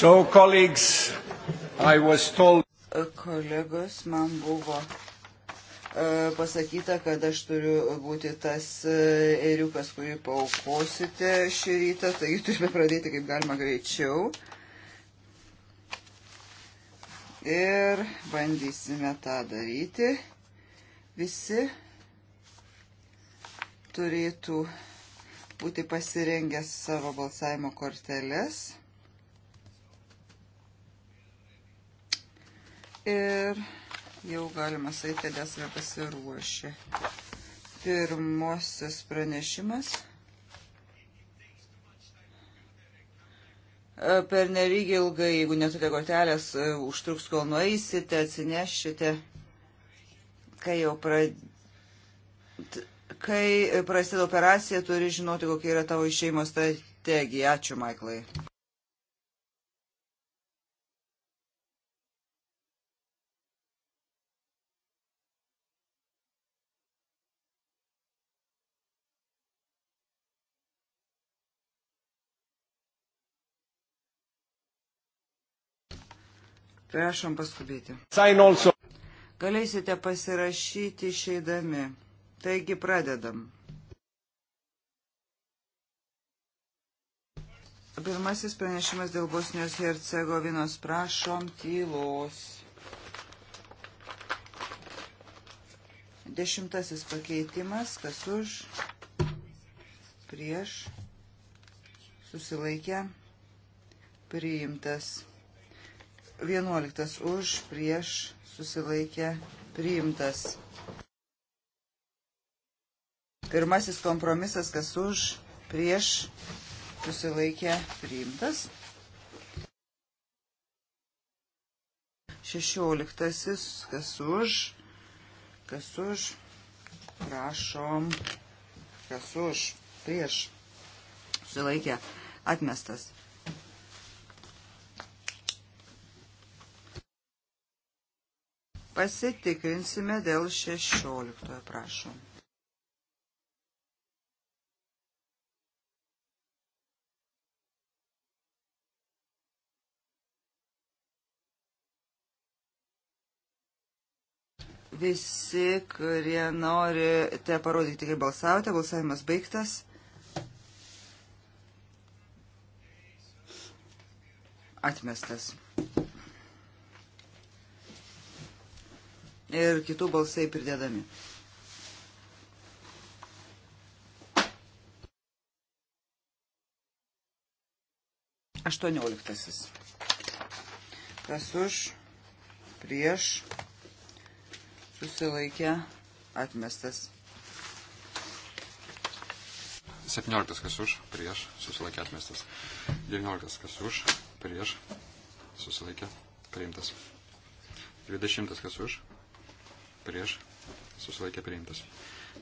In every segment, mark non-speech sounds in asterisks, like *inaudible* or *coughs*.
So, colleagues, I was told... Kolegos, man buvo e, pasakyta, kad aš turiu būti tas eriukas, kurį paukosite šį rytą, taigi turime pradėti kaip galima greičiau. Ir bandysime tą daryti. Visi turėtų būti pasirengę savo balsavimo korteles. Ir jau galima sakyti, kad esame pasiruošę. Pirmosios pranešimas. E, per nerygį ilgai, jeigu neturite kortelės, e, užtruks, kol nueisite, atsinešite, kai jau pradėsite kai prasideda operacija, turi žinoti, kokia yra tavo išeimo strategija. Ačiū, Maiklai. Prašom paskubėti. Galėsite pasirašyti išeidami. Taigi pradedam. Pirmasis pranešimas dėl Bosnijos Hercegovinos. Prašom tylos. Dešimtasis pakeitimas. Kas už? Prieš. Susilaikę. Priimtas. 11 už prieš susilaikė priimtas. Pirmasis kompromisas, kas už prieš susilaikė priimtas. 16 kas už kas už prašom kas už prieš susilaikė atmestas. Pasitikrinsime dėl 16, prašom. Visi, kurie norite parodyti, kaip balsavote, balsavimas baigtas. Atmestas. ir kitų balsai pridedami. Aštuonioliktasis. Kas už, prieš, susilaikę, atmestas. Septynioliktas kas už, prieš, susilaikė atmestas. Devynioliktas kas už, prieš, susilaikė, priimtas. Dvidešimtas kas už, prieš, susilaikė priimtas.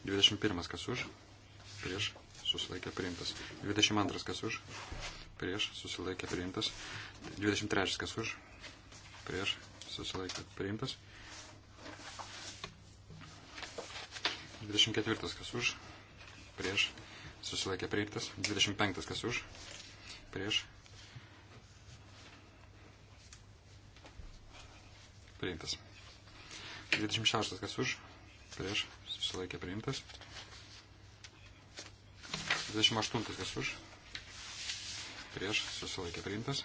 21 kas už, prieš, susilaikė priimtas. 22 kas už, prieš, susilaikė priimtas. 23 kas už, prieš, susilaikė priimtas. 24 kas už, prieš, susilaikė priimtas. 25 kas už, prieš. Priimtas. 26 kas už, prieš, susilaikė priimtas. 28 kas už, prieš, susilaikė priimtas.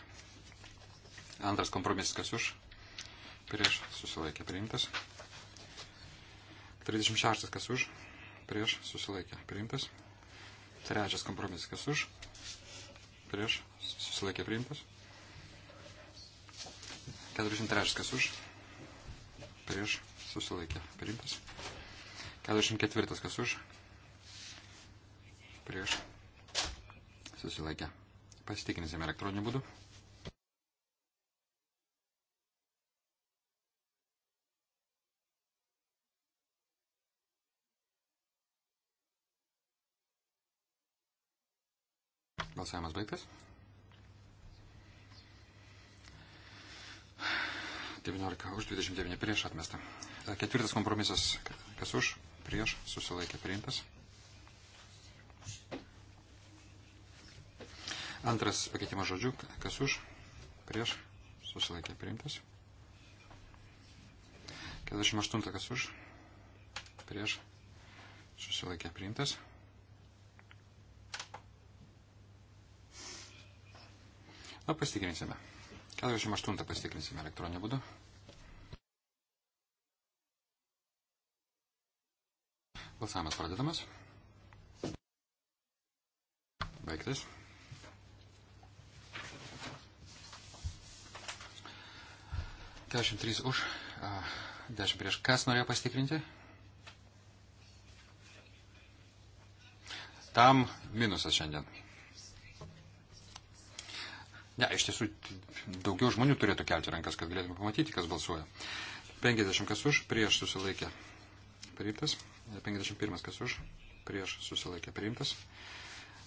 Antras kompromisas kas už, prieš, susilaikė priimtas. 36 kas už, prieš, susilaikė priimtas. Trečias kompromisas kas už, prieš, susilaikė priimtas. 43 kas už, prieš, susilaikė priimtas. 44 kas už, prieš susilaikė. Pasitikrinsime elektroniniu būdu. Balsavimas baigtas. 19 už, 29 prieš atmestą. Ketvirtas kompromisas, kas už, prieš, susilaikė priimtas. Antras pakeitimas žodžių, kas už, prieš, susilaikė priimtas. 48 kas už, prieš, susilaikė priimtas. Na, pasitikrinsime. 48 pasitikrinsime elektroniniu būdu. Balsavimas pradedamas. Baigtas. Dešimt trys už, dešimt prieš. Kas norėjo pasitikrinti? Tam minusas šiandien. Ne, iš tiesų daugiau žmonių turėtų kelti rankas, kad galėtume pamatyti, kas balsuoja. 50 kas už, prieš susilaikė priimtas. 51 kas už, prieš susilaikė priimtas.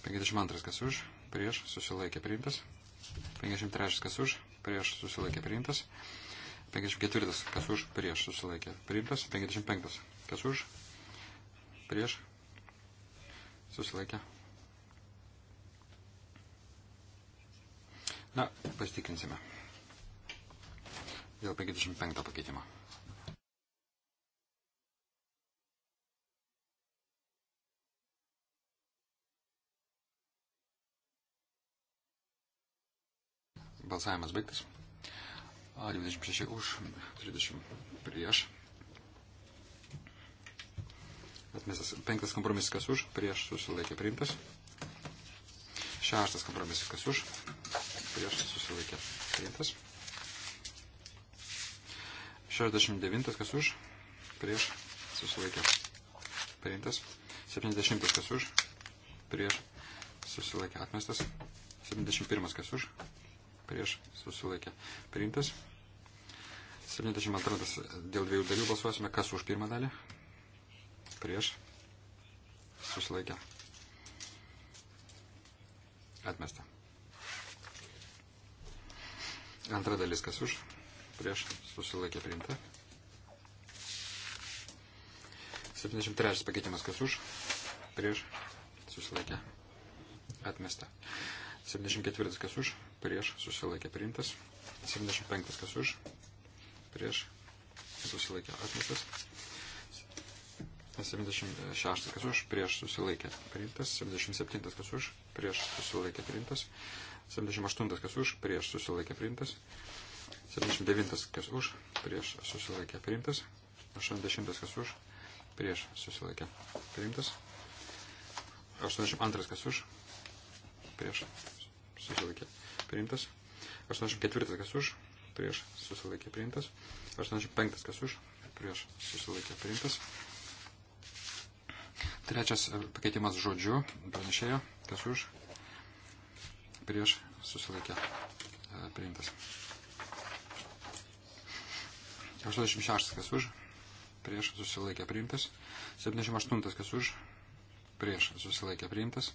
52 kas už, prieš susilaikė priimtas. 53 kas už, prieš susilaikė priimtas. 54 kas už, prieš susilaikė priimtas. 55 kas už, prieš susilaikė priimtas. Na, pasitikrinsime. Dėl 55 pakeitimo. Balsavimas baigtas. 26 už, 30 prieš. Atmestas penktas kompromisas kas už, prieš susilaikė priimtas. Šeštas kompromisas kas už, prieš susilaikė priimtas. 69 kas už, prieš susilaikė priimtas. 70 kas už, prieš susilaikė atmestas. 71 kas už, prieš susilaikė priimtas. 72 dėl dviejų dalių balsuosime, kas už pirmą dalį, prieš susilaikė atmestą. Antra dalis, kas už, prieš susilaikė priimta. 73 pakeitimas, kas už, prieš susilaikė atmesta. 74 kas už, prieš susilaikė priimtas. 75 kas už, prieš susilaikė atmestas. 76 kas už, prieš susilaikė priimtas, 77 kas už, prieš susilaikė priimtas, 78 kas už, prieš susilaikė priimtas, 79 kas už, prieš susilaikė priimtas, 80 kas už, prieš susilaikė priimtas, 82 kas už, prieš susilaikė priimtas, 84 kas už, prieš susilaikė priimtas, 85 kas už, prieš susilaikė priimtas. Trečias e, pakeitimas žodžiu, pranešėjo, kas už, prieš susilaikė e, priimtas. 86 kas už, prieš susilaikė priimtas. 78 kas už, prieš susilaikė priimtas.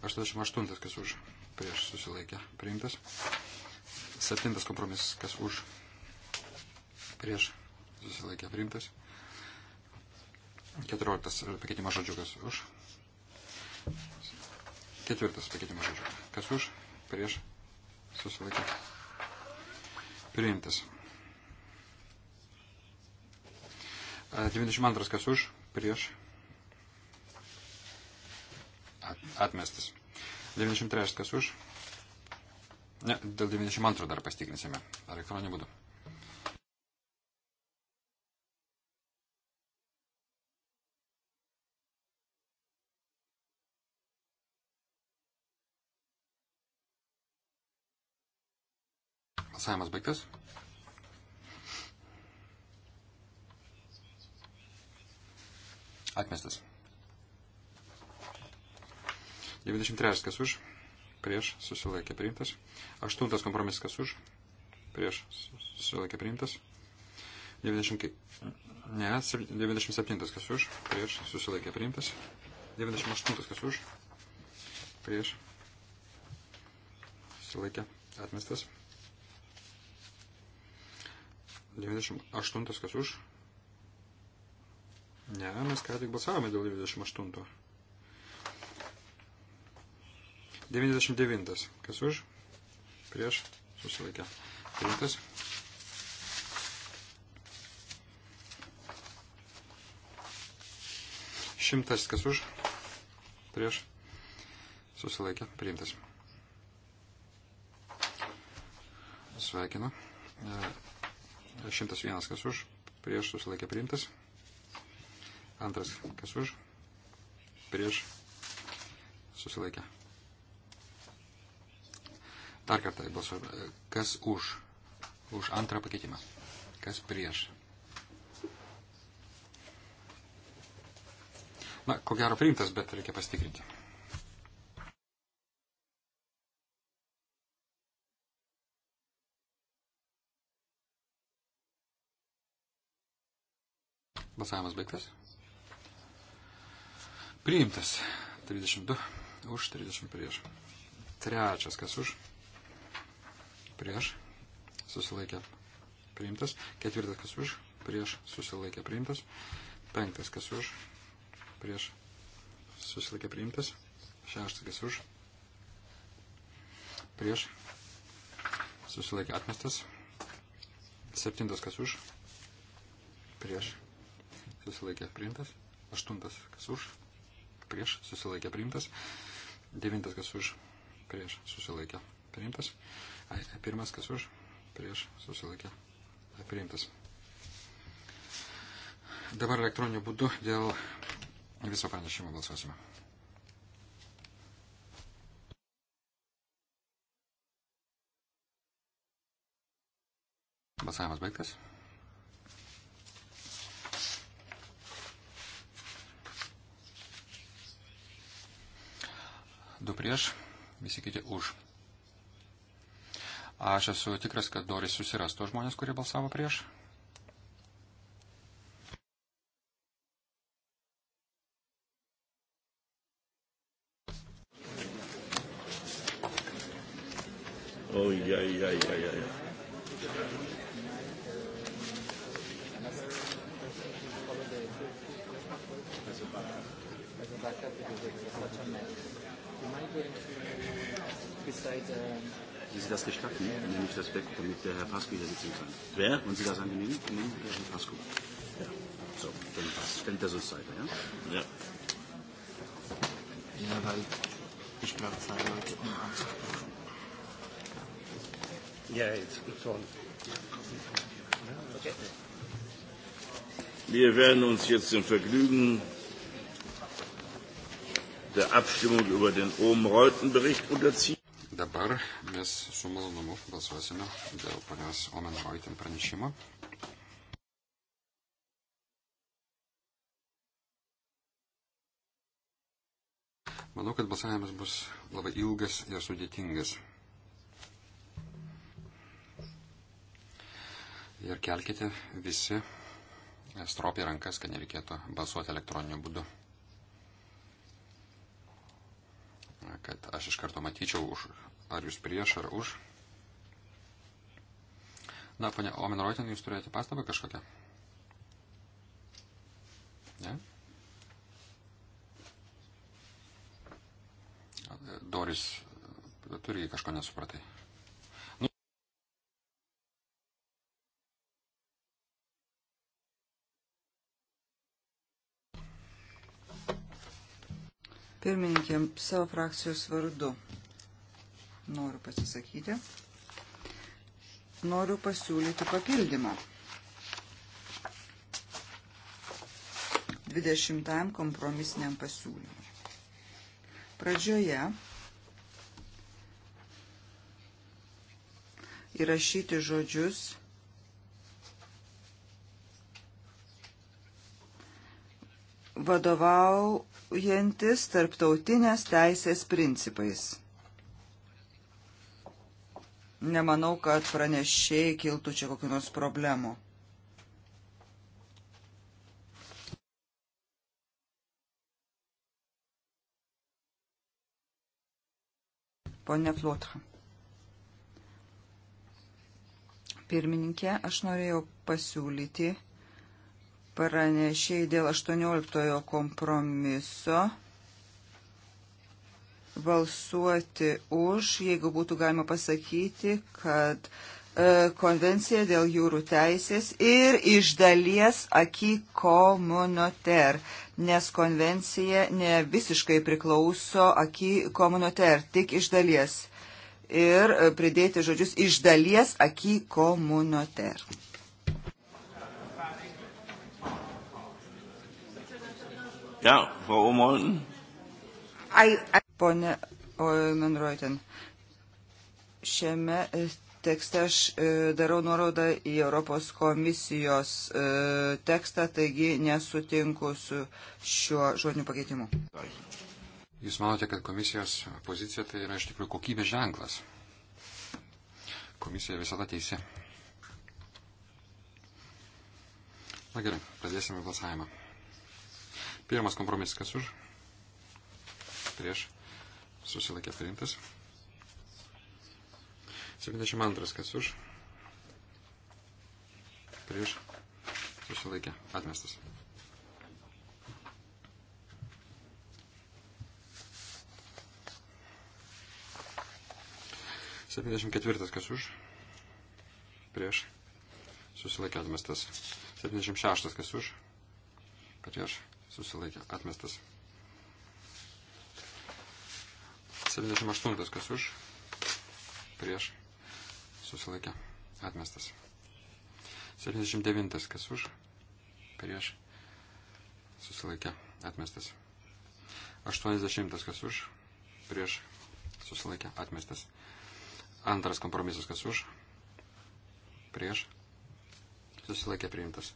88 kas už, prieš susilaikė priimtas. 7 kompromisas kas už, prieš susilaikė priimtas. 14 pakeitimas žodžiu, kas už. Ketvirtas pakeitimas žodžiu. Kas už, prieš, susilaikė. Priimtas. 92 kas už, prieš, atmestas. 93 kas už. Ne, dėl 92 dar pastikrinsime elektroniniu būdu. Balsavimas baigtas. Atmestas. 93 kas už, prieš susilaikė priimtas. 8 kompromisas kas už, prieš susilaikė priimtas. 90, ne, 97 kas už, prieš susilaikė priimtas. 98 kas už, prieš susilaikė atmestas. 98 kas už? Ne, mes ką tik balsavome dėl 98. 99. Kas už? Prieš susilaikę. Priimtas. Šimtas kas už? Prieš susilaikę. Priimtas. Sveikinu. 101 kas už, prieš susilaikė priimtas. Antras kas už, prieš susilaikė. Dar kartą balsuojame. Kas už? Už antrą pakeitimą. Kas prieš? Na, ko gero priimtas, bet reikia pasitikrinti. Balsavimas baigtas. Priimtas. 32 už, 30 prieš. Trečias, kas už. Prieš. Susilaikė. Priimtas. Ketvirtas, kas už. Prieš. Susilaikė. Priimtas. Penktas, kas už. Prieš. Susilaikė. Priimtas. Šeštas, kas už. Prieš. Susilaikė. Atmestas. Septintas, kas už. Prieš susilaikė priimtas. Aštuntas, kas už, prieš, susilaikė priimtas. Devintas, kas už, prieš, susilaikė priimtas. Ai, e, pirmas, kas už, prieš, susilaikė priimtas. Dabar elektroniniu būdu dėl viso pranešimo balsuosime. Balsavimas baigtas. du prieš, visi kiti už. Aš esu tikras, kad Doris susiras tos žmonės, kurie balsavo prieš. praktisch Platz sein, Leute, um anzufangen. Ja, jetzt gibt's schon. Okay. Wir werden uns jetzt dem Vergnügen der Abstimmung über den Omen-Reuten-Bericht unterziehen. Dabar mes su malonumu balsuosime dėl ponios Omen-Reuten pranešimo. Manau, kad balsavimas bus labai ilgas ir sudėtingas. Ir kelkite visi stropiai rankas, kad nereikėtų balsuoti elektroniniu būdu. Kad aš iš karto matyčiau, už, ar jūs prieš, ar už. Na, ponia Omen Roitin, jūs turėjote pastabą kažkokią? Ne? Yeah. Doris, tu irgi kažko nesupratai. Nu. Pirmininkė, savo frakcijos vardu noriu pasisakyti. Noriu pasiūlyti papildymą. 20 kompromisiniam pasiūlymui pradžioje įrašyti žodžius vadovaujantis tarptautinės teisės principais. Nemanau, kad pranešėjai kiltų čia kokiu nors problemu. Pone Flotra. Pirmininkė, aš norėjau pasiūlyti pranešėjai dėl 18 kompromiso balsuoti už, jeigu būtų galima pasakyti, kad uh, E, konvenciją dėl jūrų teisės ir iš dalies aki komunoter, nes konvencija ne visiškai priklauso aki komunoter, tik iš dalies. Ir e, pridėti žodžius iš dalies aki komunoter. Ja, Frau Omolten. Pone Oimenroiten, šiame tekste aš e, darau nuorodą į Europos komisijos e, tekstą, taigi nesutinku su šiuo žodiniu pakeitimu. Jūs manote, kad komisijos pozicija tai yra iš tikrųjų kokybės ženklas? Komisija visada teisė. Na gerai, pradėsime balsavimą. Pirmas kompromisas, kas už? Prieš. Susilaikė priimtas. 72 kas už. Prieš. Susilaikė. Atmestas. Septyniasdešimt ketvirtas kas už. Prieš. Susilaikė atmestas. Septyniasdešimt šeštas kas už. Prieš. Susilaikė atmestas. 78 kas už. Prieš susilaikė, atmestas. 79 kas už, prieš, susilaikė, atmestas. 80 kas už, prieš, susilaikė, atmestas. Antras kompromisas kas už, prieš, susilaikė, priimtas.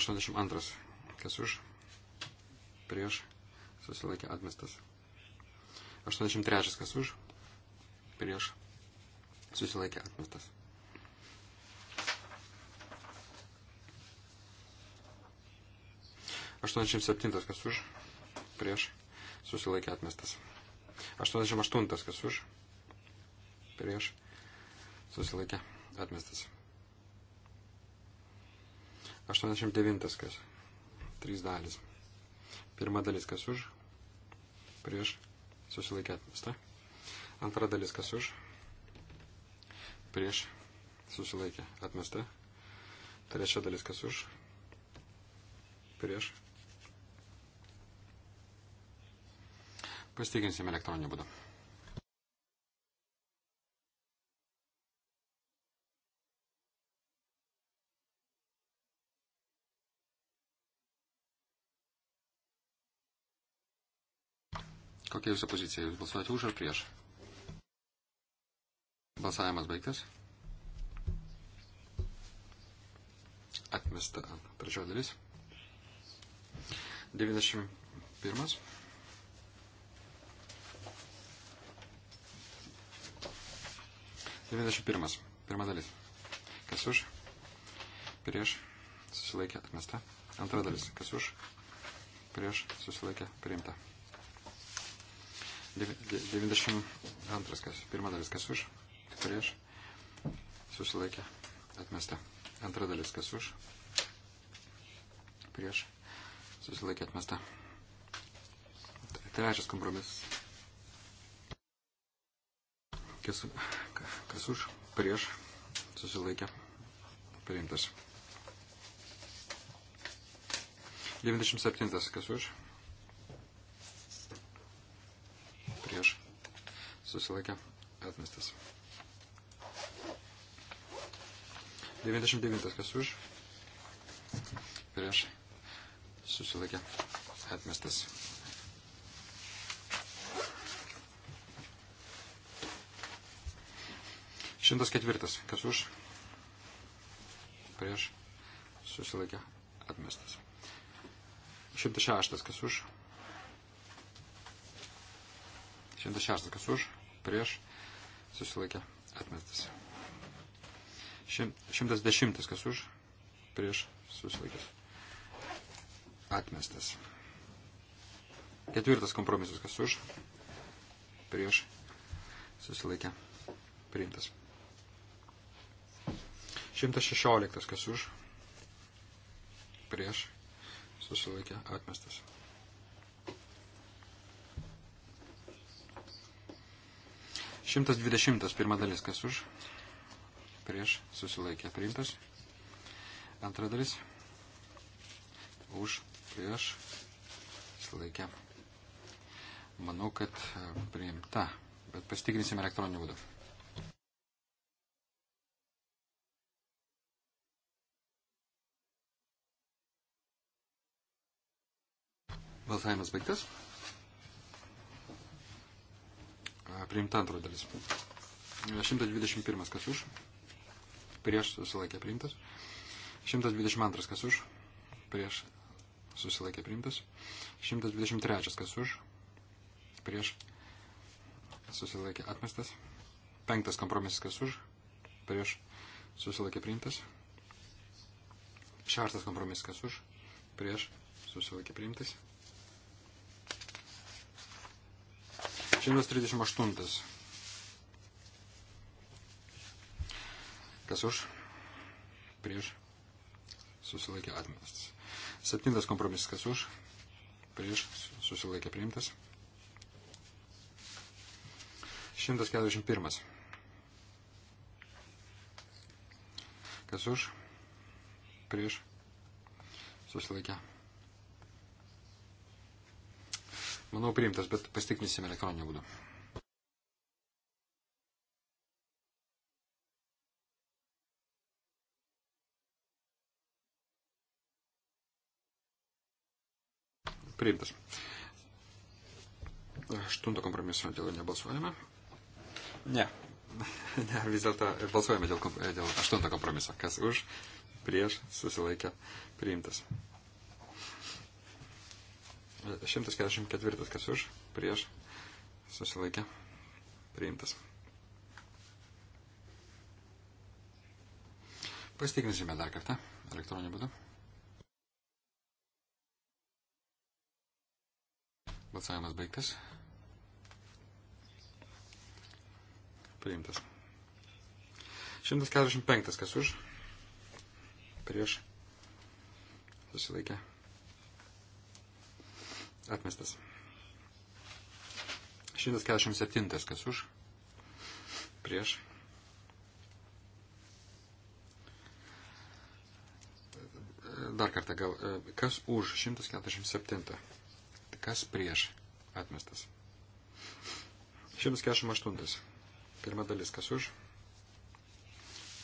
82 kas už, prieš, susilaikė, atmestas. 83 kas už, prieš, susilaikė atmestas. Aštuoniasdešimt septintas kas už, prieš, susilaikė atmestas. Aštuoniasdešimt aštuntas kas už, prieš, susilaikė atmestas. Aštuoniasdešimt devintas kas, trys dalis. Pirma dalis kas už, prieš, susilaikė atmestą. Antra dalis kas už, prieš, susilaikė, atmesta. Trečia dalis, kas už, prieš. Pasitikinsim elektroninį būdą. Kokia jūsų pozicija? Jūs balsuojate už ar prieš? Balsavimas baigtas. Atmesta trečioji dalis. 91. Devyniasdešimt pirmas. Pirma dalis. Kas už? Prieš. Susilaikė atmesta. Antra dalis. Kas už? Prieš. Susilaikė priimta. Devyniasdešimt antras. Kas? Pirma dalis. Kas už? prieš, susilaikė, atmesta. Antra dalis, kas už, prieš, susilaikė, atmesta. Trečias kompromisas. Kas, kas už, prieš, susilaikė, priimtas. 97. Kas už? Prieš. Susilaikė. Atmestas. 99 kas už, prieš susilaikė atmestas. Šimtas ketvirtas, kas už, prieš, susilaikė, atmestas. Šimtas šeštas, kas už, šimtas šeštas, kas už, prieš, susilaikė, atmestas. 110 kas už, prieš susilaikęs. Atmestas. Ketvirtas kompromisas kas už, prieš susilaikę. Priimtas. 116 kas už, prieš susilaikę. Atmestas. Šimtas dvidešimtas pirma dalis kas už, prieš susilaikė priimtas. Antra dalis už prieš susilaikė. Manau, kad e, priimta, bet pasitikrinsim elektroniniu būdu. Balsavimas baigtas. E, priimta antroji dalis. 121 e, kas už prieš susilaikė priimtas. 122 kas už, prieš susilaikė priimtas. 123 kas už, prieš susilaikė atmestas. Penktas kompromisas kas už, prieš susilaikė priimtas. Šeštas kompromisas kas už, prieš susilaikė priimtas. 138 Kas už? Prieš. Susilaikė atmestas. Septintas kompromisas. Kas už? Prieš. Susilaikė priimtas. 141. Kas už? Prieš. Susilaikė. Manau, priimtas, bet pastikrinsime elektroninį būdą. priimtas. Aštunto kompromiso dėl nebalsuojame. Ne. *laughs* ne vis dėlto balsuojame dėl, dėl aštunto kompromiso. Kas už, prieš, susilaikė, priimtas. 144 kas už, prieš, susilaikė, priimtas. Pasitikrinsime dar kartą elektroniniu būdu. Balsavimas baigtas. Priimtas. 145 kas už. Prieš. Susilaikė. Atmestas. 147 kas už. Prieš. Dar kartą gal. E, kas už 147? Kas prieš? Atmestas. 148. Pirma dalis. Kas už?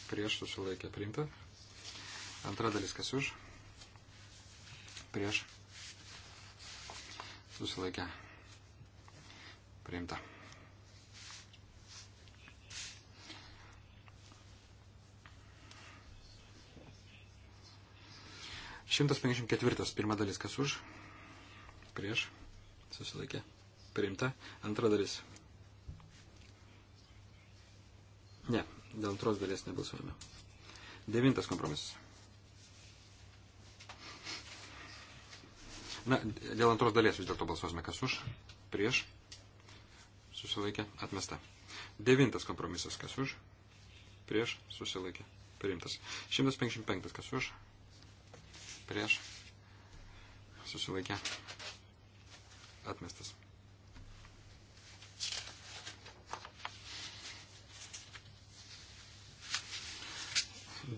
Prieš susilaikė priimta. Antra dalis. Kas už? Prieš susilaikė priimta. Šimtas penkiasdešimt ketvirtas. Pirma dalis. Kas už? prieš, susilaikė, priimta. Antra dalis. Ne, dėl antros dalies nebalsuojame. Devintas kompromisas. Na, dėl antros dalies vis dėlto balsuosime, kas už, prieš, susilaikė, atmesta. Devintas kompromisas, kas už, prieš, susilaikė, priimtas. 155, kas už, prieš, susilaikė, atmestas.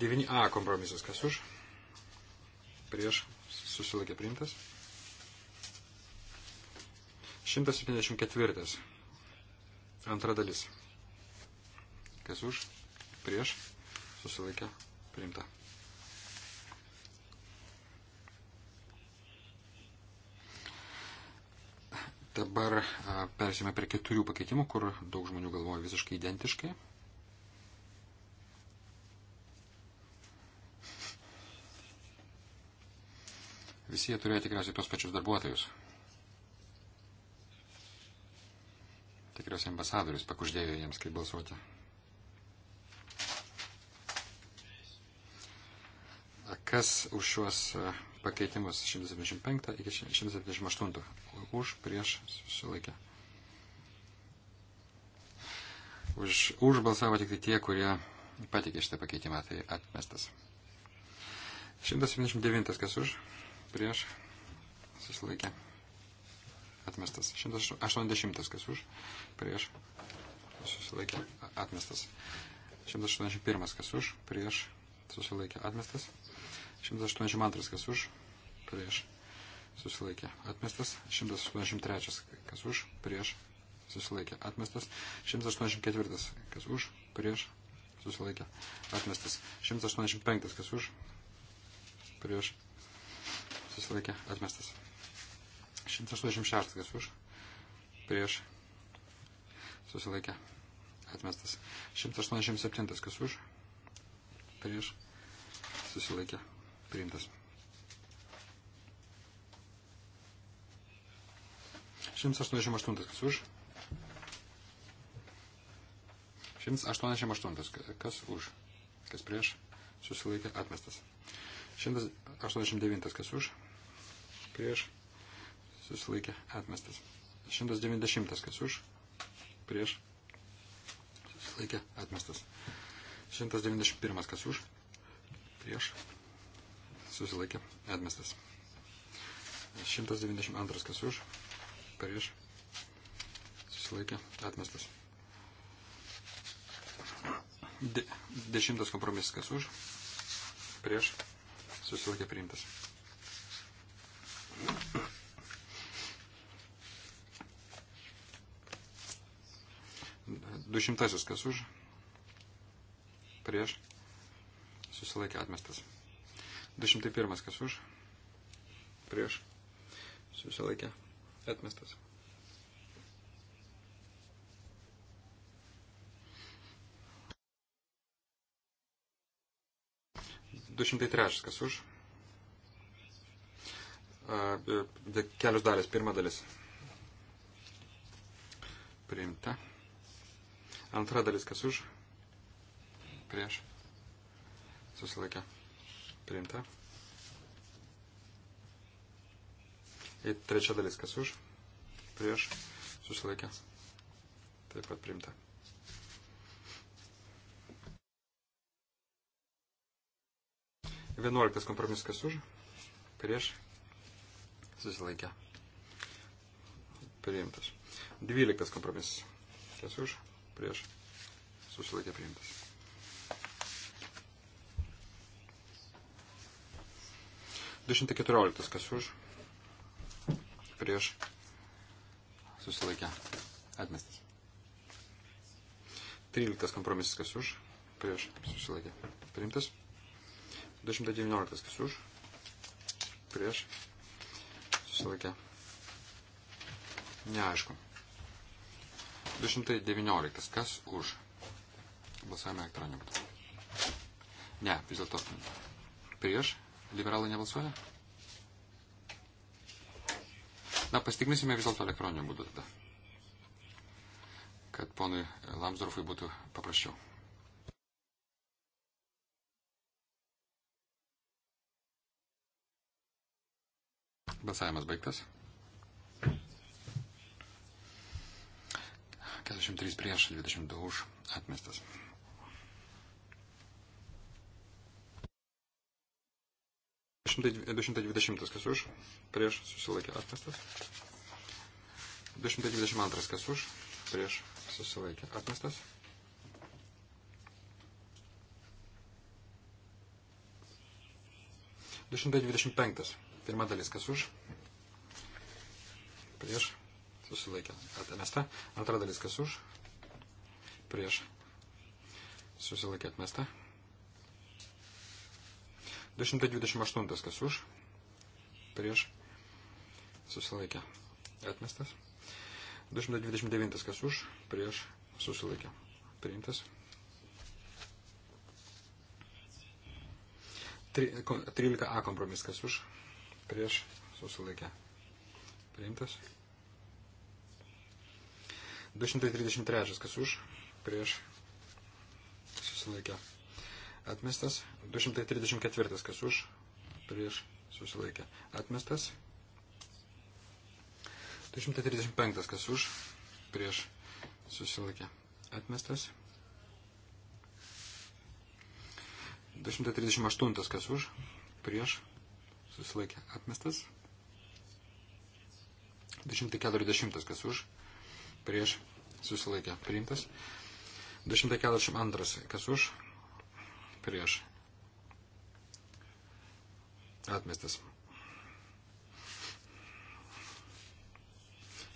Devini A kompromisas, kas už, prieš, susilaikė priimtas. 174. Antra dalis. Kas už, prieš, susilaikė priimta. Dabar persime prie keturių pakeitimų, kur daug žmonių galvoja visiškai identiškai. Visi jie turėjo tikriausiai tos pačius darbuotojus. Tikriausiai ambasadorius pakuždėjo jiems, kaip balsuoti. Kas už šiuos pakeitimus 175 iki 178. Už, prieš, susilaikė. Už, už balsavo tik tai tie, kurie patikė šitą pakeitimą, tai atmestas. 179 kas už, prieš, susilaikė. Atmestas. 180 kas už, prieš, susilaikė. Atmestas. 181 kas už, prieš, susilaikė. Atmestas. 182 kas už, prieš susilaikė atmestas, 183 kas už, prieš susilaikė atmestas, 184 kas už, prieš susilaikė atmestas, 185 kas už, prieš susilaikė atmestas, 186 kas už, prieš susilaikė atmestas, 187 kas už, prieš susilaikė atmestas priimtas. 188 kas už. 188 kas už. Kas prieš. Susilaikė atmestas. 189 kas už. Prieš. Susilaikė atmestas. 190 kas už. Prieš. Susilaikė atmestas. 191 kas už. Prieš susilaikė, atmestas. 192 kas už, prieš, susilaikė, atmestas. De, dešimtas kompromisas kas už, prieš, susilaikė, priimtas. Dušimtasis kas už, prieš, susilaikė, atmestas. 201 kas už, prieš, susilaikė, atmestas. Du šimtai trečias, kas už. E, kelios dalis, pirma dalis. Priimta. Antra dalis, kas už. Prieš. Susilaikė priimta. Ir trečia dalis, kas už, prieš, susilaikė, taip pat priimta. Vienuoliktas kompromisas, kas už, prieš, susilaikė, priimtas. Dvyliktas kompromisas, kas už, prieš, susilaikė, priimtas. 214. Kas už? Prieš. Susilaikę. Atmestas. 13. Kompromisas. Kas už? Prieš. Susilaikę. Priimtas. 219. Kas už? Prieš. Susilaikę. Neaišku. 219. Kas už? Balsavime elektroniniu būdu. Ne, vis dėlto prieš Liberalai nebalsuoja? Na, pastiknysime vis dėlto elektroniniu būdu tada. Kad ponui Lamsdorfui būtų paprasčiau. Balsavimas baigtas. 43 prieš, 22 už atmestas. 220 kas už, prieš susilaikė atmestas. 222 kas už, prieš susilaikė atmestas. 225. Pirma dalis kas už, prieš susilaikė atmesta. Antra dalis kas už, prieš susilaikė atmesta. 228 kas už, prieš, susilaikė, atmestas. 229 kas už, prieš, susilaikė, priimtas. 13a kompromis kas už, prieš, susilaikė, priimtas. 233 kas už, prieš, susilaikė, priimtas atmestas. 234, kas už, prieš, susilaikė, atmestas. 235, kas už, prieš, susilaikė, atmestas. 238, kas už, prieš, susilaikė, atmestas. 240, kas už, prieš, susilaikė, priimtas. 242, kas už, prieš atmestas.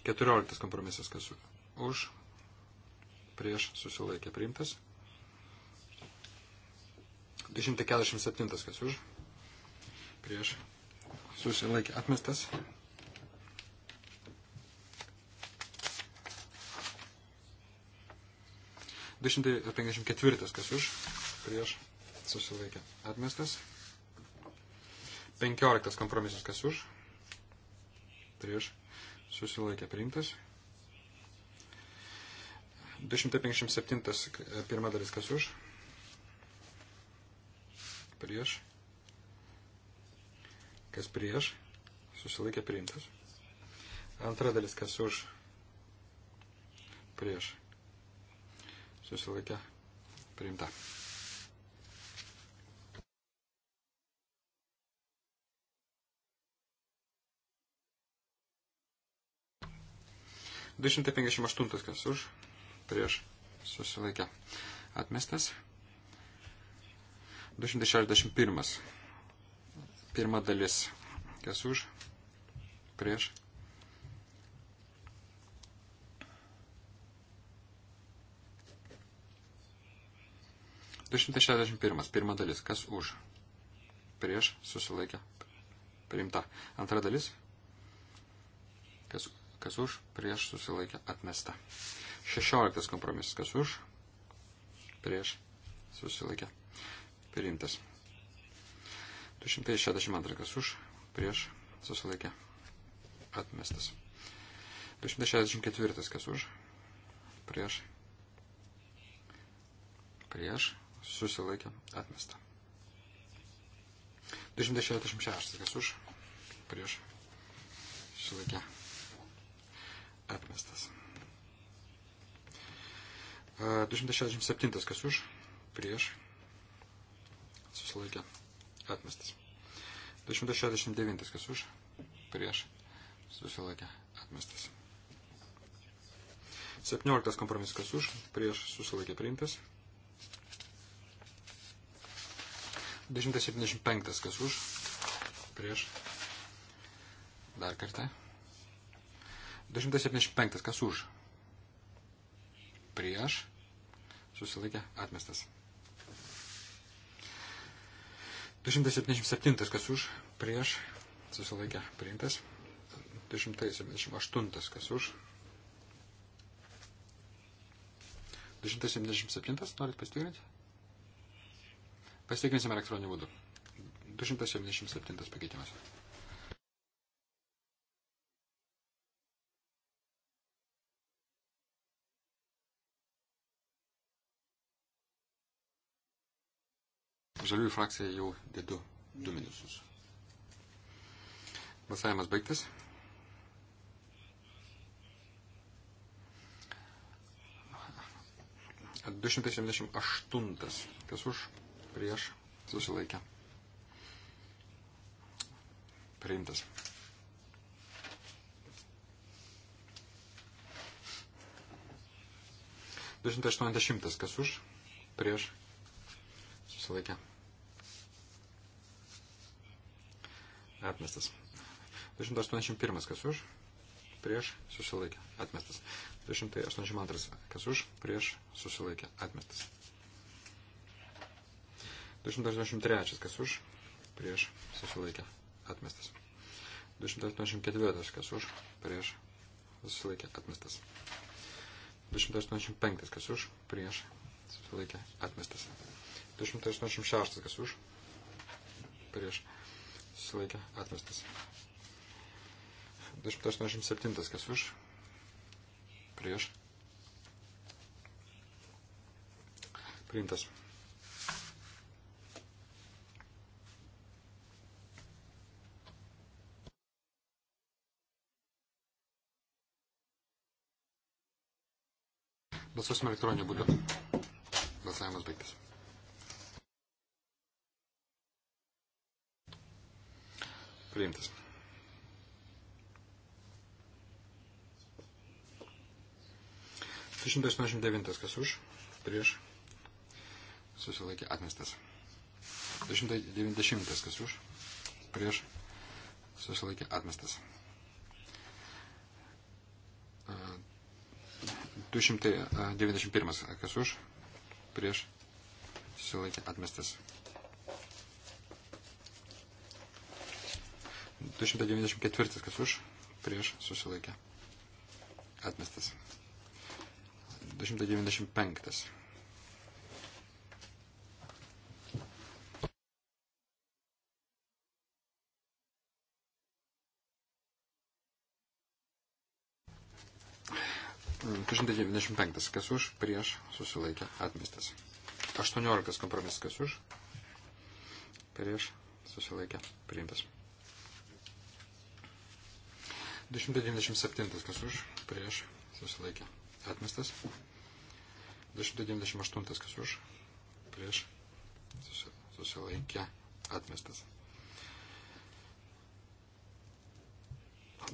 14 kompromisas, kas už, prieš susilaikė priimtas. 247 kas už, prieš susilaikė atmestas. 254 kas už, prieš susilaikė atmestas. 15 kompromisas kas už, prieš susilaikė priimtas. 257 e, pirma dalis kas už, prieš, kas prieš, susilaikė priimtas. Antra dalis kas už, prieš, susilaikė priimta. 258 kas už, prieš susilaikė atmestas. 261. Pirma dalis. Kas už? Prieš. Du šimtai šešdešimt pirmas, pirma dalis, kas už, prieš, susilaikė, priimta. Antra dalis, kas kas už, prieš susilaikė atmesta. 16 kompromisas, kas už, prieš susilaikė priimtas. 262 kas už, prieš susilaikė atmestas. 264 kas už, prieš, prieš susilaikė atmestą. 266 kas už, prieš susilaikė atmestą atmestas. 267 kas už, prieš, susilaikė, atmestas. 269 kas už, prieš, susilaikė, atmestas. 17 kompromisas kas už, prieš, susilaikė, priimtas. 275 kas už, prieš, dar kartą. 275. Kas už? Prieš. Susilaikė atmestas. 277. Kas už? Prieš. Susilaikė priimtas. 278. Kas už? 277. Norit pasitikrinti? Pasitikrinsime elektroniniu būdu. 277 pakeitimas. Žaliųjų frakcija jau dėdu du minusus. Balsavimas baigtas. At 278. Kas už, prieš, susilaikė. Priimtas. Dušimtas aštuoniasdešimtas, kas už, prieš, susilaikė. atmestas. 281 kas už, prieš susilaikė, atmestas. 282 kas už, prieš susilaikė, atmestas. 283 kas už, prieš susilaikė, atmestas. 284 kas už, prieš susilaikė, atmestas. 285 kas už, prieš susilaikė, atmestas. 286 kas už, prieš susilaikė, atmestas susilaikė atmestas. 287 kas už, prieš, priimtas. Balsuosime elektroniniu būdu. Balsavimas baigtas. priimtas. Tai 189, kas už, prieš, susilaikė atmestas. 290, kas už, prieš, susilaikė atmestas. 291, kas už, prieš, susilaikė atmestas. 294 kas už, prieš susilaikė. Atmestas. 295. penktas, kas už, prieš, susilaikė, atmestas. 18 kompromisas, kas už, prieš, susilaikė, priimtas. 297 kas už, prieš, susilaikė, atmestas. 298 kas už, prieš, susilaikė, atmestas.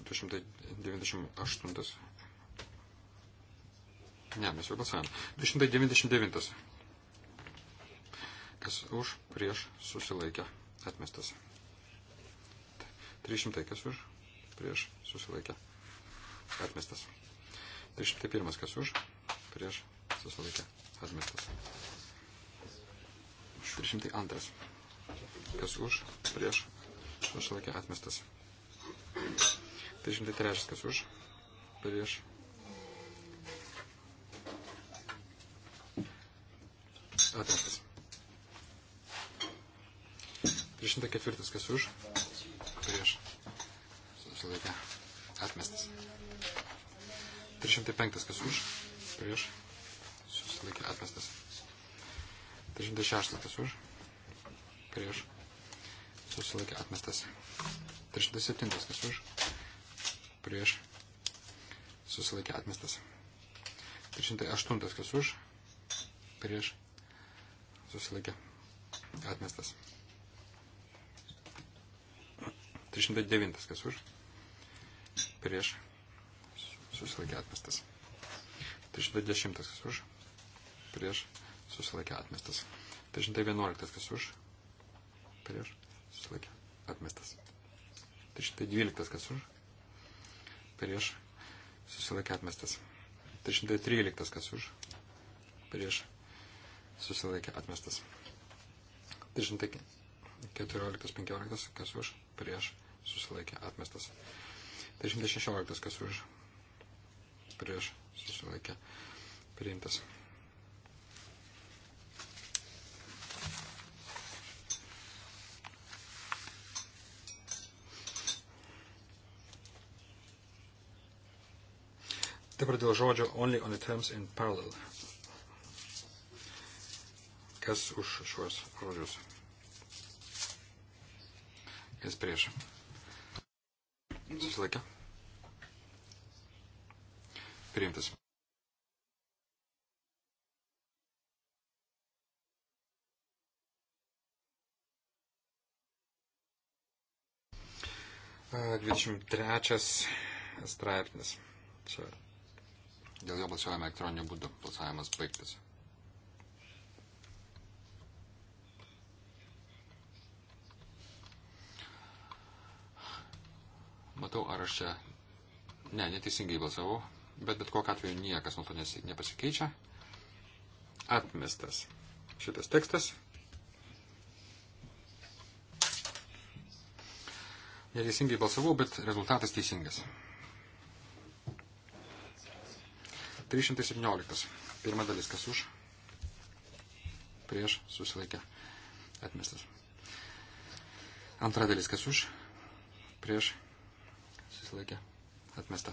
298. Ne, mes jau balsavome. 299. Kas už, prieš, susilaikė, atmestas. 300 kas už, prieš susilaikę atmestas. 301 kas už, prieš susilaikę atmestas. 302 kas už, prieš susilaikę atmestas. 303 kas už, prieš atmestas. 304 kas už, 305 kas už, prieš, susilaikė atmestas. 306 kas už, prieš, susilaikė atmestas. 307 kas už, prieš, susilaikė atmestas. 308 kas už, prieš, susilaikė atmestas. 309 kas už, prieš, susilaikė atmestas. 310 kas už, prieš susilaikė atmestas. 311 kas už, prieš susilaikė atmestas. 312 kas už, prieš susilaikė atmestas. 313 kas už, prieš susilaikė atmestas. 314-15 kas už, prieš susilaikė atmestas. 316 kas už, prieš susilaikė priimtas. Dabar dėl žodžio only on the terms in parallel. Kas už šiuos žodžius? Kas prieš? Susilaikė priimtas. Dvidešimt trečias straipsnis. Čia. Dėl jo balsuojame elektroniniu būdu. Balsavimas baigtas. Matau, ar aš čia. Ne, neteisingai balsavau bet bet kokiu atveju niekas nuo to nepasikeičia. Atmestas šitas tekstas. Neteisingai balsavau, bet rezultatas teisingas. 317. Pirma dalis, kas už, prieš, susilaikė, atmestas. Antra dalis, kas už, prieš, susilaikė, atmesta.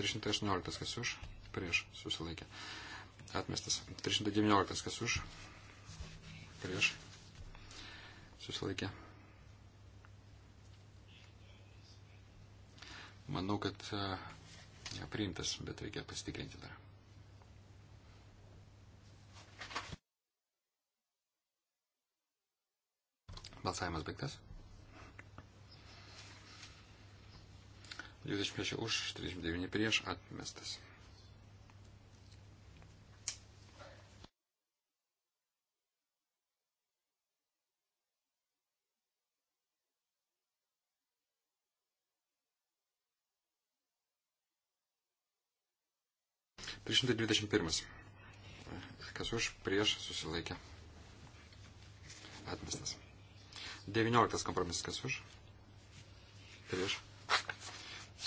318 kas už, prieš susilaikė. Atmestas. 319 kas už, prieš susilaikė. Manau, kad e, ja, priimtas, bet reikia pasitikrinti dar. Balsavimas baigtas. 26 už, 39 prieš atmestas. Trys šimtai dvidešimt pirmas. Kas už, prieš susilaikė. Atmestas. Devynioliktas kompromisas kas už, prieš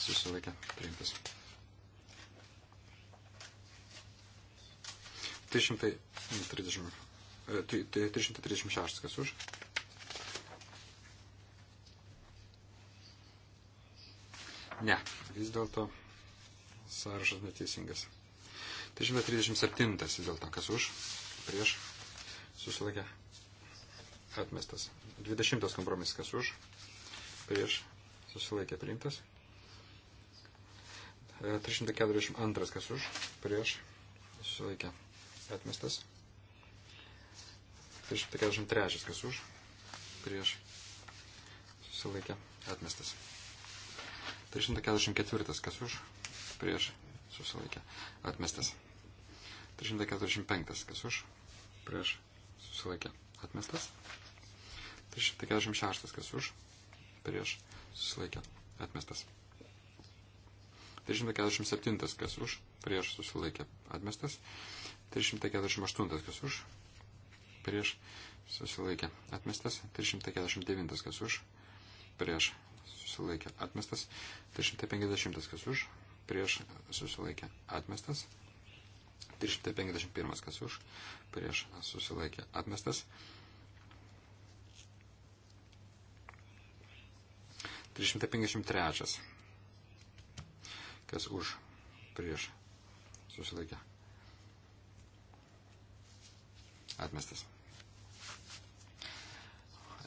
susilaikė priimtas. 330, 336 e, kas už. Ne, vis dėlto sąrašas neteisingas. 337 vis dėlto kas už, prieš, susilaikė atmestas. 20 kompromisas kas už, prieš, susilaikė priimtas. 342 kas už, prieš, susilaikė, atmestas. 343 kas už, prieš, susilaikė, atmestas. 344 kas už, prieš, susilaikė, atmestas. 345 kas už, prieš, susilaikė, atmestas. 346 kas už, prieš, susilaikė, atmestas. 347 kas už, prieš susilaikė atmestas. 348 kas už, prieš susilaikė atmestas. 349 kas už, prieš susilaikė atmestas. 350 kas už, prieš susilaikė atmestas. 351 kas už, prieš susilaikė atmestas. 353 kas už, prieš, susilaikė. Atmestas.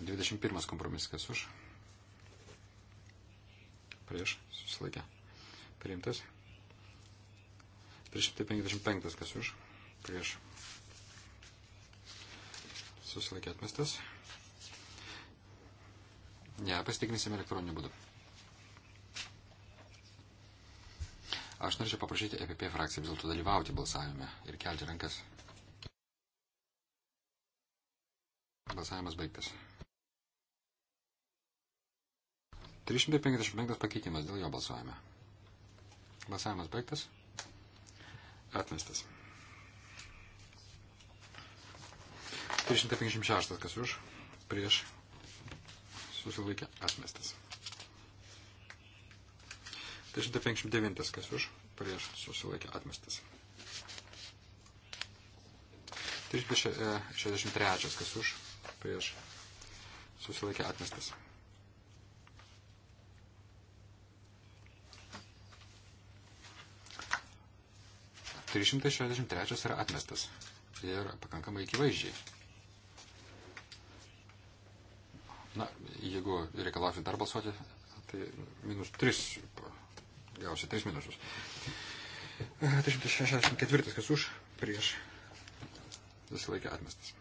21 kompromisas, kas už, prieš, susilaikė. Priimtas. 355, kas už, prieš, susilaikė atmestas. Ne, pasitikrinsime elektroniniu būdu. Aš norėčiau paprašyti EPP frakciją vis dėlto dalyvauti balsavime ir kelti rankas. Balsavimas baigtas. 355 pakeitimas, dėl jo balsuojame. Balsavimas baigtas. Atmestas. 356, kas už, prieš, susilaikė, atmestas. 359 kas už, prieš susilaikė atmestas. 363 e, kas už, prieš susilaikė atmestas. Trys šimtai šešiasdešimt trečias yra atmestas ir pakankamai akivaizdžiai. Na, jeigu reikalausit dar balsuoti, tai minus 3 gausi 3 minusus. 364, e, kas už, prieš, visą laikę atmestas.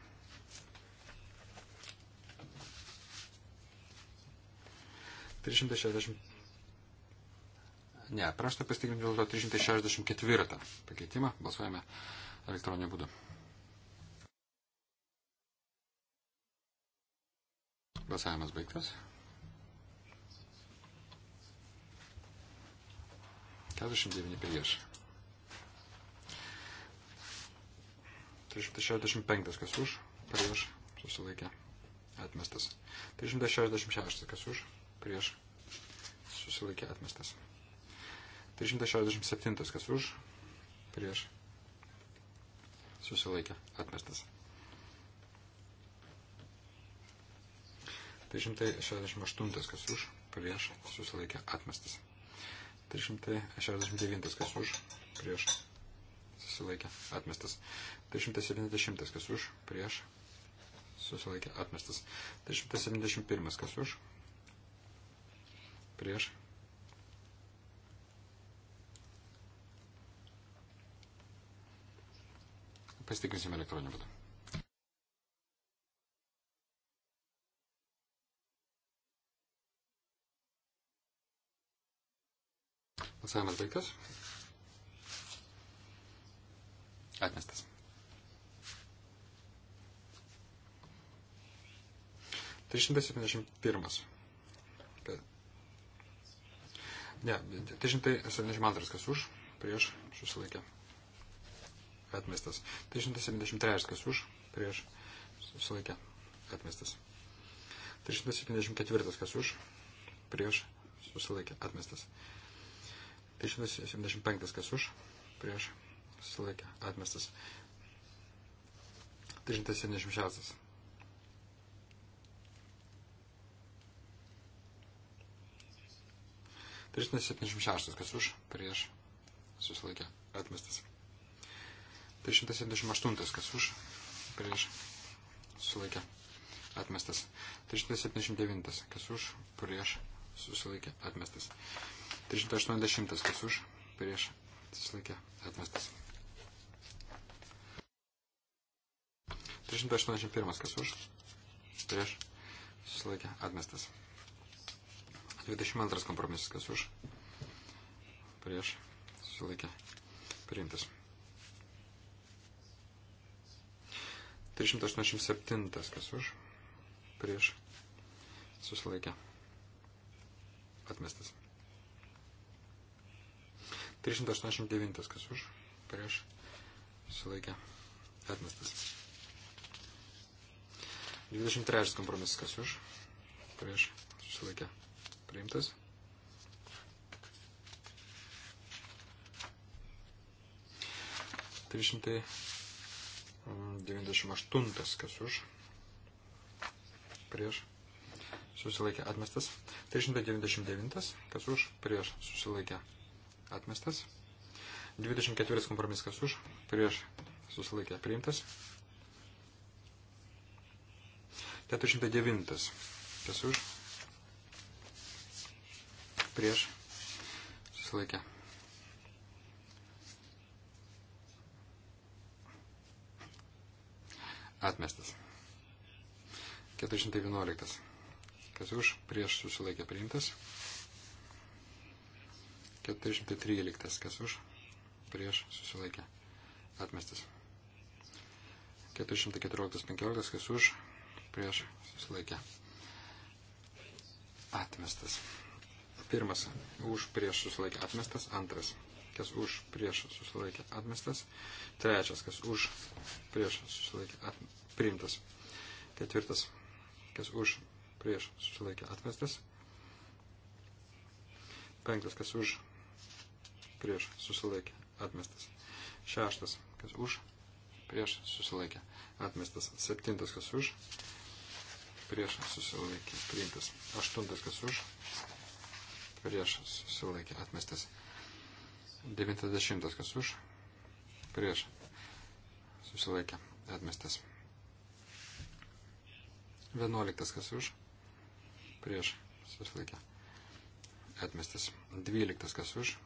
Trisimtas šešdešimt. Ne, prašau pasitikrinti dėl to 364 pakeitimą. Balsuojame elektroniniu būdu. Balsavimas baigtas. 49 prieš. 365 kas už, prieš, susilaikė, atmestas. 366 kas už, prieš, susilaikė, atmestas. 367 kas už, prieš, susilaikė, atmestas. 368 kas už, prieš, susilaikė, atmestas. 369 kas už, prieš, susilaikė, atmestas. 370 kas už, prieš, susilaikė, atmestas. 371 kas už, prieš. Pasitikrinsim elektroninį būdą. Balsavimas baigtas. Atmestas. Tai 171. Ne, 372 kas už, prieš susilaikė. Atmestas. 373 kas už, prieš susilaikė. Atmestas. 374 kas už, prieš susilaikė. Atmestas. 175 kas už, prieš susilaikė atmestas. 376. Trišinas 76, kas už, prieš, susilaikė, atmestas. 378, kas už, prieš, susilaikė, atmestas. 379, kas už, prieš, susilaikė, atmestas. 380 kas už, prieš susilaikė atmestas. 381 kas už, prieš susilaikė atmestas. 22 kompromisas kas už, prieš susilaikė priimtas. 387 kas už, prieš susilaikė atmestas. 389 kas už, prieš, susilaikė, atmestas. 23 kompromisas kas už, prieš, susilaikė, priimtas. 398 kas už, prieš, susilaikė atmestas, 399 kas už, prieš, susilaikė atmestas. 24 kompromisas už, prieš susilaikė priimtas. 409 kas už, prieš susilaikė. Atmestas. 411. Kas už, prieš susilaikė priimtas. 413. Kas už? Prieš susilaikė. Atmestas. 414.15. Kas už? Prieš susilaikė. Atmestas. Pirmas. Už prieš susilaikė. Atmestas. Antras. Kas už prieš susilaikė. Atmestas. Trečias. Kas už prieš susilaikė. At... Priimtas. Ketvirtas. Kas už prieš susilaikė. Atmestas. Penktas. Kas už prieš susilaikė atmestas. Šeštas, kas už, prieš susilaikė atmestas. Septintas, kas už, prieš susilaikė priimtas. Aštuntas, kas už, prieš susilaikė atmestas. Devintasdešimtas, kas už, prieš susilaikė atmestas. Vienuoliktas, kas už, prieš susilaikė atmestas. Dvyliktas, kas už,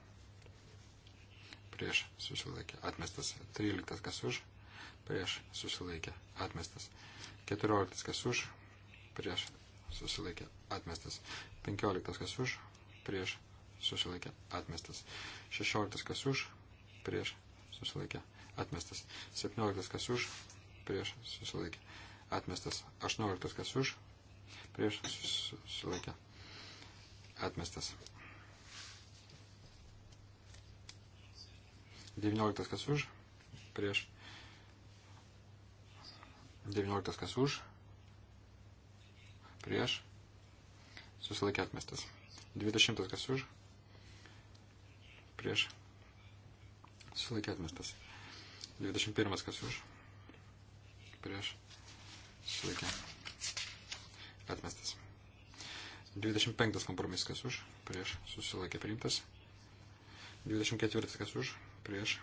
prieš susilaikė atmestas, 13 kas už, prieš susilaikė atmestas, 14 kas už, prieš susilaikė atmestas, 15 kas už, prieš susilaikė atmestas, 16 kas už, prieš susilaikė atmestas, 17 kas už, prieš susilaikė atmestas, 18 kas už, prieš susilaikė atmestas. 19 kas už, prieš. 19 kas už, prieš. Susilaikė atmestas. 20 kas už, prieš. Susilaikė atmestas. 21 kas už, prieš. Susilaikė. Atmestas. 25 kompromisas kas už, prieš. Susilaikė priimtas. 24 kas už, prieš,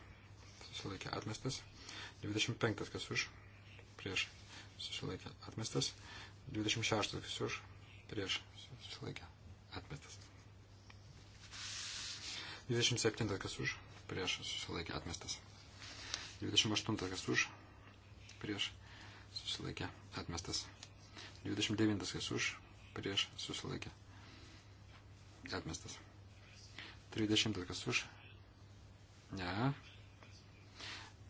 susilaikė atmestas. 25 kas už, prieš, susilaikė atmestas. 26 kas už, prieš, susilaikė atmestas. 27 kas už, prieš, susilaikė atmestas. 28 kas už, prieš, susilaikė atmestas. 29 kas už, prieš, susilaikė atmestas. 30 kas už, Ne.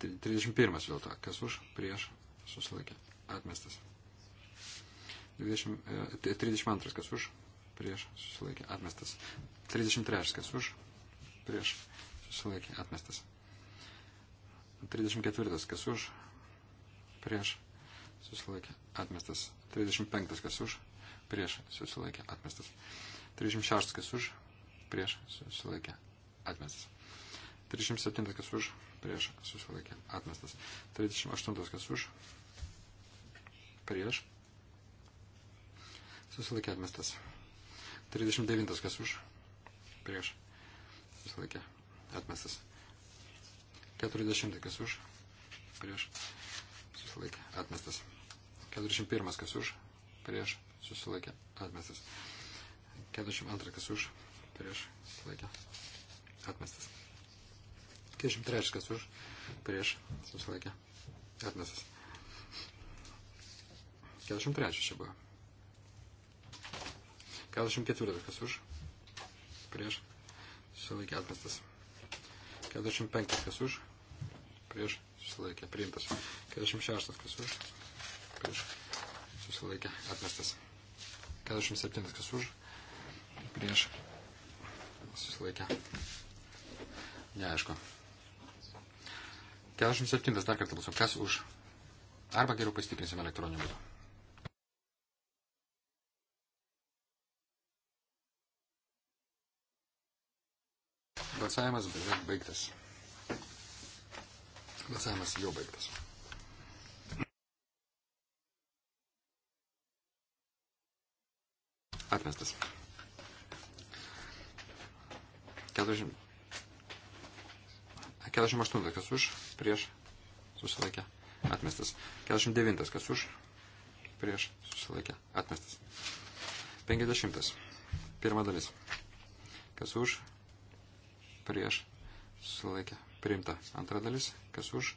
31 vėl to. Kas už? Prieš. Susilaikė. Atmestas. 20, 32 e, kas už? Prieš. Susilaikė. Atmestas. 33 kas už? Prieš. Susilaikė. Atmestas. 34 kas už? Prieš. Susilaikė. Atmestas. 35 kas už? Prieš. Susilaikė. Atmestas. 36 kas už? Prieš. Susilaikė. Atmestas. 37 kas už, prieš susilaikė atmestas. 38 kas už, prieš susilaikė atmestas. 39 kas už, prieš susilaikė atmestas. 40 kas už, prieš susilaikė atmestas. 41 kas už, prieš susilaikė atmestas. 42 kas už, prieš susilaikė atmestas. 43 kas už, prieš, susilaikė, atmestas. 43 čia buvo. 44 kas už, prieš, susilaikė, atmestas. 45 kas už, prieš, susilaikė, priimtas. 46 kas už, prieš, susilaikė, atmestas. 47 kas už, prieš, susilaikė. Neaišku. Ja, 47 dar kartą balsuom. Kas už? Arba geriau pasitikrinsim elektroniniu būdu. Balsavimas beveik baigtas. Balsavimas jau baigtas. Atmestas. 40. 48 kas už, prieš susilaikė atmestas. 49 kas už, prieš susilaikė atmestas. 50. Pirma dalis. Kas už, prieš susilaikė priimta. Antra dalis. Kas už,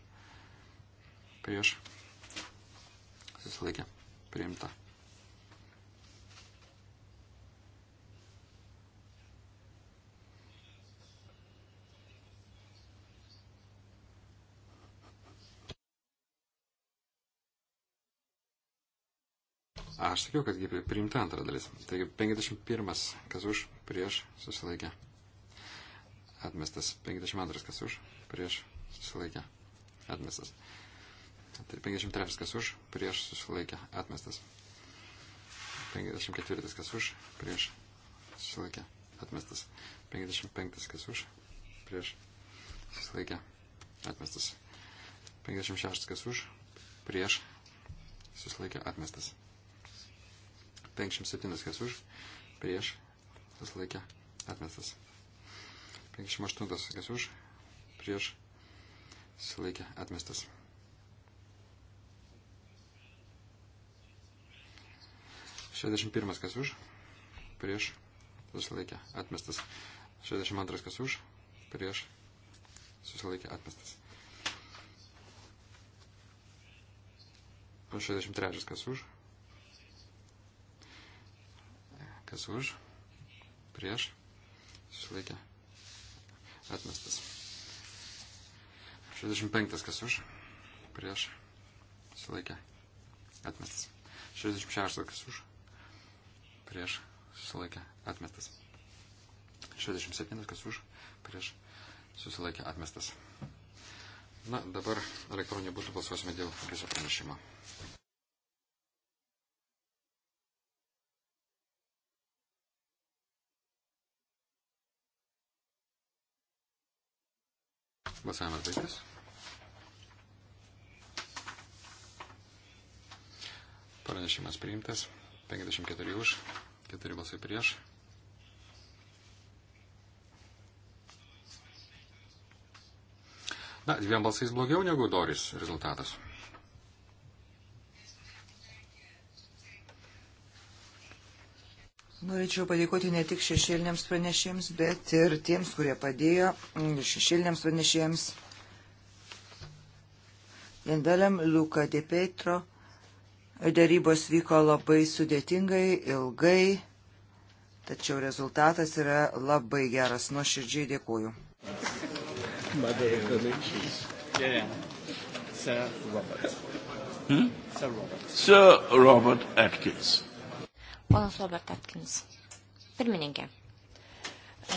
prieš susilaikė priimta. Aš sakiau, kad priimta antra dalis. Taigi 51, kas už, prieš, susilaikė. Atmestas. 52, kas už, prieš, susilaikė. Atmestas. 53, kas už, prieš, susilaikė. Atmestas. 54, kas už, prieš, susilaikė. Atmestas. 55, kas už, prieš, susilaikė. Atmestas. 56, kas už, prieš, susilaikė. Atmestas. 57 kas už, prieš, susilaikė, atmestas. 58 kas už, prieš, susilaikė, atmestas. Šešdešimt pirmas kas už, prieš, susilaikė, atmestas. Šešdešimt antras kas už, prieš, susilaikė, atmestas. 63 kas už, Kas už? Prieš? Susilaikė. Atmestas. 65. Kas už? Prieš? Susilaikė. Atmestas. 66. Kas už? Prieš? Susilaikė. Atmestas. 67. Kas už? Prieš? Susilaikė. Atmestas. Na, dabar elektroniniu būdu balsuosime dėl viso pranešimo. Balsavimas baigtas. Pranešimas priimtas. 54 už, 4 balsai prieš. Na, dviem balsais blogiau negu Doris rezultatas. Norėčiau padėkoti ne tik šešėliniams pranešėjams, bet ir tiems, kurie padėjo šešėliniams pranešėjams. Jendeliam Luka De Petro. Darybos vyko labai sudėtingai, ilgai, tačiau rezultatas yra labai geras. Nuoširdžiai dėkuoju. Yeah, yeah. Sir Robert. Hmm? Sir Robert. Sir Robert Atkins. Ponas Robert Atkins. Pirmininkė.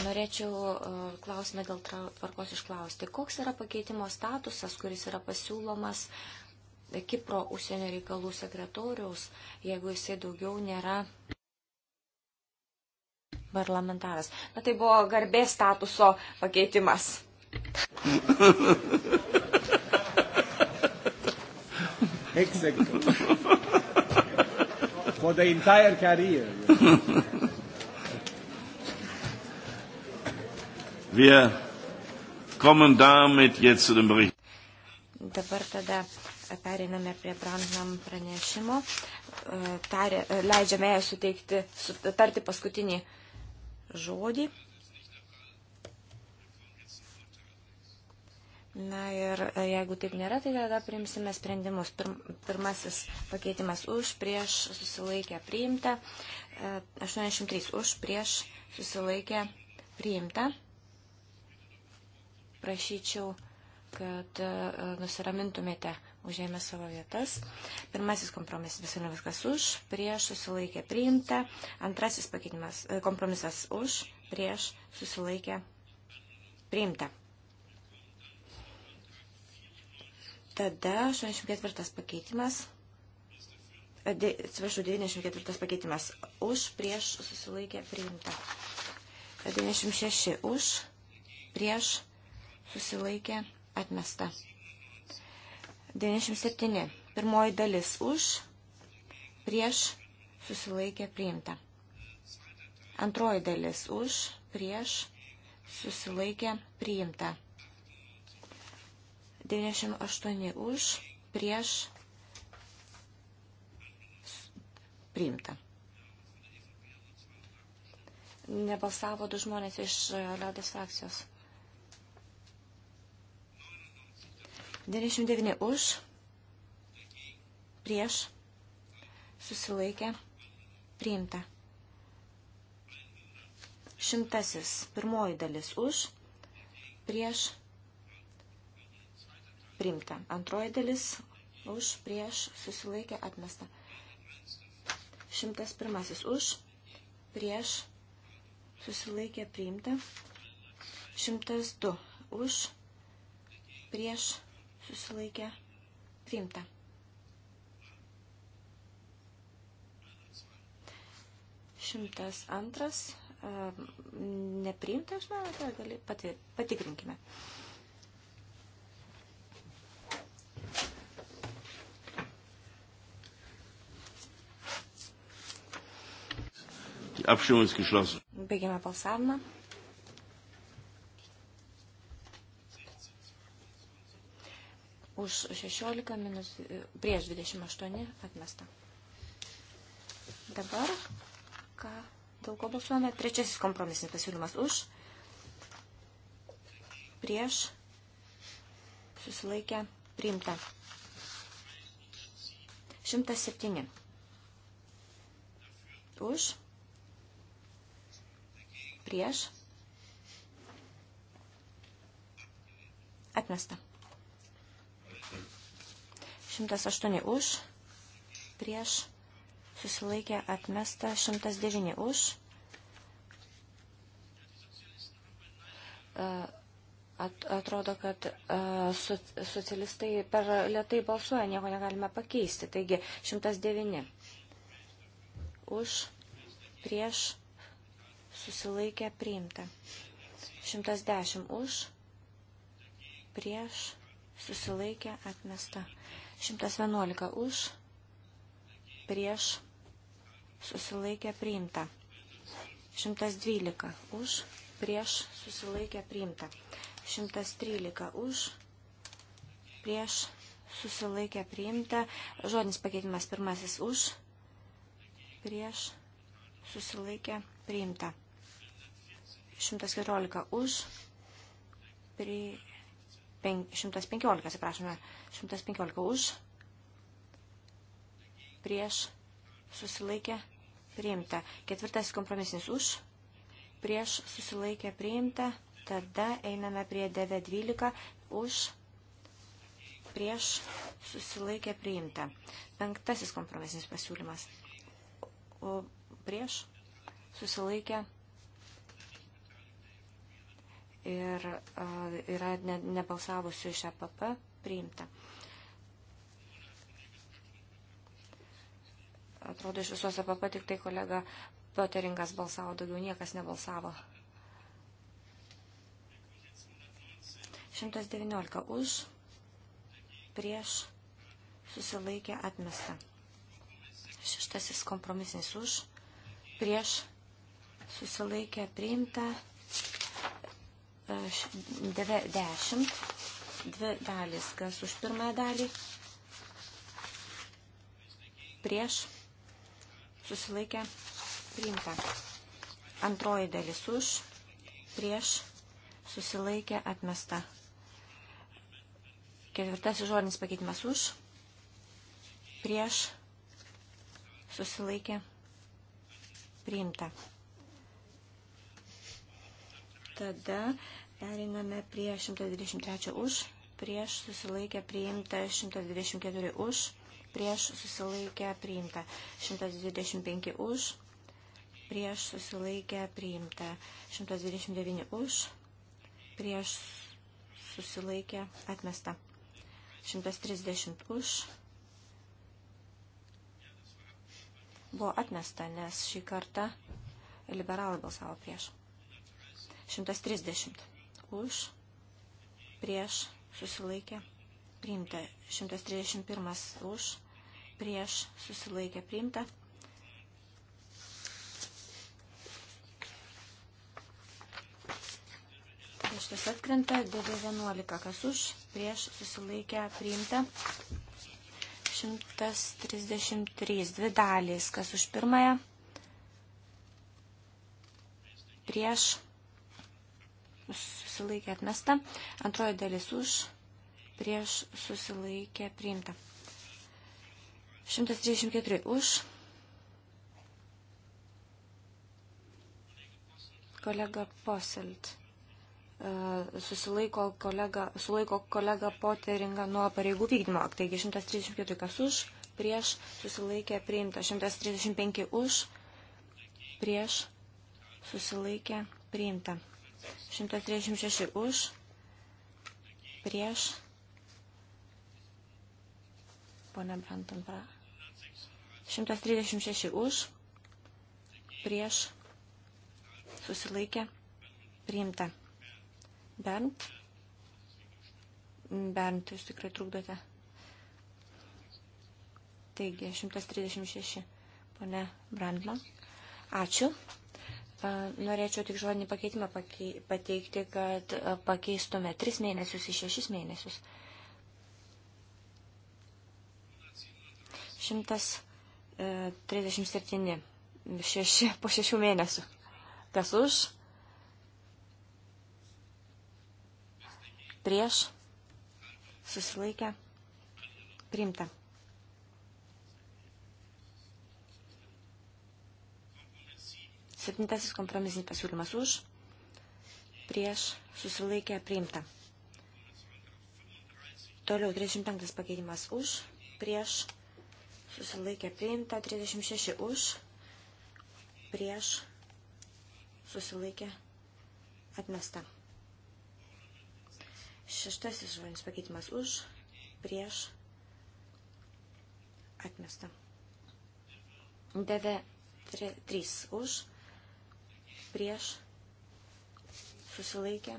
Norėčiau e, klausimą dėl tvarkos išklausti. Koks yra pakeitimo statusas, kuris yra pasiūlomas Kipro užsienio reikalų sekretoriaus, jeigu jisai daugiau nėra parlamentaras? Na tai buvo garbės statuso pakeitimas. Exactly for the entire career. *laughs* Wir kommen damit jetzt zu dem Bericht. Dabar tada periname prie Brandnam pranešimo. E, tarė, e, leidžiame suteikti, sutarti paskutinį žodį. Na ir e, jeigu taip nėra, tai tada priimsime sprendimus. Pirmasis pakeitimas už, prieš, susilaikę, priimta. 83 e, už, prieš, susilaikę, priimta. Prašyčiau, kad e, nusiramintumėte užėmę savo vietas. Pirmasis kompromisas visame viskas už, prieš susilaikė priimta. Antrasis pakeitimas kompromisas už, prieš susilaikė priimta. Tada 84 pakeitimas. Atsiprašau, 94 pakeitimas. Už, prieš, susilaikė, priimta. 96 už, prieš, susilaikė, atmesta. 97. Pirmoji dalis už, prieš, susilaikė, priimta. Antroji dalis už, prieš, susilaikė, priimta. 98 už, prieš, priimta. Nebalsavo du žmonės iš liaudės frakcijos. 99 už, prieš, susilaikė, priimta. Šimtasis, pirmoji dalis už, prieš, priimta priimta. Antroji dalis už, prieš, susilaikė, atmesta. 101 už, prieš, susilaikė, priimta. 102 už, prieš, susilaikė, priimta. Šimtas antras nepriimtas, man tai atrodo, patikrinkime. Baigiame balsavimą. 16 už 16 minus, e, prieš 28 atmesta. Dabar, ką dėl ko balsuojame, trečiasis kompromisinis pasiūlymas už, prieš, susilaikę, priimta. 107 už, prieš, atmesta. 108 už, prieš, susilaikė atmesta, 109 už. E, at, atrodo, kad e, socialistai per lietai balsuoja, nieko negalime pakeisti. Taigi, 109 už, prieš, susilaikė priimta. 110 už, prieš, susilaikė atmesta. 111 už, prieš, susilaikė priimta. 112 už, prieš, susilaikė priimta. 113 už, prieš, susilaikė priimta. Žodinis pakeitimas pirmasis už, prieš, susilaikė priimta. 114 už, pri, pen, 115, atsiprašome, 115 už, prieš, susilaikė, priimta. Ketvirtas kompromisinis už, prieš, susilaikė, priimta. Tada einame prie 912 už, prieš, susilaikė, priimta. Penktasis kompromisinis pasiūlymas. O prieš, susilaikė, priimta ir yra ne, nebalsavusių iš APP e priimta. Atrodo, iš visos APP e tik tai kolega Poteringas balsavo, daugiau niekas nebalsavo. 119 už, prieš, susilaikė atmesta. Šeštasis kompromisinis už, prieš, susilaikė priimta. 10, dvi dalys, kas už pirmąją dalį, prieš, susilaikę, priimta. Antroji dalis už, prieš, susilaikę, atmesta. Ketvirtasis žodinis pakeitimas už, prieš, susilaikę, priimta. Tada periname prie 123 už, prieš susilaikę priimta 124 už, prieš susilaikę priimta 125 už, prieš susilaikę priimta 129 už, prieš susilaikę atmesta 130 už. Buvo atmesta, nes šį kartą liberalai balsavo prieš. 130 už, prieš, susilaikė, priimta. 131 už, prieš, susilaikė, priimta. Šitas atkrenta, DD11, kas už, prieš, susilaikė, priimta. 133, dvi dalys, kas už pirmąją, prieš, susilaikė atmesta, antroji dalis už, prieš susilaikė priimta. 134 už. Kolega Poselt e, susilaiko kolega, sulaiko kolega Poteringą nuo pareigų vykdymo. Taigi 134 kas už, prieš susilaikė priimta, 135 už, prieš susilaikė priimta. 136 už, prieš, ponia Branton, 136 už, prieš, susilaikė, priimta. Bernd, Bernd, jūs tikrai trukdote. Taigi, 136, ponia Brandla. Ačiū. Norėčiau tik žodinį pakeitimą pateikti, kad pakeistume 3 mėnesius į 6 mėnesius. 137 e, šeši, po 6 mėnesių. Kas už? Prieš? Susilaikę? Primta. Septintasis kompromisinis pasiūlymas už, prieš susilaikę priimta. Toliau 35 pakeitimas už, prieš susilaikę priimta, 36 už, prieš susilaikę atmesta. Šeštasis žodinis pakeitimas už, prieš atmesta. Deve 3 už, prieš, susilaikė.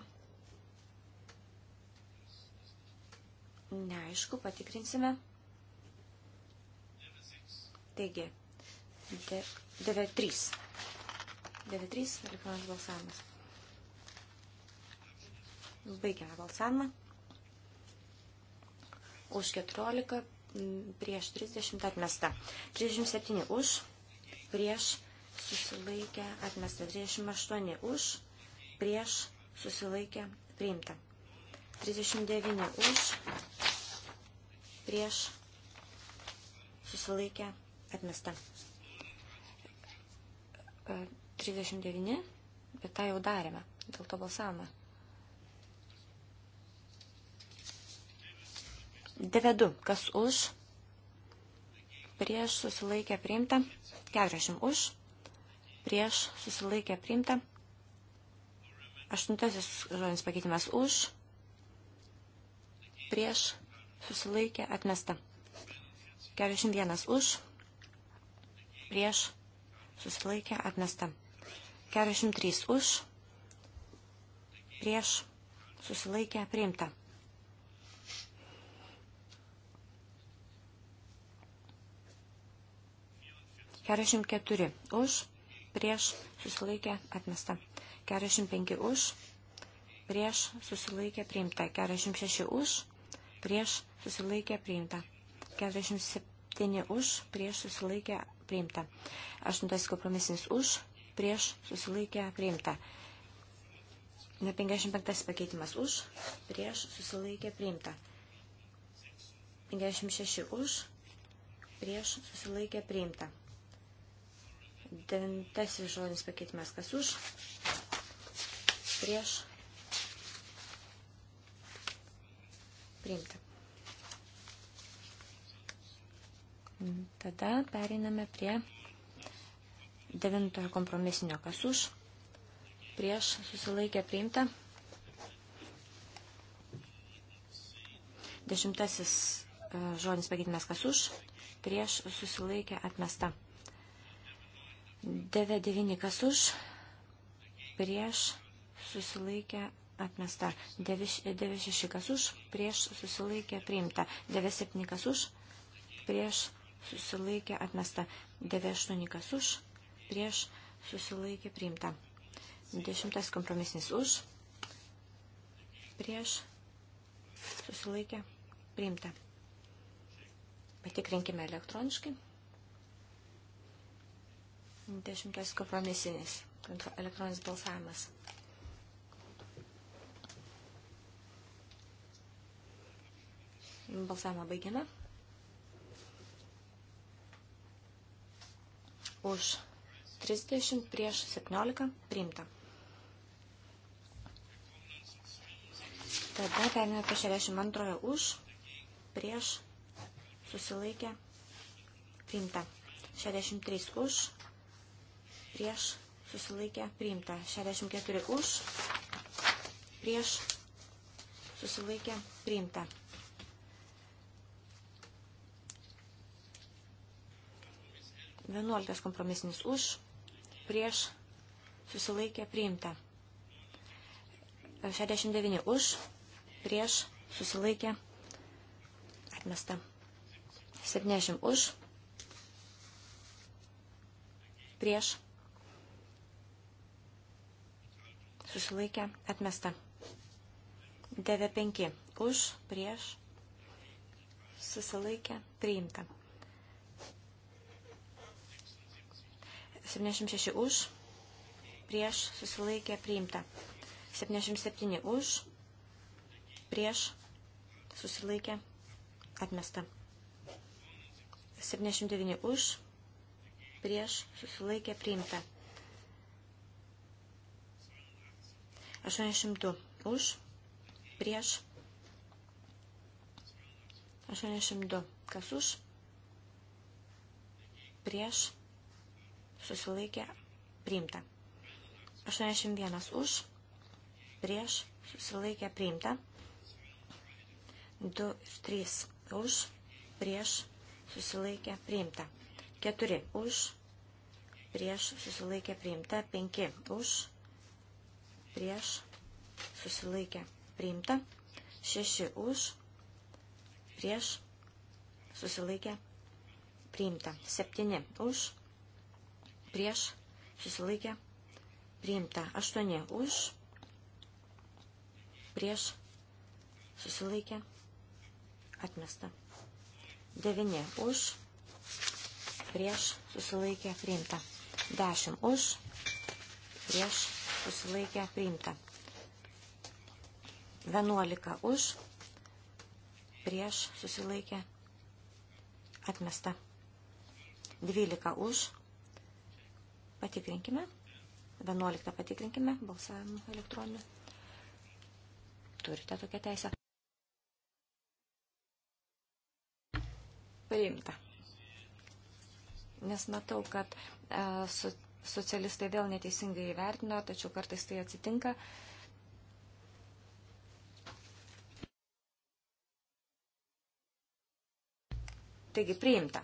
Neaišku, patikrinsime. Taigi, 9-3. 9-3 elektroninis balsavimas. Baigiame balsavimą. Už 14, prieš 30 atmesta. 37 už, prieš 30 susilaikė, atmesta 38 už, prieš, susilaikė, priimta. 39 už, prieš, susilaikė, atmesta. 39, e, bet tą jau darėme, dėl to balsavome. 92, kas už, prieš, susilaikė, priimta. 40 už, prieš, susilaikė priimta. Aštuntasis žodinis pakeitimas už, prieš, susilaikė atmesta. 41 už, prieš, susilaikė atmesta. 43 už, prieš, susilaikė priimta. Keturiasdešimt keturi už, prieš susilaikė atmesta. 45 už, prieš susilaikė priimta. 46 už, prieš susilaikė priimta. 47 už, prieš susilaikė priimta. 8 kompromisinis už, prieš susilaikė priimta. Ne 55 pakeitimas už, prieš susilaikė priimta. 56 už, prieš susilaikė priimta. Dentasis žodis pakeitimas kas už, prieš, priimta. Tada pereiname prie devintojo kompromisinio kas už, prieš susilaikę priimta. Dešimtasis e, žodis pakeitimas kas už, prieš susilaikę atmesta. 99 kas už, prieš susilaikę atmesta. 96 kas už, prieš susilaikę priimta. 97 kas už, prieš susilaikę atmesta. 98 kas už, prieš susilaikę priimta. 10 kompromisinis už, prieš susilaikę priimta. Patikrinkime elektroniškai. Dešimtas kompromisinis elektroninis balsavimas. Balsavimą baigiame. Už 30 prieš 17 priimta. Tada perėmė prie 62 už, prieš, susilaikė, priimta. 63 už, prieš susilaikę priimta. 64 už, prieš susilaikę priimta. Vienuoliktas kompromisinis už, prieš susilaikę priimta. 69 už, prieš susilaikę atmesta. 70 už, prieš susilaikė, atmesta. DV5 už, prieš, susilaikė, priimta. 76 už, prieš, susilaikė, priimta. 77 už, prieš, susilaikė, atmesta. 79 už, prieš, susilaikė, priimta. 82 už, prieš, 82 kas už, prieš, susilaikė, priimta. 81 už, prieš, susilaikė, priimta. 2 ir 3 už, prieš, susilaikė, priimta. 4 už, prieš, susilaikė, priimta. 5 už, prieš, prieš, susilaikė, priimta. 6 už, prieš, susilaikė, priimta. 7 už, prieš, susilaikė, priimta. 8 už, prieš, susilaikė, atmesta. 9 už, prieš, susilaikė, priimta. 10 už, prieš, susilaikė priimta. 11 už, prieš susilaikė atmesta. 12 už, patikrinkime. 11 patikrinkime balsavimu elektroniniu. Turite tokią teisę. Priimta. Nes matau, kad e, su socialistai vėl neteisingai įvertino, tačiau kartais tai atsitinka. Taigi priimta.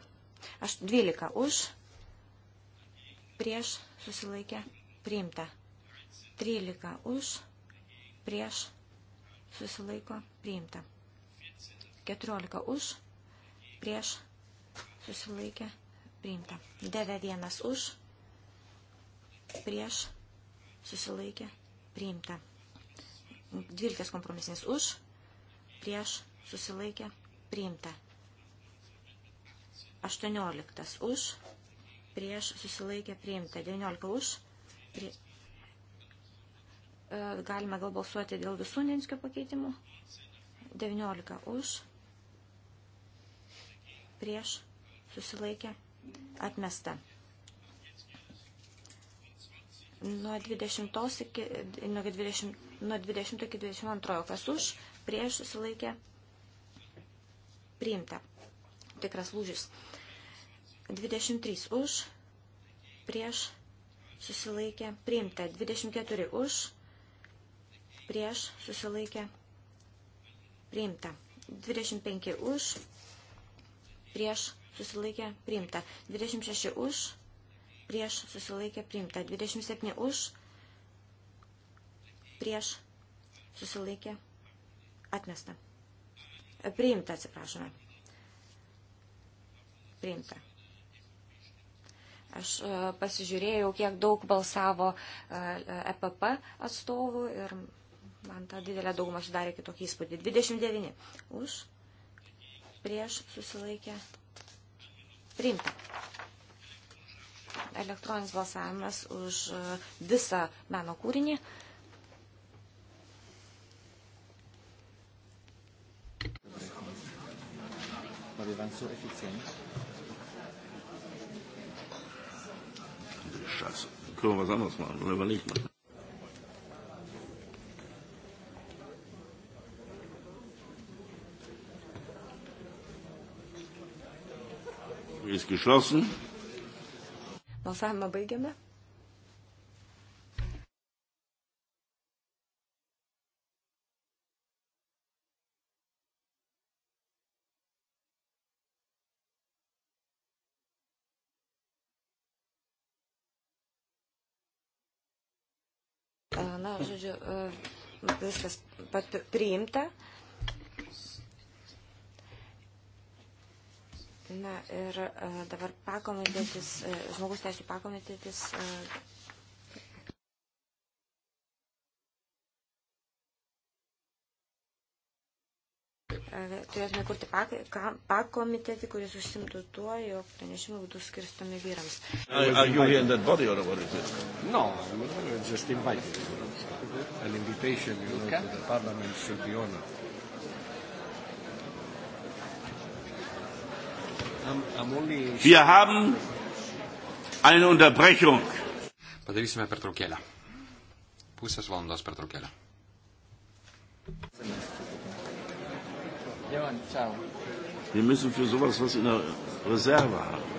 Aš 12 už, prieš susilaikė, priimta. 13 už, prieš susilaiko, priimta. 14 už, prieš susilaikė, priimta. 9 1 už, prieš, susilaikė, priimta. 12 kompromisinis už, prieš, susilaikė, priimta. 18 už, prieš, susilaikė, priimta. 19 už, prie... E, galime gal balsuoti dėl visų Nenskio pakeitimų. 19 už, prieš, susilaikė, atmesta nuo 20 iki, nuo 20, nuo 20 iki 22, kas už, prieš susilaikė, priimta. Tikras lūžis. 23 už, prieš susilaikė, priimta. 24 už, prieš susilaikė, priimta. 25 už, prieš susilaikė, priimta. 26 už, prieš susilaikė priimta. 27 už, prieš susilaikė atmesta. Priimta, atsiprašome. Priimta. Aš e, pasižiūrėjau, kiek daug balsavo EPP e atstovų ir man tą didelę daugumą sudarė kitokį įspūdį. 29 už, prieš susilaikė priimta. Elektroninis balsavimas už e, visą meno kūrinį. Ma avevano solo efficienza. Scheiße. Können wir was anderes machen? Oder überlegt man. Ist geschlossen. Balsavimą baigiame. Na, žodžiu, e, viskas priimta. Na ir e, dabar pakomitėtis, e, žmogus teisų pakomitėtis. E. Turėtume kurti pakomitetį, pak kuris užsimtų tuo, jog pranešimai būtų skirstomi vyrams. Are, are you here in that body or what is it? No, I'm just invited. An invitation you know, to the parliament should be honored. Wir haben eine Unterbrechung. Padarysime pertraukėlę. Pusės valandos pertraukėlę. Wir müssen für sowas was in der Reserve haben.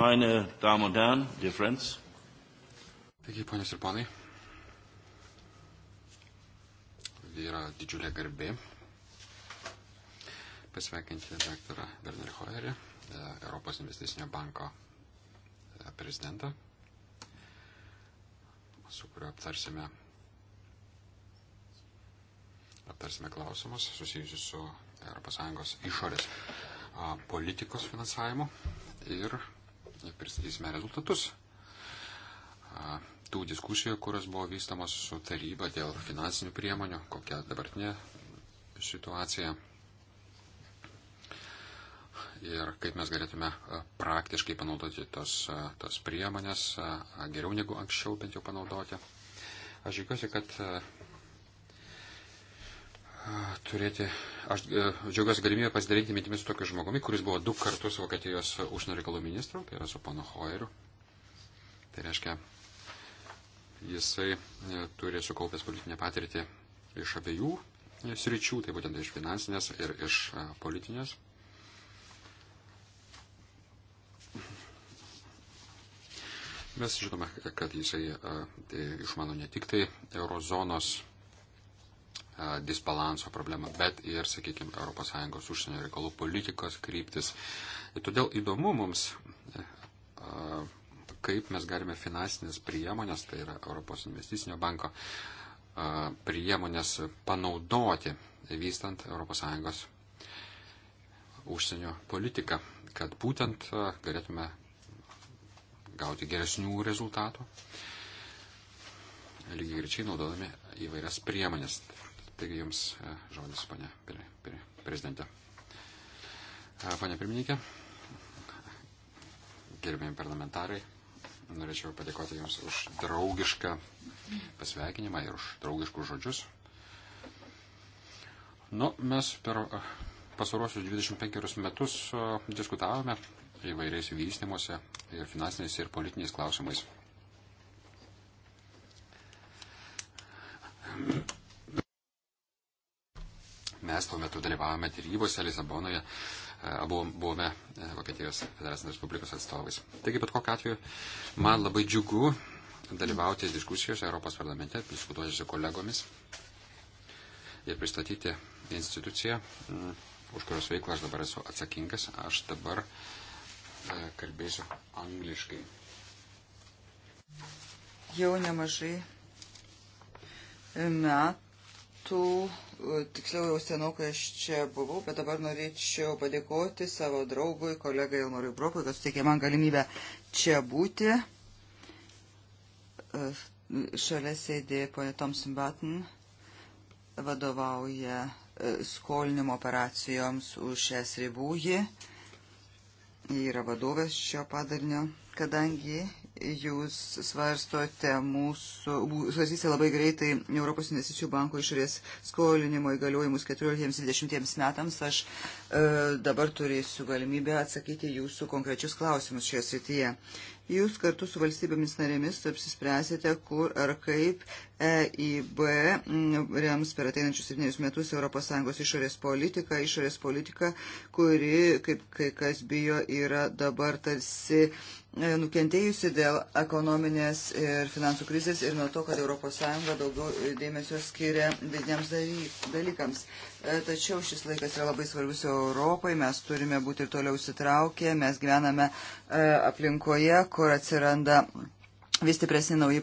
Meine Damen und Herren, dear friends. Taigi, ponios ir ponai, tai yra didžiulė garbė pasveikinti dr. Werner Hoerį, e, Europos investicinio banko e, prezidentą, su kuriuo aptarsime, aptarsime klausimus susijusius su ES išorės politikos finansavimu ir pristatysime rezultatus tų diskusijų, kurios buvo vystamos su taryba dėl finansinių priemonių, kokia dabartinė situacija ir kaip mes galėtume praktiškai panaudoti tos, tos priemonės geriau negu anksčiau bent jau panaudoti. Aš žiūrėsiu, kad turėti Aš e, džiaugiuosi galimybę pasidalinti mintimis su tokiu žmogumi, kuris buvo du kartus Vokietijos užsienio reikalų ministru, tai yra su pano Hoeriu. Tai reiškia, jisai e, turi sukaupęs politinę patirtį iš abiejų e, sričių, tai būtent iš finansinės ir iš politinės. Mes žinome, kad jisai tai išmano ne tik tai eurozonos disbalanso problemą, bet ir, sakykime, ES užsienio reikalų politikos kryptis. Ir todėl įdomu mums, e, kaip mes galime finansinės priemonės, tai yra Europos investicinio banko priemonės panaudoti, vystant ES užsienio politiką, kad būtent galėtume gauti geresnių rezultatų, lygiai greičiai naudodami įvairias priemonės. Taigi jums e, žodis, ponė pre, pre, prezidentė. E, Pane pirmininkė, gerbėjim parlamentarai, norėčiau padėkoti Jums už draugišką pasveikinimą ir už draugiškus žodžius. Nu, mes per e, pasarosius 25 metus diskutavome įvairiais vystimuose ir finansiniais ir politiniais klausimais. Mes tuo metu dalyvavome dėrybose Lisabonoje, e, abu buvome e, Vokietijos Federacinės Respublikos atstovais. Taigi, bet kokiu atveju, man labai džiugu dalyvauti diskusijose Europos parlamente, diskutuoti su kolegomis ir pristatyti instituciją, už kurios veiklą aš dabar esu atsakingas. Aš dabar e, kalbėsiu angliškai. Jau nemažai metų metų, e, tiksliau jau senokai aš čia buvau, bet dabar norėčiau padėkoti savo draugui, kolegai Elmarui Brokui, kad suteikė man galimybę čia būti. E, šalia sėdė ponė Thompson Button, vadovauja e, skolinimo operacijoms už šias ribų ji. Ji yra vadovas šio padarinio, kadangi jūs svarstote mūsų, svarstysite labai greitai Europos investicijų banko išorės skolinimo įgaliojimus 14-20 metams. Aš e, dabar turėsiu galimybę atsakyti jūsų konkrečius klausimus šioje srityje. Jūs kartu su valstybėmis narėmis apsispręsite, kur ar kaip EIB mm, rems per ateinančius 7 metus ES išorės politiką, išorės politiką, kuri, kaip kai kas bijo, yra dabar tarsi e, nukentėjusi dėl ekonominės ir finansų krizės ir nuo to, kad ES daugiau dėmesio skiria vidiniams dalykams. E, tačiau šis laikas yra labai svarbus Europai, mes turime būti ir toliau sitraukę, mes gyvename e, aplinkoje, kur atsiranda vis stipresni nauji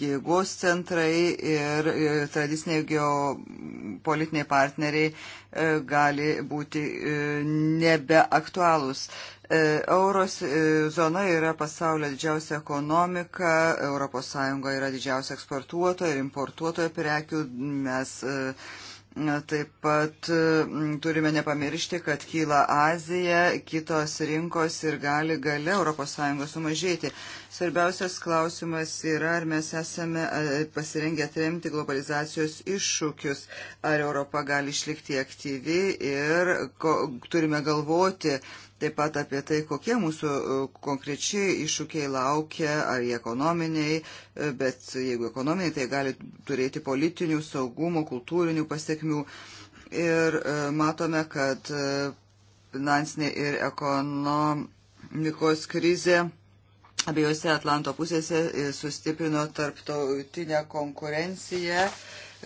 jėgos centrai ir tradiciniai geopolitiniai partneriai e, gali būti e, nebeaktualūs. E, Euros zona yra pasaulio didžiausia ekonomika, ES yra didžiausia eksportuotoja ir importuotoja prekių, mes uh, Taip pat mm, turime nepamiršti, kad kyla Azija, kitos rinkos ir gali gale ES sumažėti. Svarbiausias klausimas yra, ar mes esame pasirengę atremti globalizacijos iššūkius, ar Europa gali išlikti aktyvi ir ko, turime galvoti, taip pat apie tai, kokie mūsų e, konkrečiai iššūkiai laukia, ar jie ekonominiai, e, bet jeigu ekonominiai, tai gali turėti politinių, saugumo, kultūrinių pasiekmių. Ir e, matome, kad finansinė ir ekonomikos krizė abiejose Atlanto pusėse sustiprino tarptautinę konkurenciją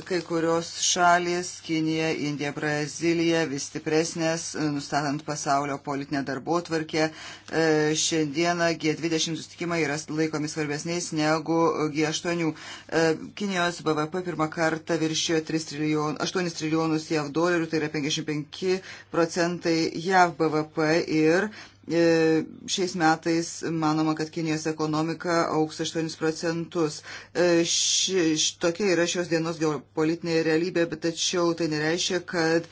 Kai kurios šalis - Kinija, Indija, Brazilija - vis stipresnės, nustatant pasaulio politinę darbo tvarkę. E, šiandieną G20 sustikimai yra laikomi svarbesniais negu G8. E, Kinijos BVP pirmą kartą viršijo trilijon, 8 trilijonus JAV dolerių, tai yra 55 procentai JAV BVP ir E, šiais metais manoma, kad Kinijos ekonomika auks 8 procentus. E, ši, tokia yra šios dienos geopolitinė realybė, bet tačiau tai nereiškia, kad e,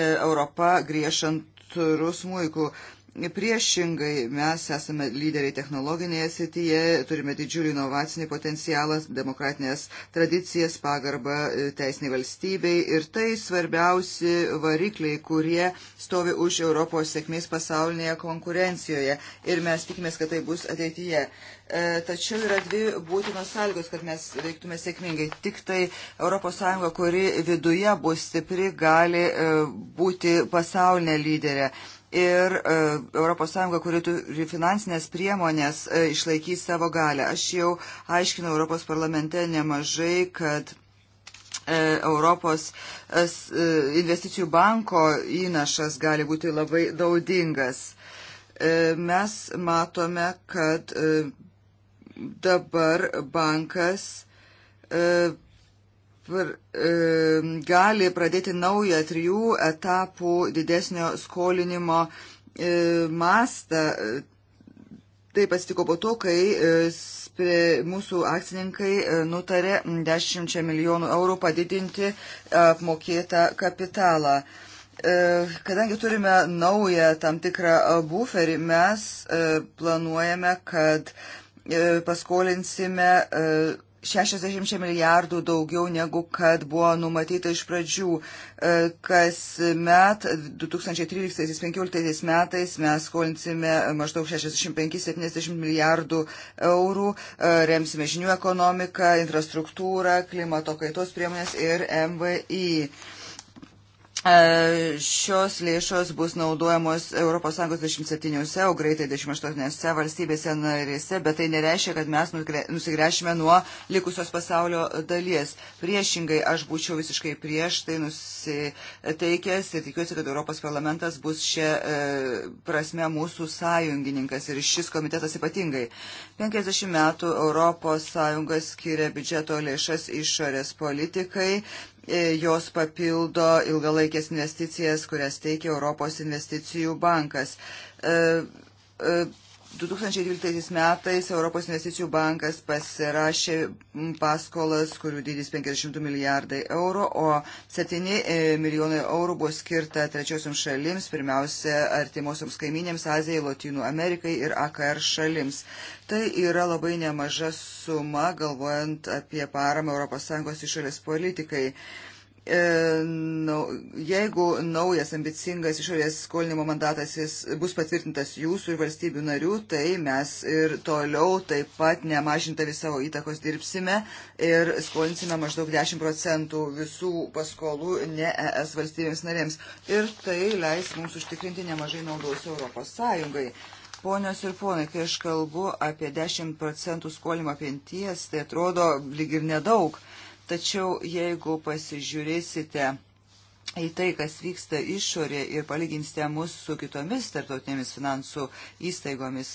Europa griešant rusmuikų. Priešingai, mes esame lyderiai technologinėje srityje, turime didžiulį inovacinį potencialą, demokratinės tradicijas, pagarbą e, teisiniai valstybei ir tai svarbiausi varikliai, kurie stovi už Europos sėkmės pasaulinėje konkurencijoje ir mes tikimės, kad tai bus ateityje. E, tačiau yra dvi būtinos sąlygos, kad mes veiktume sėkmingai. Tik tai ES, kuri viduje bus stipri, gali e, būti pasaulinė lyderė ir ES, kuri turi finansinės priemonės, e, išlaikys savo galę. Aš jau aiškinau Europos parlamente nemažai, kad e, Europos e, investicijų banko įnašas gali būti labai daudingas. Mes matome, kad dabar bankas E, gali pradėti naują trijų etapų didesnio skolinimo e, mastą. Taip atsitiko po to, kai e, mūsų akcininkai nutarė 10 milijonų eurų padidinti apmokėtą kapitalą. Kadangi turime naują tam tikrą buferį, mes planuojame, kad paskolinsime 60 milijardų daugiau negu kad buvo numatyta iš pradžių. E, kas met 2013-2015 metais mes skolinsime maždaug 65-70 milijardų eurų, e, remsime žinių ekonomiką, infrastruktūrą, klimato kaitos priemonės ir MVI. E, šios lėšos bus naudojamos ES 27, o greitai 28 valstybėse narėse, bet tai nereiškia, kad mes nusigręšime nuo likusios pasaulio dalies. Priešingai, aš būčiau visiškai prieš tai nusiteikęs ir tikiuosi, kad Europos parlamentas bus šia e, prasme mūsų sąjungininkas ir šis komitetas ypatingai. 50 metų ES skiria biudžeto lėšas išorės politikai, E, jos papildo ilgalaikės investicijas, kurias teikia Europos investicijų bankas e, e, 2012 metais Europos investicijų bankas pasirašė paskolas, kurių dydis 50 milijardai eurų, o 7 e, milijonai eurų buvo skirta trečiosiams šalims, pirmiausia, artimuosiams kaiminėms Azijai, Lotynų Amerikai ir AKR šalims. Tai yra labai nemaža suma, galvojant apie paramą ES išorės politikai. E, jeigu naujas ambicingas išorės skolinimo mandatas jis bus patvirtintas jūsų ir valstybių narių, tai mes ir toliau taip pat nemažintami savo įtakos dirbsime ir skolinsime maždaug 10 procentų visų paskolų ne ES valstybėms narėms. Ir tai leis mums užtikrinti nemažai naudos Europos Sąjungai. Ponios ir ponai, kai aš kalbu apie 10 procentų skolimą penties, tai atrodo lyg ir nedaug. Tačiau jeigu pasižiūrėsite į tai, kas vyksta išorė ir palyginsite mus su kitomis tarptautinėmis finansų įstaigomis,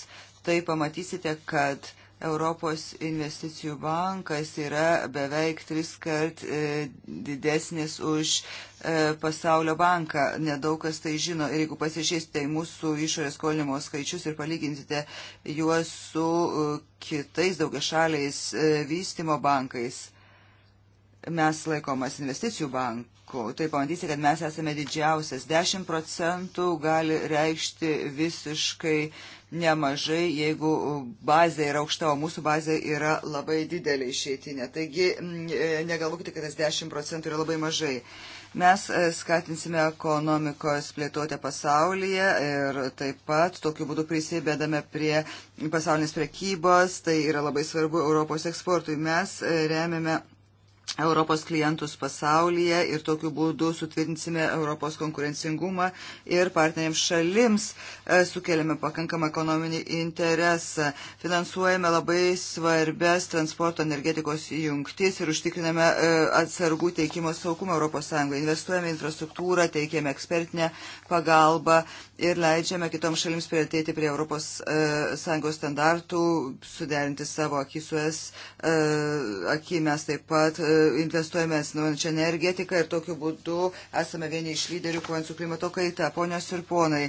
tai pamatysite, kad Europos investicijų bankas yra beveik tris kart e, didesnis už e, pasaulio banką. Nedaug kas tai žino. Ir jeigu pasižiūrėsite į mūsų išorės skolinimo skaičius ir palyginsite juos su e, kitais daugiašaliais vystimo bankais, mes laikomas investicijų banku, tai pamatysite, kad mes esame didžiausias. 10 procentų gali reikšti visiškai nemažai, jeigu bazė yra aukšta, o mūsų bazė yra labai didelė išeitinė. Taigi e, negalvokite, kad tas 10 procentų yra labai mažai. Mes e, skatinsime ekonomikos plėtotę pasaulyje ir taip pat tokiu būdu prisibėdame prie pasaulinės prekybos, tai yra labai svarbu Europos eksportui. Mes e, remiame Europos klientus pasaulyje ir tokiu būdu sutvirtinsime Europos konkurencingumą ir partneriams šalims e, sukeliame pakankamą ekonominį interesą. Finansuojame labai svarbias transporto energetikos jungtis ir užtikriname e, atsargų teikimo saugumą ES. Investuojame infrastruktūrą, teikiame ekspertinę pagalbą ir leidžiame kitoms šalims prieartėti prie ES e, standartų, suderinti savo akis su es akį mes taip pat investuojame atsinaujančią energetiką ir tokiu būdu esame vieni iš lyderių kovant su klimato kaita. Ponios ir ponai,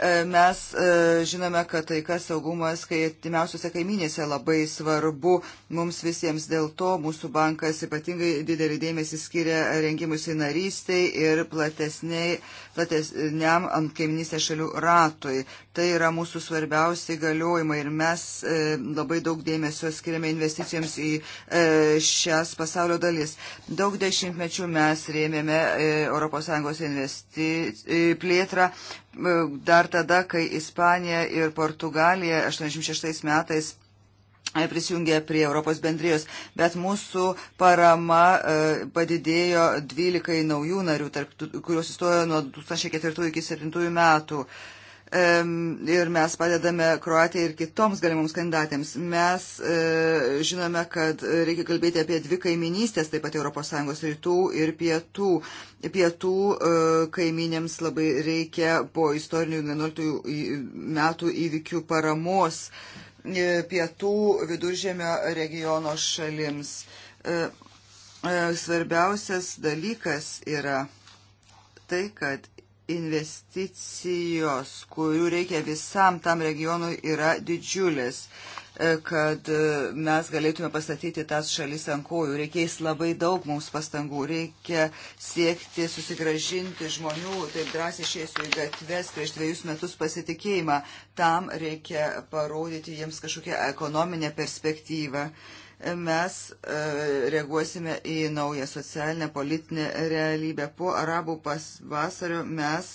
E, mes e, žinome, kad taika saugumas, kai atimiausiuose kaiminėse labai svarbu mums visiems dėl to, mūsų bankas ypatingai didelį dėmesį skiria rengimus į narystiai ir platesniam ant kaiminėse šalių ratui. Tai yra mūsų svarbiausi galiojimai ir mes e, labai daug dėmesio skiriame investicijoms į šias pasaulio dalis. Daug dešimtmečių mes rėmėme ES plėtrą E, dar tada, kai Ispanija ir Portugalija 86 metais e, prisijungė prie Europos bendrijos, bet mūsų parama e, padidėjo 12 naujų narių, tarp, kurios įstojo nuo 2004 iki 2007 metų ir mes padedame Kroatijai ir kitoms galimoms kandidatėms. Mes e, žinome, kad reikia kalbėti apie dvi kaiminystės, taip pat ES rytų ir pietų. Pietų e, kaiminėms labai reikia po istorinių 11 metų įvykių paramos e, pietų viduržėmio regiono šalims. Svarbiausias dalykas yra tai, kad investicijos, kurių reikia visam tam regionui, yra didžiulis, e, kad e, mes galėtume pastatyti tas šalis ant kojų. Reikės labai daug mums pastangų, reikia siekti susigražinti žmonių, taip drąsiai išėjusių į gatves prieš dviejus metus pasitikėjimą. Tam reikia parodyti jiems kažkokią ekonominę perspektyvą. Uh, mes e, reaguosime į naują socialinę politinę realybę. Po arabų vasario mes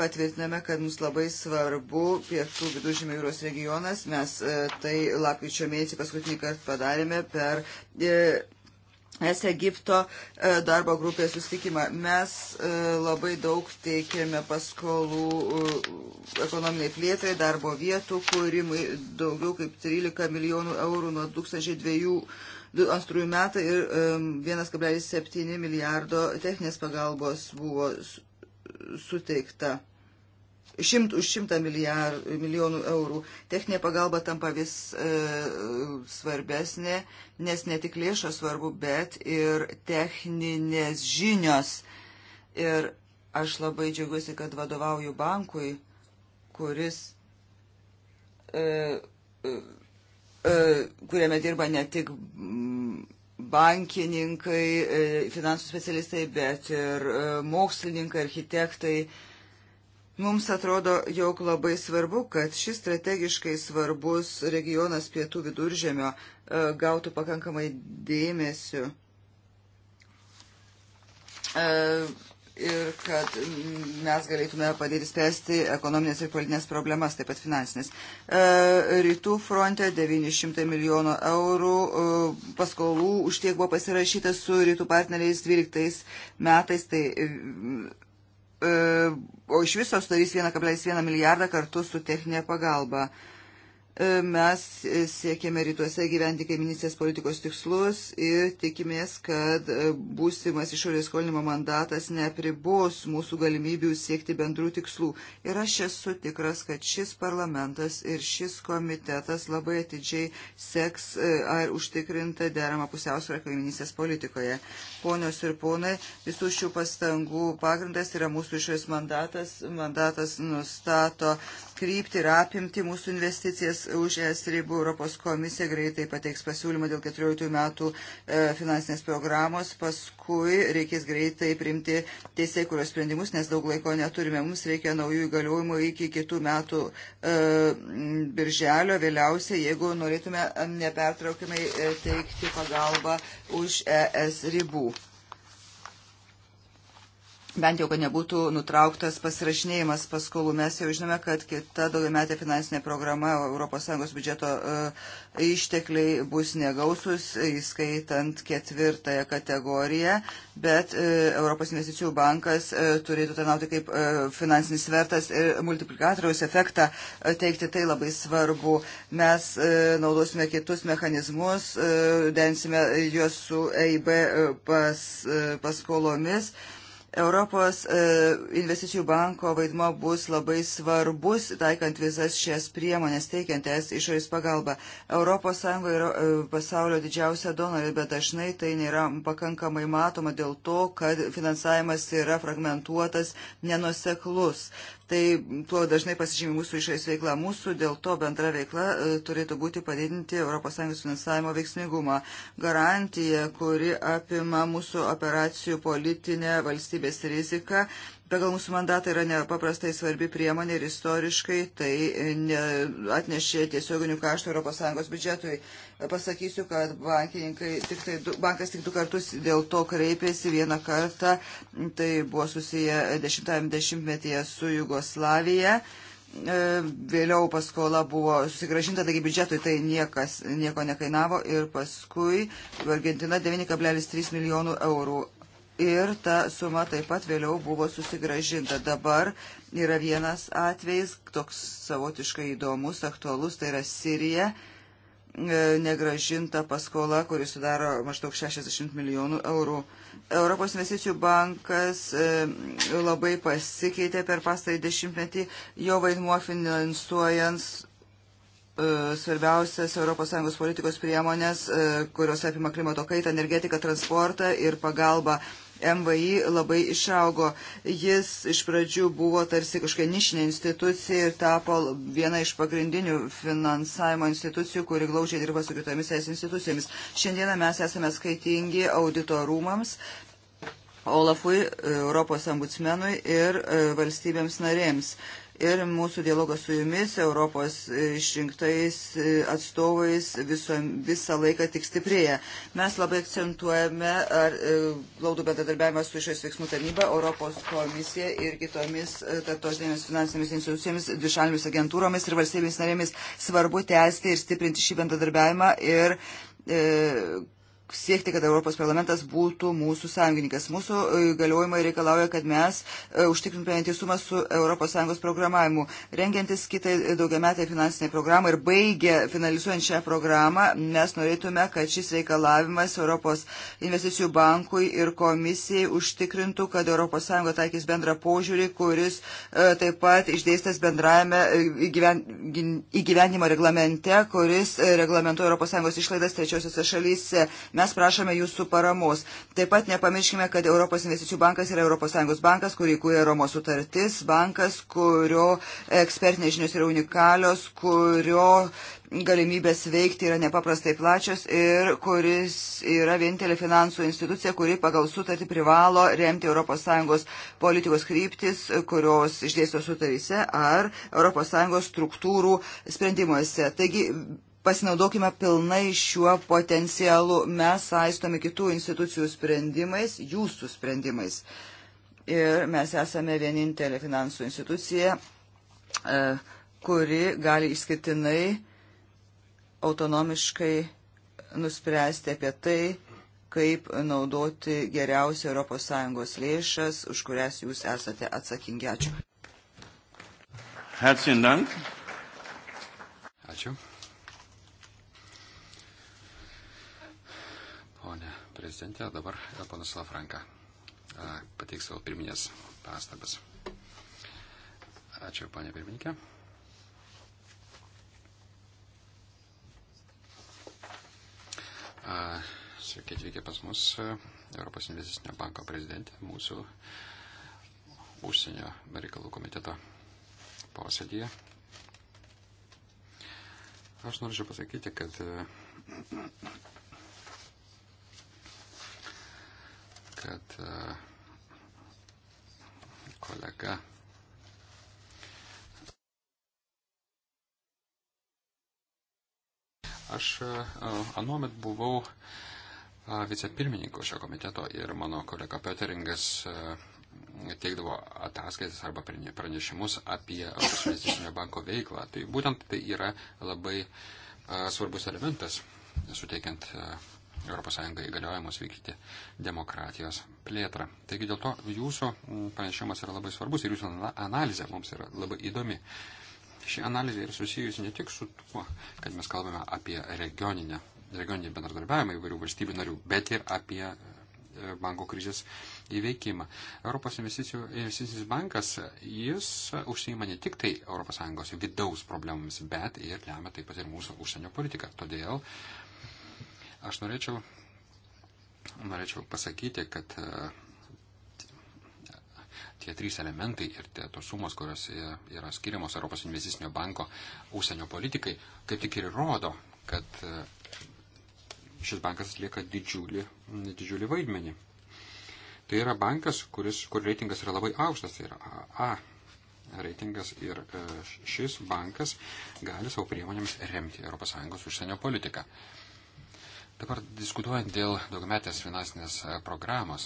patvirtiname, kad mums labai svarbu pietų viduržymio jūros regionas. Mes e, tai lapkričio mėnesį paskutinį kartą padarėme per e, Es Egipto e, darbo grupės susitikimą. Mes e, labai daug teikėme paskolų e, ekonominiai plėtrai, darbo vietų, kūrimui daugiau kaip 13 milijonų eurų nuo 2002 metų ir 1,7 milijardo techninės pagalbos buvo suteikta šimt, už 100 milijar, milijonų eurų. Techninė pagalba tampa vis e, svarbesnė, nes ne tik lėšos svarbu, bet ir techninės žinios. Ir aš labai džiaugiuosi, kad vadovauju bankui, kuris, e, e, e kuriame dirba ne tik mm, bankininkai, e, finansų specialistai, bet ir e, mokslininkai, architektai Mums atrodo, jog labai svarbu, kad šis strategiškai svarbus regionas pietų viduržėmio e, gautų pakankamai dėmesio e, ir kad mes galėtume padėti spręsti ekonominės ir politinės problemas, taip pat finansinės. E, rytų fronte 900 milijonų eurų paskolų už tiek buvo pasirašyta su rytų partneriais 12 metais, tai E, o iš viso sudarys 1,1 milijardą kartu su techninė pagalba. E, Mes siekėme rytuose gyventi kaiminystės politikos tikslus ir tikimės, kad būsimas išorės skolinimo mandatas nepribos mūsų galimybių siekti bendrų tikslų. Ir aš esu tikras, kad šis parlamentas ir šis komitetas labai atidžiai seks e, ar užtikrinta deramą pusiausvyrą kaiminystės politikoje. Ponios ir ponai, visų šių pastangų pagrindas yra mūsų išorės mandatas. Mandatas nustato kryptį ir apimti mūsų investicijas už es ribų. Europos komisija greitai pateiks pasiūlymą dėl 14 metų e, finansinės programos, paskui reikės greitai primti teisėjų kurios sprendimus, nes daug laiko neturime. Mums reikia naujų įgaliojimų iki kitų metų e, birželio, vėliausiai, jeigu norėtume nepertraukimai e, teikti pagalbą už es ribų bent jau, kad nebūtų nutrauktas pasirašinėjimas paskolų. Mes jau žinome, kad kita daugiametė finansinė programa ES biudžeto e, ištekliai bus negausus, įskaitant ketvirtąją kategoriją, bet e, Europos investicijų bankas e, turėtų tarnauti kaip finansinis svertas ir multiplikatoriaus efektą teikti. Tai labai svarbu. Mes naudosime kitus mechanizmus, densime juos su EIB pas, paskolomis. Pas Europos e, investicijų banko vaidmo bus labai svarbus, taikant visas šias priemonės, teikiant es išorės pagalbą. ES yra e, pasaulio didžiausia donorė, bet dažnai tai nėra pakankamai matoma dėl to, kad finansavimas yra fragmentuotas, nenuseklus. Tai tuo dažnai pasižymė mūsų išorės veikla. Mūsų dėl to bendra veikla e, turėtų būti padidinti ES finansavimo veiksmingumą. Garantija, kuri apima mūsų operacijų politinę valstybės riziką pagal mūsų mandatą yra nepaprastai svarbi priemonė ir istoriškai tai e, atnešė tiesioginių kaštų ES biudžetui. Pasakysiu, kad tik tai, bankas tik du kartus dėl to kreipėsi vieną kartą, tai buvo susiję 10-metyje su Jugoslavija. E, vėliau paskola buvo susigražinta, taigi biudžetui tai niekas, nieko nekainavo ir paskui Argentina 9,3 milijonų eurų ir ta suma taip pat vėliau buvo susigražinta. Dabar yra vienas atvejs, toks savotiškai įdomus, aktualus, tai yra Sirija, e, negražinta paskola, kuri sudaro maždaug 60 milijonų eurų. Europos investicijų bankas e, labai pasikeitė per pastarį dešimtmetį, jo vaidmuo finansuojant e, svarbiausias ES politikos priemonės, kurios apima klimato kaitą, energetiką, transportą ir pagalbą MVI labai išaugo. Jis iš pradžių buvo tarsi kažkokia nišinė institucija ir tapo viena iš pagrindinių finansavimo institucijų, kuri glaučiai dirba su kitomis es institucijomis. Šiandieną mes esame skaitingi auditorumams, Olafui, Europos ambucmenui ir e, valstybėms narėms ir mūsų dialogas su jumis, Europos e, išrinktais e, atstovais viso, visą laiką tik stiprėja. Mes labai akcentuojame ar, e, glaudų bendradarbiavimą su išorės veiksmų tarnyba, Europos komisija ir kitomis tarptautinėmis finansinėmis institucijomis, dvišalėmis agentūromis ir valstybėmis narėmis. Svarbu tęsti ir stiprinti šį bendradarbiavimą ir e, siekti, kad Europos parlamentas būtų mūsų sąjungininkas. Mūsų e, galiojimai reikalauja, kad mes e, užtikrintume vientisumą su ES programavimu. Rengiantis kitai daugiametai finansinė programai ir baigę finalizuojant šią programą, mes norėtume, kad šis reikalavimas Europos investicijų bankui ir komisijai užtikrintų, kad ES taikys bendrą požiūrį, kuris e, taip pat išdėstas bendrajame įgyven, įgyvenimo reglamente, kuris reglamentuoja ES išlaidas trečiosiose šalyse Mes prašome jūsų paramos. Taip pat nepamirškime, kad Europos investicijų bankas yra ES bankas, kurį kūrė Romos sutartis, bankas, kurio ekspertinės žinios yra unikalios, kurio galimybės veikti yra nepaprastai plačios ir kuris yra vienintelė finansų institucija, kuri pagal sutartį privalo remti ES politikos kryptis, kurios išdėsto sutarise ar ES struktūrų sprendimuose. Taigi pasinaudokime pilnai šiuo potencialu. Mes saistome kitų institucijų sprendimais, jūsų sprendimais. Ir mes esame vienintelė finansų institucija, e, kuri gali išskirtinai autonomiškai nuspręsti apie tai, kaip naudoti geriausiai ES lėšas, už kurias jūs esate atsakingi. Ačiū. Ačiū. prezidentė. Dabar e, panas Lafranka e, pateiks savo pirminės pastabas. Ačiū, panė pirmininkė. Sveiki atvykę pas mus e, Europos investicinio banko prezidentė, mūsų užsienio reikalų komiteto posėdėje. Aš norėčiau pasakyti, kad kad e, kolega Aš e, e, anuomet buvau vicepirmininku šio komiteto ir mano kolega Peteringas teikdavo ataskaitas arba pranešimus apie Europos investicinio banko veiklą. Tai būtent tai yra labai svarbus elementas, suteikiant ES įgaliojimus vykdyti demokratijos plėtrą. Taigi dėl to jūsų mm, pranešimas yra labai svarbus ir jūsų analizė mums yra labai įdomi. Ši analizė yra susijusi ne tik su tuo, kad mes kalbame apie regioninę, regioninį bendradarbiavimą įvairių valstybių narių, bet ir apie e, bankų krizės įveikimą. Europos investicinis bankas, jis užsima ne tik tai ES vidaus problemams, bet ir lemia taip pat ir mūsų užsienio politiką. Todėl Aš norėčiau, norėčiau pasakyti, kad e, tie trys elementai ir tie, tos sumos, kurios e, yra skiriamos Europos investicinio banko užsienio politikai, kaip tik ir rodo, kad e, šis bankas atlieka didžiulį, didžiulį vaidmenį. Tai yra bankas, kuris, kur reitingas yra labai aukštas, tai yra AA reitingas ir šis bankas gali savo priemonėms remti ES užsienio politiką. Dabar diskutuojant dėl daugmetės finansinės e, programos,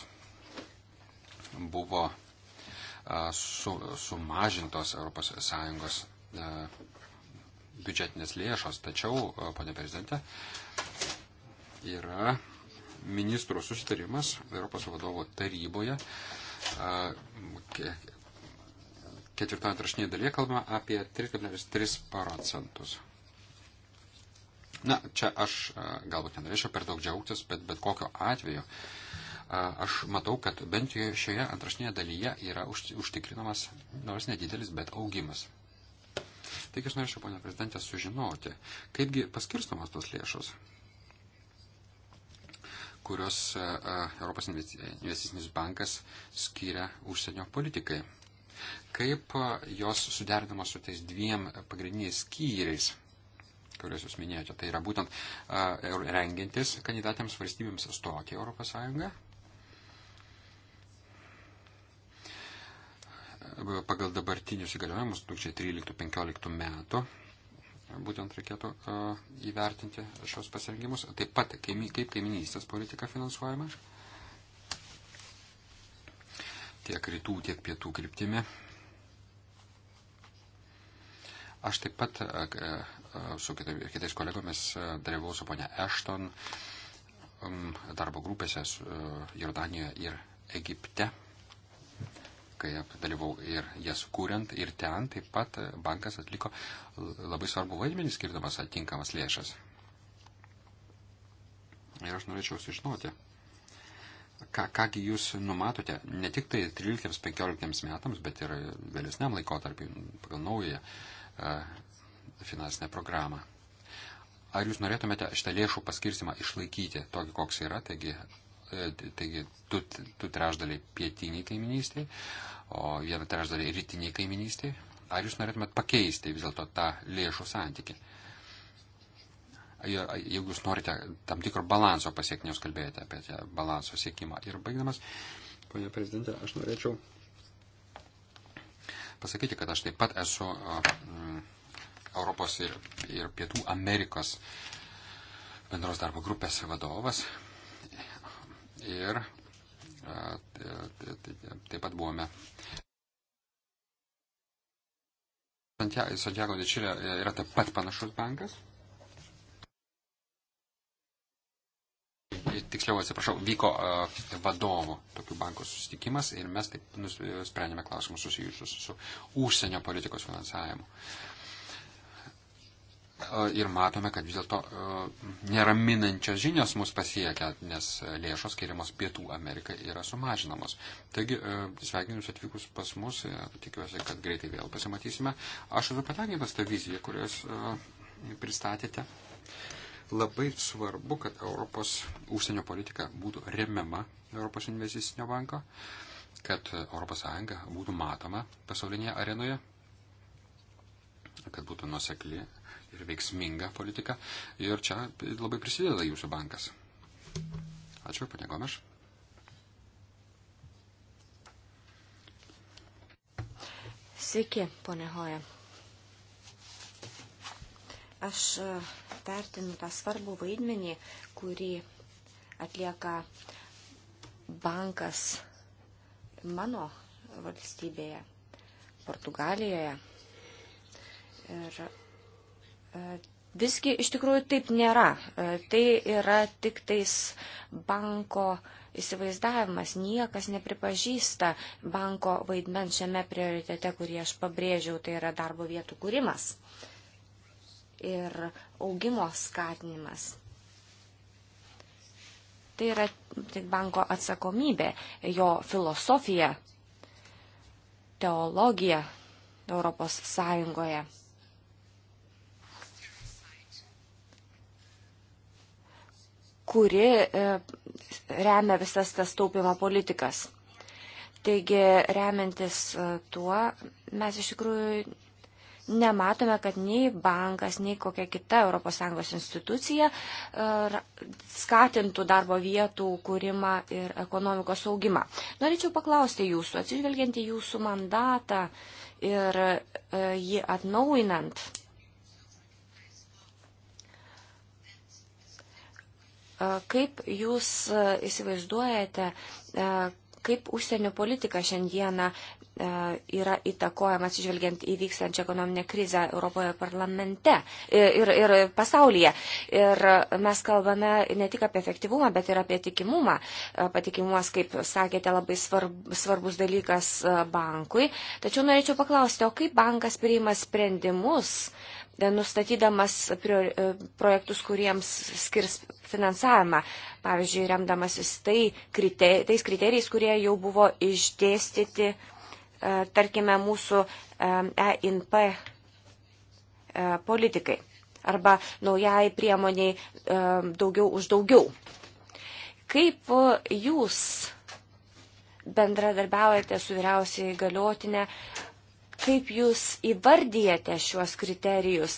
buvo e, su, sumažintos ES e, biudžetinės lėšos, tačiau, ponė prezidentė, yra ministrų susitarimas Europos vadovo taryboje. Ketvirtoje antrašinėje dalyje kalbama apie 3,3 procentus. Na, čia aš galbūt nenorėčiau per daug džiaugtis, bet bet kokiu atveju aš matau, kad bent jau šioje antrašinėje dalyje yra užtikrinamas nors nedidelis, bet augimas. Taigi aš norėčiau, ponia prezidentė, sužinoti, kaipgi paskirstamos tos lėšos, kurios Europos investicinis bankas skiria užsienio politikai. Kaip jos suderinamos su tais dviem pagrindiniais skyriais kuriuos jūs minėjote. Tai yra būtent rengintis kandidatėms valstybėms stoti Europos Sąjungą. Pagal dabartinius įgaliojimus 2013-2015 metų būtent reikėtų įvertinti šios pasirinkimus. Taip pat kaip kaiminystės politika finansuojama tiek rytų, tiek pietų kryptimi. Aš taip pat e, e, su kitais kolegomis e, dalyvau su ponia Ešton um, darbo grupėse Jordanijoje ir Egipte, kai dalyvau ir jas kūrent, ir ten taip pat bankas atliko labai svarbu vaidmenį skirdamas atinkamas lėšas. Ir aš norėčiau sužinoti, ką, kągi jūs numatote ne tik tai 13-15 metams, bet ir vėlesniam laikotarpiu pagal naują uh, finansinę programą. Ar jūs norėtumėte šitą lėšų paskirstimą išlaikyti tokį, koks yra, taigi, e, taigi du, du trešdaliai pietiniai kaiminystiai, o vieną trešdalį rytiniai kaiminystiai? Ar jūs norėtumėte pakeisti vis dėlto tą lėšų santykį? Jeigu jūs norite tam tikro balanso pasiekti, jūs kalbėjote apie balanso siekimą. Ir baigdamas, ponia prezidentė, aš norėčiau pasakyti, kad aš taip pat esu Europos ir, ir Pietų Amerikos bendros darbo grupės vadovas. Ir taip pat buvome. Santiago de Chile yra taip pat panašus bankas. tiksliau atsiprašau, vyko e, vadovų tokių bankų susitikimas ir mes taip e, sprendėme klausimus susijusius su užsienio politikos finansavimu. E, ir matome, kad vis dėlto neraminančios žinios mus pasiekia, nes lėšos skiriamos Pietų Amerikai yra sumažinamos. Taigi, sveikinus atvykus pas mus, tikiuosi, kad greitai vėl pasimatysime. Aš esu patenkintas tą viziją, kurios pristatėte. Labai svarbu, kad Europos užsienio politika būtų remiama Europos investicinio banko, kad ES būtų matoma pasaulinėje arenoje, kad būtų nusekli ir veiksminga politika. Ir čia labai prisideda jūsų bankas. Ačiū, panė Gomeš. Sveiki, ponė Hoja. Aš e, vertinu tą svarbų vaidmenį, kurį atlieka bankas mano valstybėje, Portugalijoje. Ir e, visgi iš tikrųjų taip nėra. E, tai yra tik tais banko įsivaizdavimas. Niekas nepripažįsta banko vaidmens šiame prioritete, kurį aš pabrėžiau, tai yra darbo vietų kūrimas. Uh, ir augimo skatinimas. Tai yra tik banko atsakomybė, jo filosofija, teologija Europos Sąjungoje. kuri e, remia visas tas taupimo politikas. Taigi, remiantis e, tuo, mes iš tikrųjų nematome, kad nei bankas, nei kokia kita ES institucija e, skatintų darbo vietų kūrimą ir ekonomikos augimą. Norėčiau paklausti jūsų, atsižvelgiant į jūsų mandatą ir e, jį atnaujinant. E, kaip jūs įsivaizduojate, kaip užsienio politika šiandieną E, yra įtakojamas išvelgiant įvykstančią ekonominę krizę Europoje parlamente e, ir, ir pasaulyje. Ir mes kalbame ne tik apie efektyvumą, bet ir apie tikimumą. E, patikimumas, kaip sakėte, labai svarb, svarbus dalykas bankui. Tačiau norėčiau paklausti, o kaip bankas priima sprendimus? nustatydamas projektus, kuriems skirs finansavimą, pavyzdžiui, remdamasis tai kriter, tais kriterijais, kurie jau buvo išdėstyti uh, E, tarkime, mūsų EINP e e, politikai arba naujai priemoniai daugiau už daugiau. Kaip jūs bendradarbiaujate su vyriausiai galiotinė, kaip jūs įvardyjate šiuos kriterijus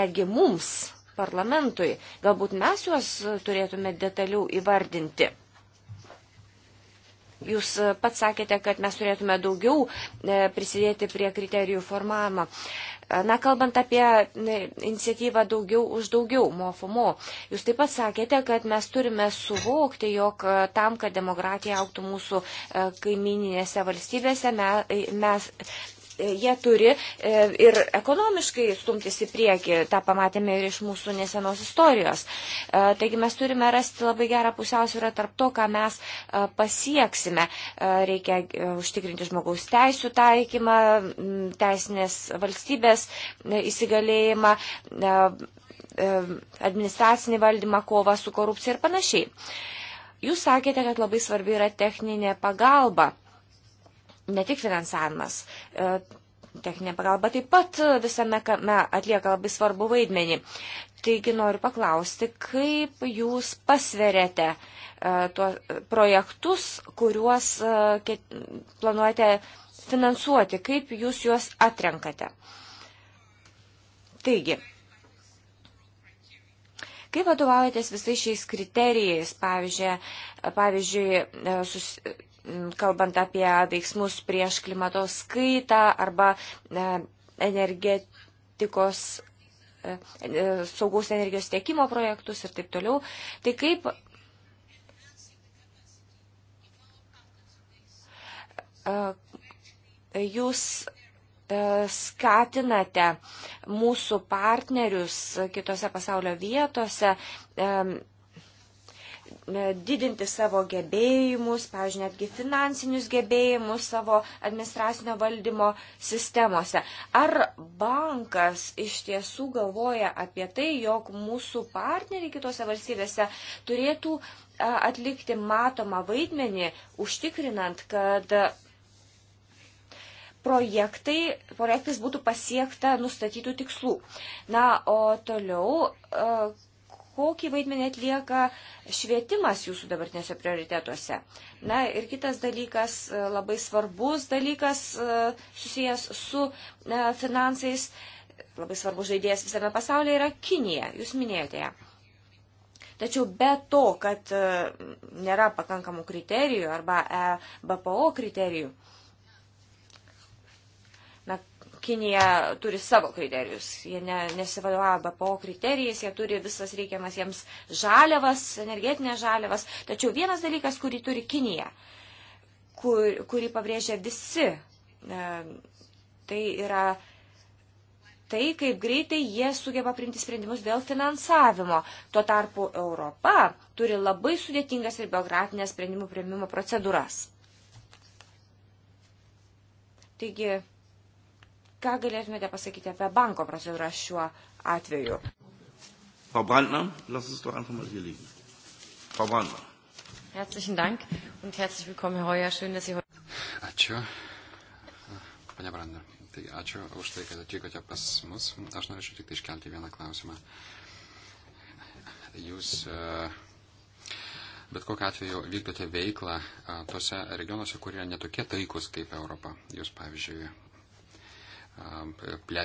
netgi mums, parlamentui, galbūt mes juos turėtume detaliau įvardinti. Jūs e, pats sakėte, kad mes turėtume daugiau e, prisidėti prie kriterijų formavimo. E, na, kalbant apie iniciatyvą daugiau už daugiau, mofumo, jūs taip pat sakėte, kad mes turime suvokti, jog tam, kad demokratija auktų mūsų kaimininėse valstybėse, mes, mes E, jie turi e, ir ekonomiškai stumtis į priekį. Ta pamatėme ir iš mūsų nesenos istorijos. E, taigi mes turime rasti labai gerą pusiausvyrą tarp to, ką mes pasieksime. Reikia užtikrinti žmogaus teisų taikymą, teisinės valstybės įsigalėjimą administracinį valdymą, kovą su korupcija ir panašiai. Jūs sakėte, kad labai svarbi yra techninė pagalba ne tik finansavimas. E, techninė pagalba taip pat visame kame atlieka labai svarbu vaidmenį. Taigi noriu paklausti, kaip jūs pasverėte tuos e, projektus, kuriuos e, planuojate finansuoti, kaip jūs juos atrenkate. Taigi, kaip vadovaujatės visais šiais kriterijais, pavyzdžiui, pavyzdžiui sus, kalbant apie veiksmus prieš klimatos kaitą arba e, energetikos e, e, saugaus energijos tiekimo projektus ir taip toliau. Tai kaip jūs skatinate mūsų partnerius kitose pasaulio vietose E, didinti savo gebėjimus, pavyzdžiui, netgi finansinius gebėjimus savo administracinio valdymo sistemose. Ar bankas iš tiesų galvoja apie tai, jog mūsų partneriai kitose valstybėse turėtų e, atlikti matomą vaidmenį, užtikrinant, kad projektai, projektais būtų pasiekta nustatytų tikslų. Na, o toliau e, kokį vaidmenį atlieka švietimas jūsų dabartinėse prioritetuose. Na ir kitas dalykas, e, labai svarbus dalykas e, susijęs su e, finansais, labai svarbus žaidėjas visame pasaulyje yra Kinija, jūs minėjote ją. Tačiau be to, kad nėra pakankamų kriterijų arba BPO kriterijų, Kinija turi savo kriterijus. Jie ne, nesivadovauja BPO kriterijais, jie turi visas reikiamas jiems žaliavas, energetinės žaliavas. Tačiau vienas dalykas, kurį turi Kinija, kur, kurį pabrėžia visi, e, tai yra tai, kaip greitai jie sugeba priimti sprendimus dėl finansavimo. Tuo tarpu Europa turi labai sudėtingas ir biografinės sprendimų prieimimo procedūras. Taigi, Ką galėtumėte pasakyti apie banko procedūrą šiuo atveju? Frau Brandner, lass es doch einfach mal hier liegen. Frau Brandner. Herzlichen Dank und herzlich willkommen, Herr Heuer. Schön, dass Sie heute. Ačiū. Pane Brandner, tai ačiū už tai, kad atvykote pas mus. Aš norėčiau tik tai iškelti vieną klausimą. Jūs e, bet kokiu atveju vykdote veiklą e, tose regionuose, kurie netokie taikus kaip Europa. Jūs, pavyzdžiui,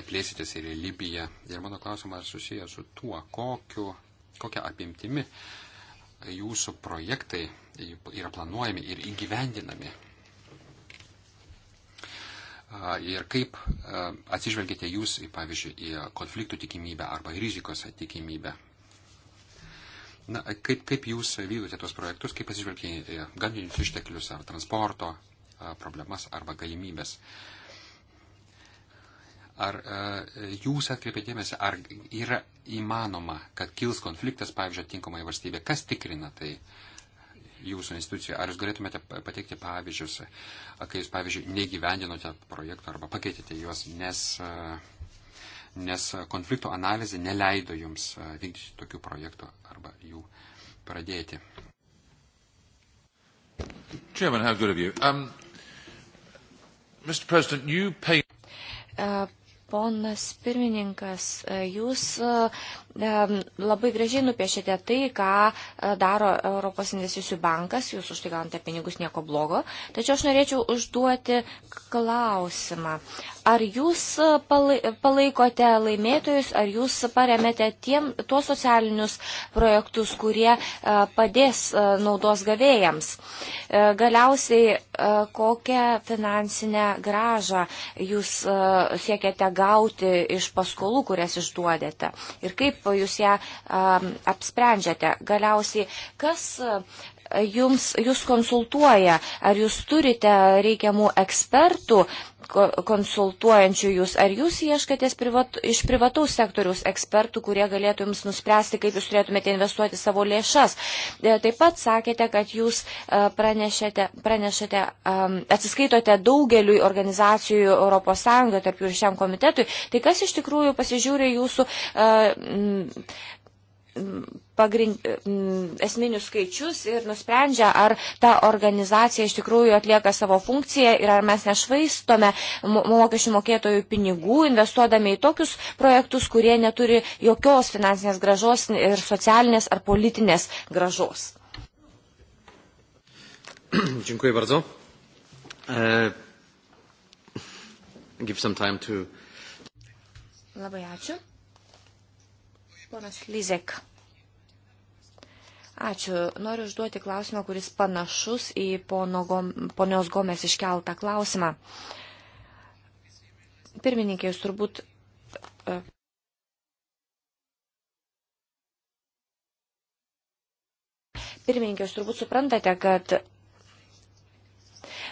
plėsitės ir į Libiją. Ir mano klausimas susijęs su tuo, kokiu, kokia apimtimi jūsų projektai yra planuojami ir įgyvendinami. Ir kaip atsižvelgėte jūs, pavyzdžiui, į konfliktų tikimybę arba rizikos tikimybę. Na, kaip, kaip jūs vykdote tuos projektus, kaip atsižvelgėte į gamtinius išteklius ar transporto problemas arba galimybės. Uh, Ar e, jūs atkreipėtėmėsi, ar yra įmanoma, kad kils konfliktas, pavyzdžiui, tinkamai valstybė? Kas tikrina tai jūsų institucijoje? Ar jūs galėtumėte pateikti pavyzdžius, kai jūs, pavyzdžiui, negyvendinote projektą arba pakeitėte juos, nes, e, nes konflikto analizė neleido jums e, vykdyti tokių projektų arba jų pradėti? Chairman, how good of you. Um, Mr. President, you pay... Uh, Ponas pirmininkas, e, jūs e, e, labai gražiai nupiešėte tai, ką daro Europos investicijų bankas, jūs už tai gaunate pinigus nieko blogo, tačiau aš norėčiau užduoti klausimą. Ar jūs e, e, palaikote laimėtojus, ar jūs paremėte tiem, tuos socialinius projektus, kurie e, padės naudos gavėjams? Galiausiai, kokią finansinę gražą jūs siekiate gauti iš paskolų, kurias išduodate? Ir kaip jūs ją apsprendžiate? Galiausiai, kas jums, jūs konsultuoja, ar jūs turite reikiamų ekspertų konsultuojančių jūs, ar jūs ieškatės privat, iš privataus sektoriaus ekspertų, kurie galėtų jums nuspręsti, kaip jūs turėtumėte investuoti savo lėšas. E, taip pat sakėte, kad jūs e, pranešate, pranešate atsiskaitote daugeliui organizacijų ES, tarp jų ir šiam komitetui. Tai kas iš tikrųjų pasižiūri jūsų e, pagrind, mm, esminius skaičius ir nusprendžia, ar ta organizacija iš tikrųjų atlieka savo funkciją ir ar mes nešvaistome mokesčių mokėtojų pinigų, investuodami į tokius projektus, kurie neturi jokios finansinės gražos ir socialinės ar politinės gražos. *clears throat* Dziękuję bardzo. Uh, give some time to. Labai ačiū. Ponas Lizek. Ačiū. Noriu užduoti klausimą, kuris panašus į pono Gom, ponios Gomės iškeltą klausimą. Pirmininkė, jūs turbūt. E, Pirmininkė, jūs turbūt suprantate, kad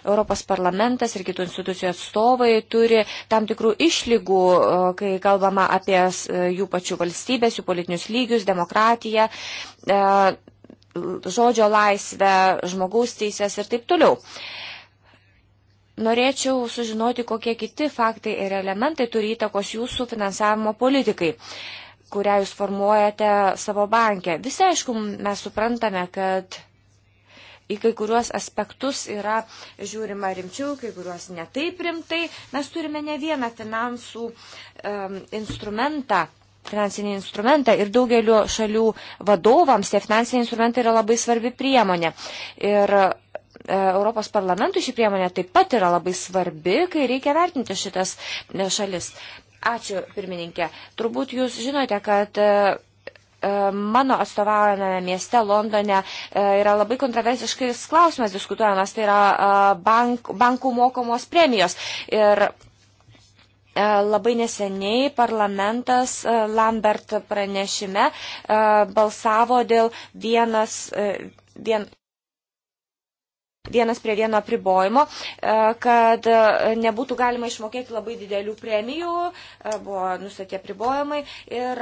Europos parlamentas ir kitų institucijų atstovai turi tam tikrų išlygų, e, kai kalbama apie e, jų pačių valstybės, jų politinius lygius, demokratiją, e, žodžio laisvę, žmogaus teisės ir taip toliau. Norėčiau sužinoti, kokie kiti faktai ir elementai turi įtakos jūsų finansavimo politikai kurią jūs formuojate savo bankę. Visi, aišku, mes suprantame, kad į kai kuriuos aspektus yra žiūrima rimčiau, kai kuriuos netaip rimtai. Mes turime ne vieną finansų um, instrumentą finansinį instrumentą ir daugeliu šalių vadovams tie finansiniai instrumentai yra labai svarbi priemonė. Ir e, Europos parlamentui ši priemonė taip pat yra labai svarbi, kai reikia vertinti šitas e, šalis. Ačiū, pirmininkė. Turbūt jūs žinote, kad e, E, mano atstovaujamame mieste Londone e, yra labai kontroversiškas klausimas diskutuojamas, tai yra e, bank, bankų mokomos premijos. Ir labai neseniai parlamentas Lambert pranešime balsavo dėl vienas. Vien, Vienas prie vieno apribojimo, kad nebūtų galima išmokėti labai didelių premijų, buvo nustatė apribojimai ir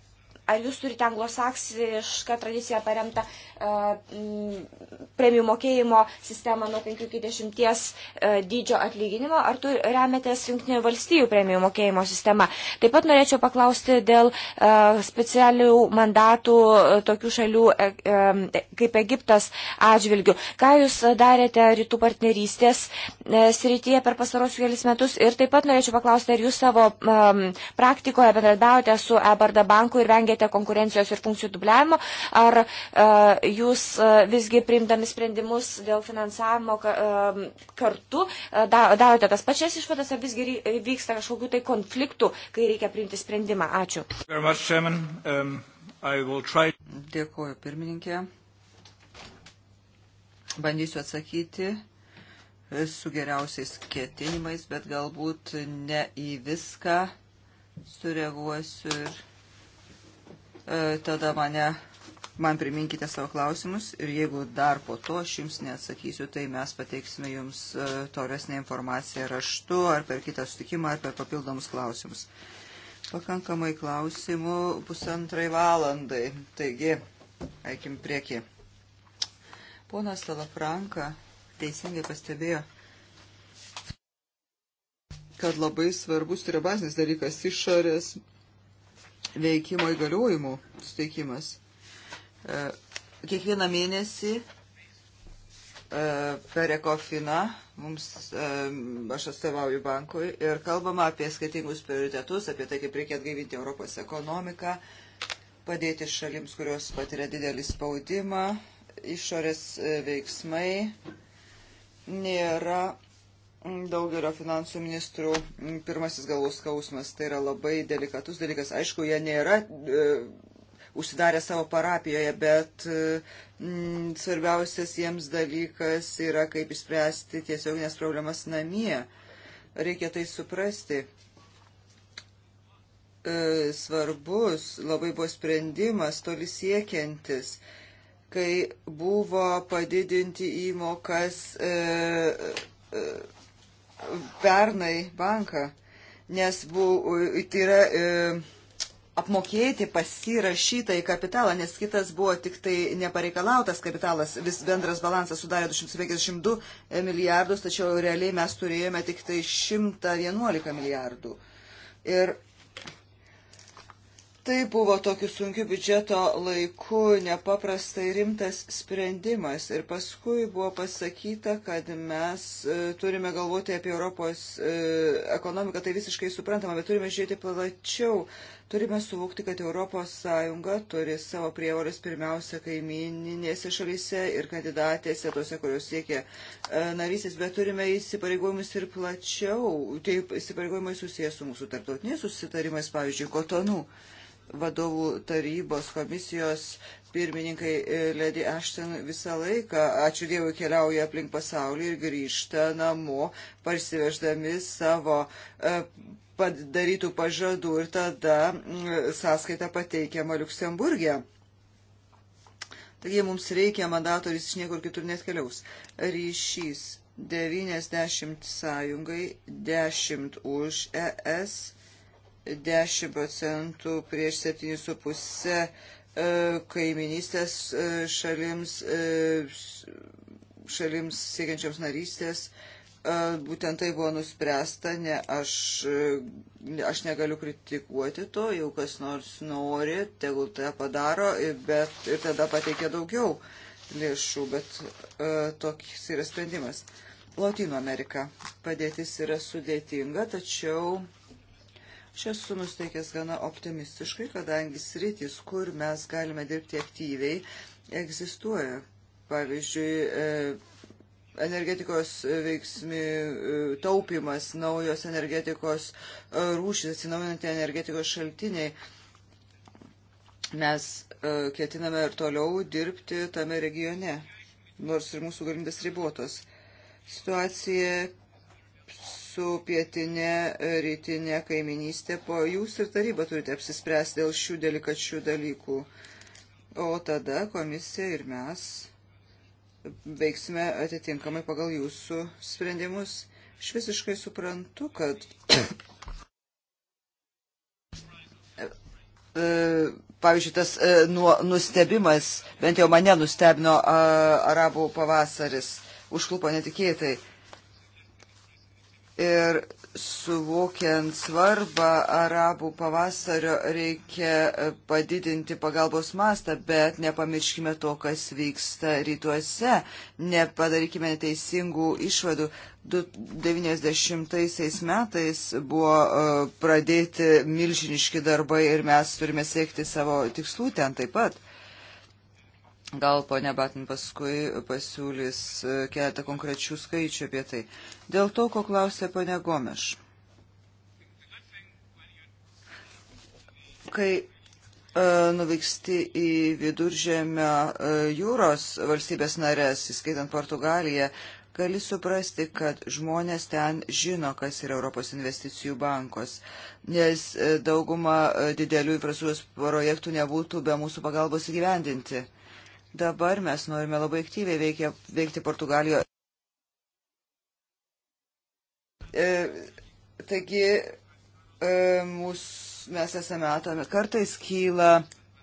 ar jūs turite anglosaksišką tradiciją paremtą e, premijų mokėjimo sistemą nuo 5 iki 10 e, dydžio atlyginimo, ar tu remiatės Junktinių valstybių premijų mokėjimo sistema. Taip pat norėčiau paklausti dėl e, specialių mandatų tokių šalių kaip Egiptas atžvilgių. Ką jūs darėte rytų partnerystės srityje per pasarosius kelis metus ir taip pat norėčiau paklausti, ar jūs savo praktikoje bendradarbiavote su Ebarda banku ir vengėte siekiate konkurencijos ir funkcijų dubliavimo, ar e, jūs e, visgi priimdami sprendimus dėl finansavimo e, kartu darote tas pačias išvadas, ar visgi vyksta kažkokių tai konfliktų, kai reikia priimti sprendimą. Ačiū. Um, Dėkuoju, pirmininkė. Bandysiu atsakyti su geriausiais ketinimais, bet galbūt ne į viską sureaguosiu ir E, tada mane, man priminkite savo klausimus ir jeigu dar po to aš jums neatsakysiu, tai mes pateiksime jums e, tolesnę informaciją raštu ar per kitą sutikimą ar per papildomus klausimus. Pakankamai klausimų pusantrai valandai, taigi eikim prieki. Ponas Salafranka teisingai pastebėjo, kad labai svarbus yra bazinis dalykas išorės veikimo įgaliojimų suteikimas. E, kiekvieną mėnesį e, per ekofiną mums, e, aš atstovauju bankui, ir kalbama apie skirtingus prioritetus, apie tai, kaip reikia atgaivinti Europos ekonomiką, padėti šalims, kurios patiria didelį spaudimą, išorės veiksmai nėra daugelio finansų ministrų pirmasis galvos skausmas. Tai yra labai delikatus dalykas. Aišku, jie nėra e, užsidarę savo parapijoje, bet e, m, svarbiausias jiems dalykas yra, kaip išspręsti tiesioginės problemas namie. Reikia tai suprasti. E, svarbus labai buvo sprendimas, toli siekiantis kai buvo padidinti įmokas e, e, pernai banką, nes buvo, tai yra e, apmokėti pasirašytą į kapitalą, nes kitas buvo tik tai nepareikalautas kapitalas, vis bendras balansas sudarė 252 milijardus, tačiau realiai mes turėjome tik tai 111 milijardų. Ir Tai buvo tokiu sunkiu biudžeto laiku nepaprastai rimtas sprendimas ir paskui buvo pasakyta, kad mes e, turime galvoti apie Europos e, ekonomiką, tai visiškai suprantama, bet turime žiūrėti plačiau, turime suvokti, kad Europos Sąjunga turi savo prievolės pirmiausia kaimininėse šalyse ir kandidatėse, tose, kurios siekia e, narysės, bet turime įsipareigojimus ir plačiau, tai įsipareigojimai susijęs su mūsų tarptautiniais susitarimais, pavyzdžiui, kotonų. Nu vadovų tarybos komisijos pirmininkai e, Lady Ashton visą laiką, ačiū Dievui, keliauja aplink pasaulį ir grįžta namo, parsiveždami savo e, padarytų pažadų ir tada e, sąskaita pateikiama Luksemburgė. Taigi mums reikia mandato ir jis iš niekur kitur net keliaus. Ryšys 90 sąjungai, 10 už ES 10 procentų prieš 7,5 e, kaiminystės e, šalims, e, šalims siekiančiams narystės. Būtent tai buvo nuspręsta, ne, aš, aš negaliu kritikuoti to, jau kas nors nori, tegul tą padaro, bet ir tada pateikia daugiau lėšų, bet toks yra sprendimas. Latino Amerika padėtis yra sudėtinga, tačiau Čia esu nusteikęs gana optimistiškai, kadangi sritis, kur mes galime dirbti aktyviai, egzistuoja. Pavyzdžiui, e, energetikos veiksmi e, taupimas, naujos energetikos e, rūšis, atsinaujinantį energetikos šaltiniai. Mes ketiname ir toliau dirbti tame regione, nors ir mūsų galimybės ribotos. Situacija su pietinė, e, rytinė kaiminystė, po jūs ir taryba turite apsispręsti dėl šių delikačių dalykų. O tada komisija ir mes veiksime atitinkamai pagal jūsų sprendimus. Aš visiškai suprantu, kad *coughs* e, pavyzdžiui, tas nu, nustebimas, bent jau mane nustebino arabų pavasaris, užklupo netikėtai ir suvokiant svarbą arabų pavasario reikia padidinti pagalbos mastą, bet nepamirškime to, kas vyksta rytuose, nepadarykime teisingų išvadų. 90 metais buvo e, pradėti milžiniški darbai ir mes turime siekti savo tikslų ten taip pat. Gal ponia Batin paskui pasiūlys e, keletą konkrečių skaičių apie tai. Dėl to, ko klausė ponia Gomeš. Kai e, nuvyksti į viduržėmio e, jūros valstybės narės, įskaitant Portugaliją, gali suprasti, kad žmonės ten žino, kas yra Europos investicijų bankos, nes dauguma didelių infrastruktūros projektų nebūtų be mūsų pagalbos įgyvendinti. Dabar mes norime labai aktyviai veikia, veikti Portugalijoje. E, taigi, e, mūs, mes esame atomi. Kartais kyla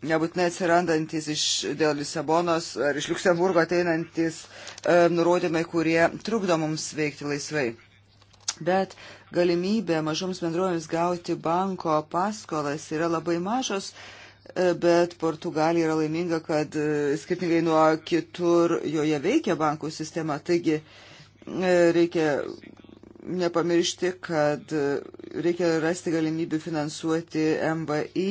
nebūtinai atsirandantis iš, dėl Lisabonos ar iš Luksemburgo ateinantis e, nurodymai, kurie trukdo mums veikti laisvai. Bet galimybė mažoms bendrovėms gauti banko paskolas yra labai mažos. E, bet Portugalija yra laiminga, kad e, skirtingai nuo kitur joje veikia bankų sistema. Taigi e, reikia nepamiršti, kad e, reikia rasti galimybių finansuoti MBI,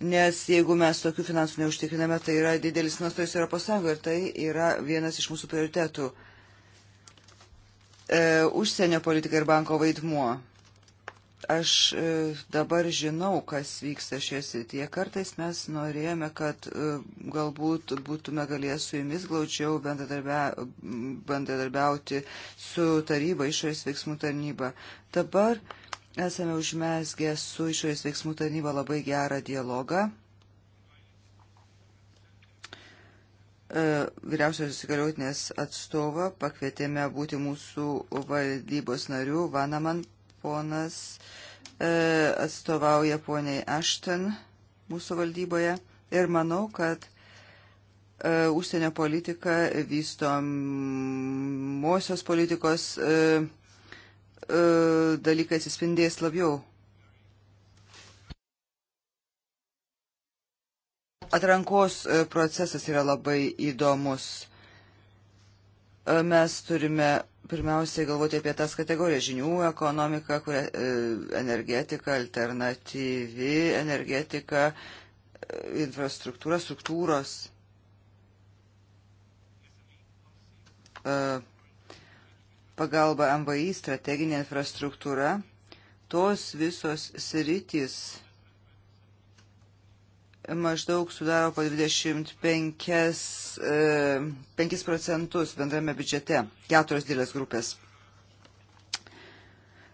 nes jeigu mes tokių finansų neužtikriname, tai yra didelis nuostolis Europos Sąjungoje ir tai yra vienas iš mūsų prioritetų. E, užsienio politika ir banko vaidmuo. Aš e, dabar žinau, kas vyksta šioje srityje. Kartais mes norėjome, kad e, galbūt būtume galėję su jumis glaučiau bendradarbia, bendradarbiauti su taryba, išorės veiksmų tarnyba. Dabar esame užmesgę su išorės veiksmų tarnyba labai gerą dialogą. E, Vyriausios įsigaliotinės atstovą pakvietėme būti mūsų valdybos narių Vanaman ponas e, atstovauja poniai Ashton mūsų valdyboje ir manau, kad e, užsienio politika vystomosios politikos e, e, dalykai atsispindės labiau. Atrankos e, procesas yra labai įdomus. E, mes turime pirmiausiai galvoti apie tas kategorijas žinių ekonomika, kuria, e, energetika, alternatyvi energetika, e, infrastruktūra, struktūros. E, pagalba MVI, strateginė infrastruktūra, tos visos sritys maždaug sudaro po 25 5 e, procentus bendrame biudžete, keturios dėlės grupės.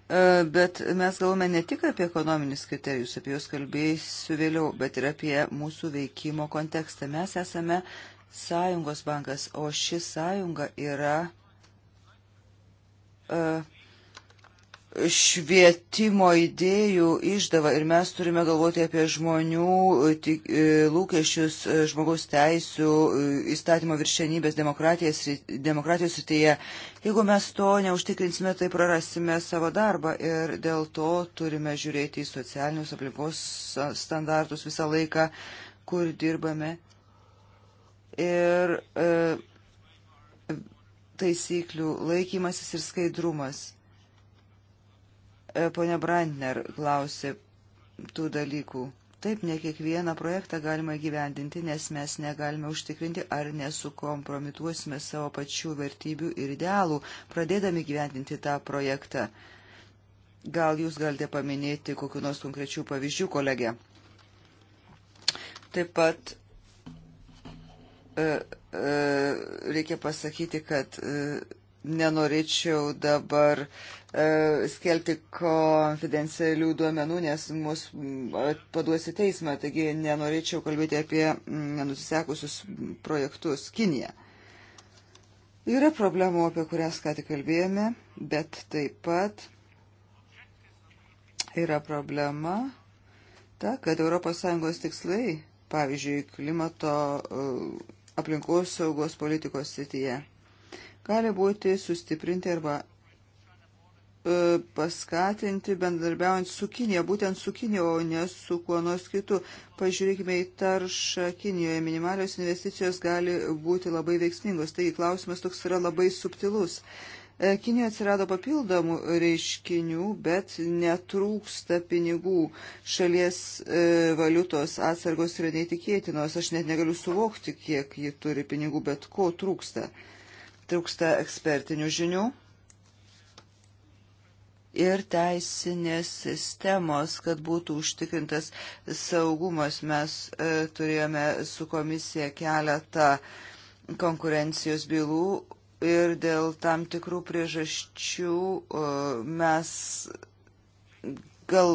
E, bet mes galvome ne tik apie ekonominius kriterijus, apie juos kalbėsiu vėliau, bet ir apie mūsų veikimo kontekstą. Mes esame sąjungos bankas, o ši sąjunga yra uh, švietimo idėjų išdava ir mes turime galvoti apie žmonių e, tik, e, lūkesčius e, žmogaus teisų įstatymo viršenybės demokratijos, demokratijos srityje. Jeigu mes to neužtikrinsime, tai prarasime savo darbą ir dėl to turime žiūrėti į socialinius aplinkos standartus visą laiką, kur dirbame. Ir e, taisyklių laikymasis ir skaidrumas E, Pone Brandner klausė tų dalykų. Taip, ne kiekvieną projektą galima gyvendinti, nes mes negalime užtikrinti ar nesukompromituosime savo pačių vertybių ir idealų, pradėdami gyvendinti tą projektą. Gal jūs galite paminėti kokiu nors konkrečių pavyzdžių, kolegė? Taip pat e, e, reikia pasakyti, kad e, nenorėčiau dabar e, skelbti konfidencialių duomenų, nes mus paduosi teismą, taigi nenorėčiau kalbėti apie nenusisekusius projektus Kinija. Yra problemų, apie kurias ką tik kalbėjome, bet taip pat yra problema ta, kad ES tikslai, pavyzdžiui, klimato e, aplinkos saugos politikos sityje gali būti sustiprinti arba e, paskatinti bendarbiaujant su Kinija, būtent su Kinija, o ne su kuo nors kitu. Pažiūrėkime į taršą Kinijoje. Minimalios investicijos gali būti labai veiksmingos. Taigi klausimas toks yra labai subtilus. E, Kinijoje atsirado papildomų reiškinių, bet netrūksta pinigų. Šalies e, valiutos atsargos yra neįtikėtinos. Aš net negaliu suvokti, kiek ji turi pinigų, bet ko trūksta. E, trūksta ekspertinių žinių ir teisinės sistemos, kad būtų užtikrintas saugumas. Mes e, turėjome su komisija keletą konkurencijos bylų ir dėl tam tikrų priežasčių e, mes gal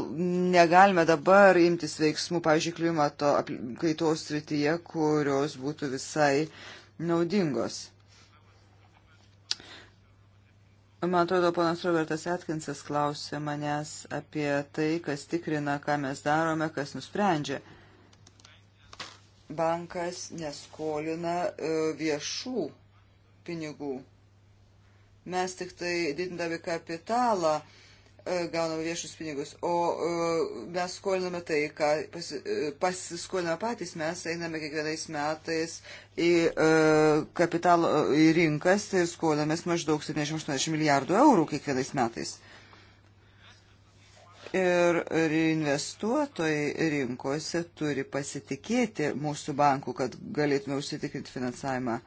negalime dabar imtis veiksmų, pavyzdžiui, klimato kaitos srityje, kurios būtų visai naudingos. Man atrodo, ponas Robertas Atkinsas klausė manęs apie tai, kas tikrina, ką mes darome, kas nusprendžia. Bankas neskolina e, viešų pinigų. Mes tik tai didindami kapitalą uh, E, gauname viešus pinigus, o e, mes skoliname tai, ką e, pasiskoliname patys, mes einame kiekvienais metais į kapitalo į rinkas ir skolinamės maždaug 70-80 milijardų eurų kiekvienais metais. Ir investuotojai rinkose turi pasitikėti mūsų bankų, kad galėtume užsitikrinti finansavimą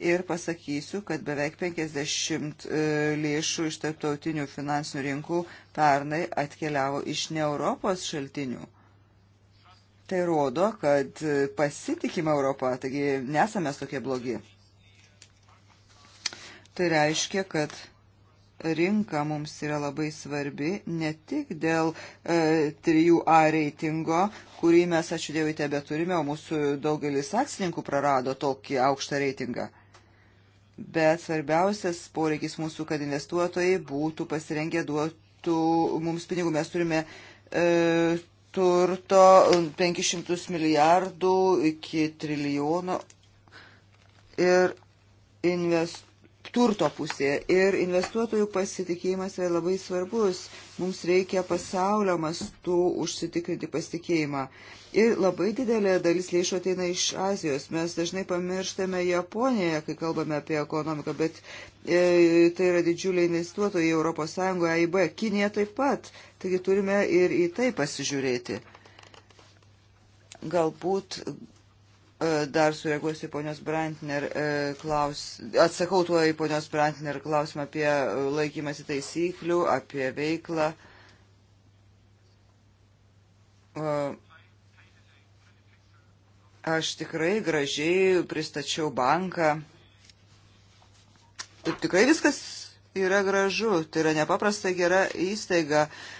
ir pasakysiu, kad beveik 50 e, lėšų iš tarptautinių finansinių rinkų pernai atkeliavo iš ne Europos šaltinių. Tai rodo, kad e, pasitikime Europą, taigi nesame tokie blogi. Tai reiškia, kad rinka mums yra labai svarbi ne tik dėl e, 3A reitingo, kurį mes, ačiū Dievui, tebeturime, o mūsų daugelis akcininkų prarado tokį aukštą reitingą bet svarbiausias poreikis mūsų, kad investuotojai būtų pasirengę duotų mums pinigų. Mes turime e, turto 500 milijardų iki trilijono ir investuotojai turto pusėje. Ir investuotojų pasitikėjimas yra labai svarbus. Mums reikia pasaulio mastų užsitikrinti pasitikėjimą. Ir labai didelė dalis lėšų ateina iš Azijos. Mes dažnai pamirštame Japoniją, kai kalbame apie ekonomiką, bet e, tai yra didžiuliai investuotojai Europos Sąjungoje, AIB, Kinė taip pat. Taigi turime ir į tai pasižiūrėti. Galbūt E, dar sureaguosiu į ponios Brantner e, klausimą, atsakau tuo į ponios Brantner klausimą apie laikymasi taisyklių, apie veiklą. E, aš tikrai gražiai pristačiau banką. Taip tikrai viskas yra gražu, tai yra nepaprastai gera įstaiga. Uh,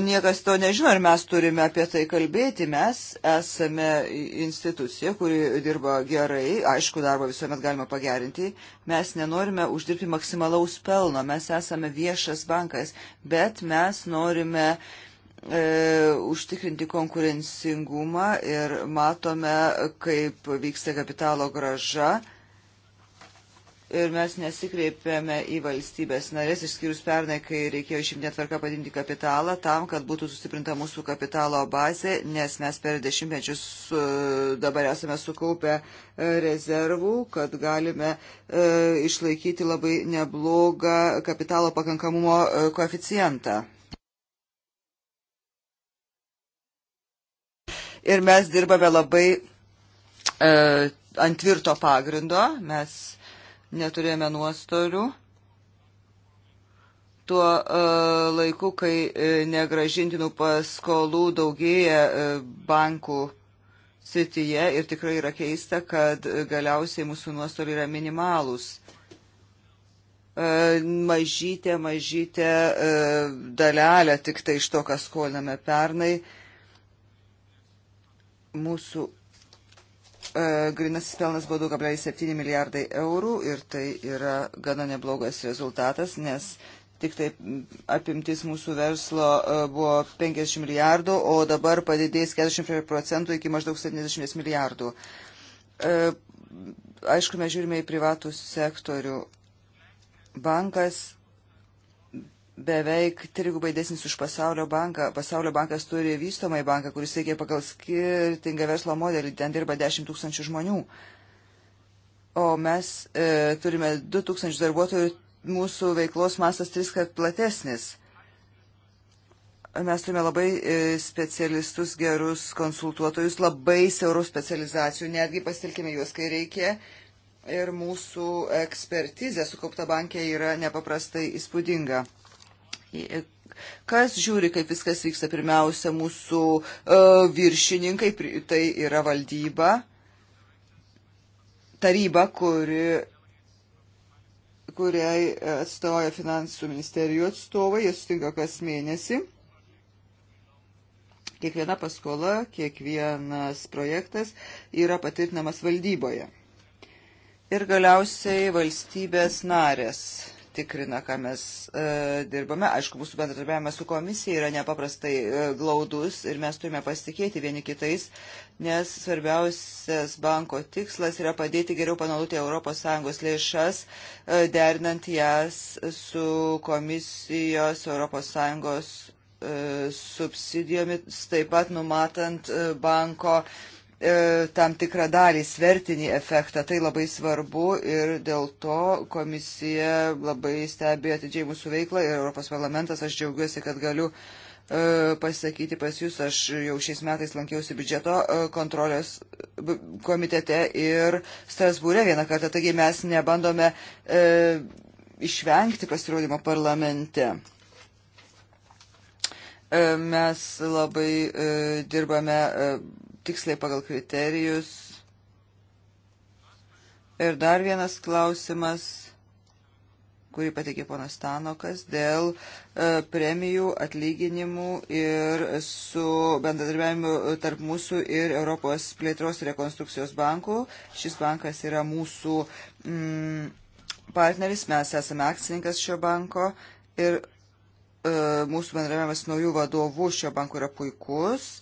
Niekas to nežino ir mes turime apie tai kalbėti. Mes esame institucija, kuri dirba gerai, aišku, darbą visuomet galima pagerinti. Mes nenorime uždirbti maksimalaus pelno, mes esame viešas bankas, bet mes norime e, užtikrinti konkurencingumą ir matome, kaip vyksta kapitalo graža. E, ir mes nesikreipėme į valstybės narės, išskyrus pernai, kai reikėjo išimtinė tvarka padinti kapitalą, tam, kad būtų sustiprinta mūsų kapitalo bazė, nes mes per dešimtmečius e, dabar esame sukaupę e, rezervų, kad galime e, išlaikyti labai neblogą kapitalo pakankamumo koeficientą. Ir mes dirbame labai e, ant tvirto pagrindo, mes neturėjome nuostolių. Tuo e, laiku, kai e, negražintinų paskolų daugėja e, bankų srityje ir tikrai yra keista, kad galiausiai mūsų nuostoliai yra minimalūs mažytė, mažytė dalelė tik tai iš to, ką skoliname pernai. Mūsų E, grinasis pelnas buvo 2,7 milijardai eurų ir tai yra gana neblogas rezultatas, nes tik tai apimtis mūsų verslo e, buvo 50 milijardų, o dabar padidės 40 procentų iki maždaug 70 milijardų. E, aišku, mes žiūrime į privatų sektorių. Bankas beveik trigubai desnis už pasaulio banką. Pasaulio bankas turi vystomai banką, kuris veikia pagal skirtingą verslo modelį. Ten dirba 10 tūkstančių žmonių. O mes e, turime 2 tūkstančių darbuotojų. Mūsų veiklos mastas tris kart platesnis. Mes turime labai e, specialistus, gerus konsultuotojus, labai siaurų specializacijų, netgi pasitelkime juos, kai reikia. Ir mūsų ekspertizė sukaupta bankė yra nepaprastai įspūdinga. Kas žiūri, kaip viskas vyksta? Pirmiausia, mūsų uh, viršininkai, tai yra valdyba, taryba, kuri, kuriai atstovauja finansų ministerijų atstovai, jie sutinka kas mėnesį. Kiekviena paskola, kiekvienas projektas yra patvirtinamas valdyboje. Ir galiausiai valstybės narės tikrina, ką mes e, dirbame. Aišku, mūsų bendradarbiavimas su komisija yra nepaprastai e, glaudus ir mes turime pasitikėti vieni kitais, nes svarbiausias banko tikslas yra padėti geriau panaudoti ES lėšas, e, derinant jas su komisijos ES e, subsidijomis, taip pat numatant e, banko e, E, tam tikrą dalį, svertinį efektą. Tai labai svarbu ir dėl to komisija labai stebi atidžiai mūsų veiklą ir Europos parlamentas. Aš džiaugiuosi, kad galiu e, pasakyti pas jūs. Aš jau šiais metais lankiausi biudžeto e, kontrolės komitete ir Strasbūrė vieną kartą. Taigi mes nebandome e, išvengti pasirodymo parlamente. E, mes labai e, dirbame. E, tiksliai pagal kriterijus. Ir dar vienas klausimas, kurį pateikė ponas Stanokas, dėl e, premijų, atlyginimų ir su bendradarbiavimu tarp mūsų ir Europos plėtros ir rekonstrukcijos bankų. Šis bankas yra mūsų mm, partneris, mes esame akcininkas šio banko ir e, mūsų bendravimas naujų vadovų šio banko yra puikus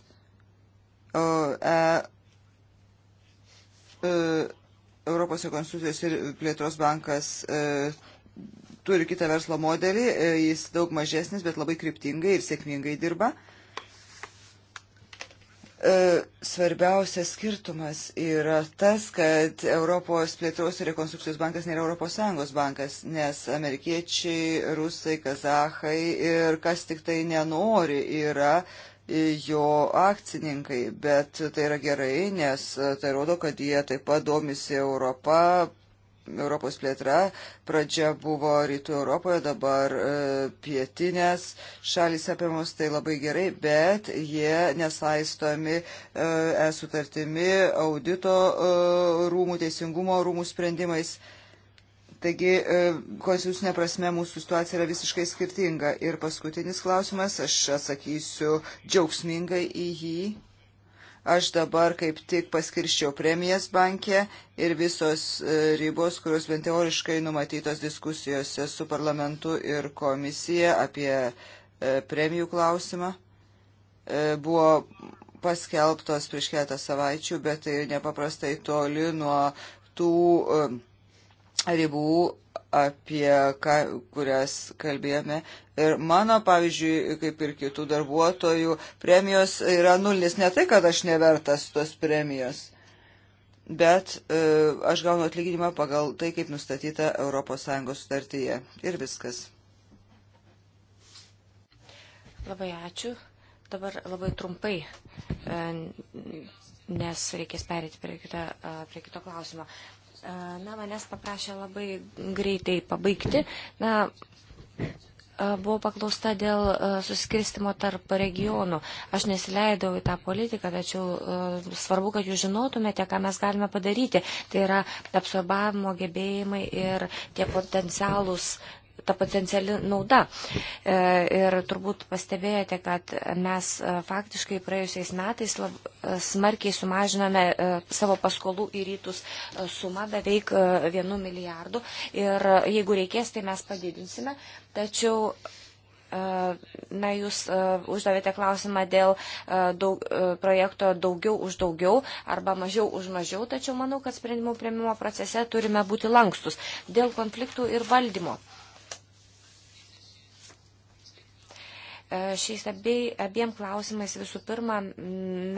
E, e, Europos rekonstrukcijos ir plėtros bankas e, turi kitą verslo modelį, jis daug mažesnis, bet labai kryptingai ir sėkmingai dirba. Svarbiausias skirtumas yra tas, kad Europos plėtros ir rekonstrukcijos bankas nėra ES bankas, nes amerikiečiai, rusai, kazahai ir kas tik tai nenori yra jo akcininkai, bet tai yra gerai, nes tai rodo, kad jie taip pat domisi Europą, Europos plėtra. Pradžia buvo rytų Europoje, dabar e, pietinės šalis apimos, tai labai gerai, bet jie nesaistomi esutartimi e audito e, rūmų, teisingumo rūmų sprendimais. Taigi, e, konstitucinė prasme mūsų situacija yra visiškai skirtinga. Ir paskutinis klausimas, aš atsakysiu džiaugsmingai į jį. Aš dabar kaip tik paskirščiau premijas bankė ir visos e, ribos, kurios bent teoriškai numatytos diskusijose su parlamentu ir komisija apie e, premijų klausimą, buvo paskelbtos prieš keletą savaičių, bet tai nepaprastai toli nuo tų ribų, apie ką, kurias kalbėjome. Ir mano, pavyzdžiui, kaip ir kitų darbuotojų, premijos yra nulis. Ne tai, kad aš nevertas tos premijos, bet e, aš gaunu atlyginimą pagal tai, kaip nustatyta ES sutartyje. Ir viskas. Labai ačiū. Dabar labai trumpai, e, nes reikės perėti prie, kita, e, prie kito klausimo. Na, manęs paprašė labai greitai pabaigti. Na, buvau paklausta dėl suskirstimo tarp regionų. Aš nesileidau į tą politiką, tačiau svarbu, kad jūs žinotumėte, ką mes galime padaryti. Tai yra absorbavimo gebėjimai ir tie potencialūs ta potenciali nauda. E, ir turbūt pastebėjote, kad mes e, faktiškai praėjusiais metais lab, e, smarkiai sumažinome savo paskolų į rytus sumą beveik vienu milijardu. Ir jeigu reikės, tai mes padidinsime. Tačiau Na, jūs uh, uždavėte klausimą dėl uh, daug, uh, projekto daugiau už daugiau arba mažiau už mažiau, tačiau manau, kad sprendimų prieimimo procese turime būti lankstus dėl konfliktų ir valdymo. Uh, Šiais abie, abiem klausimais visų pirma,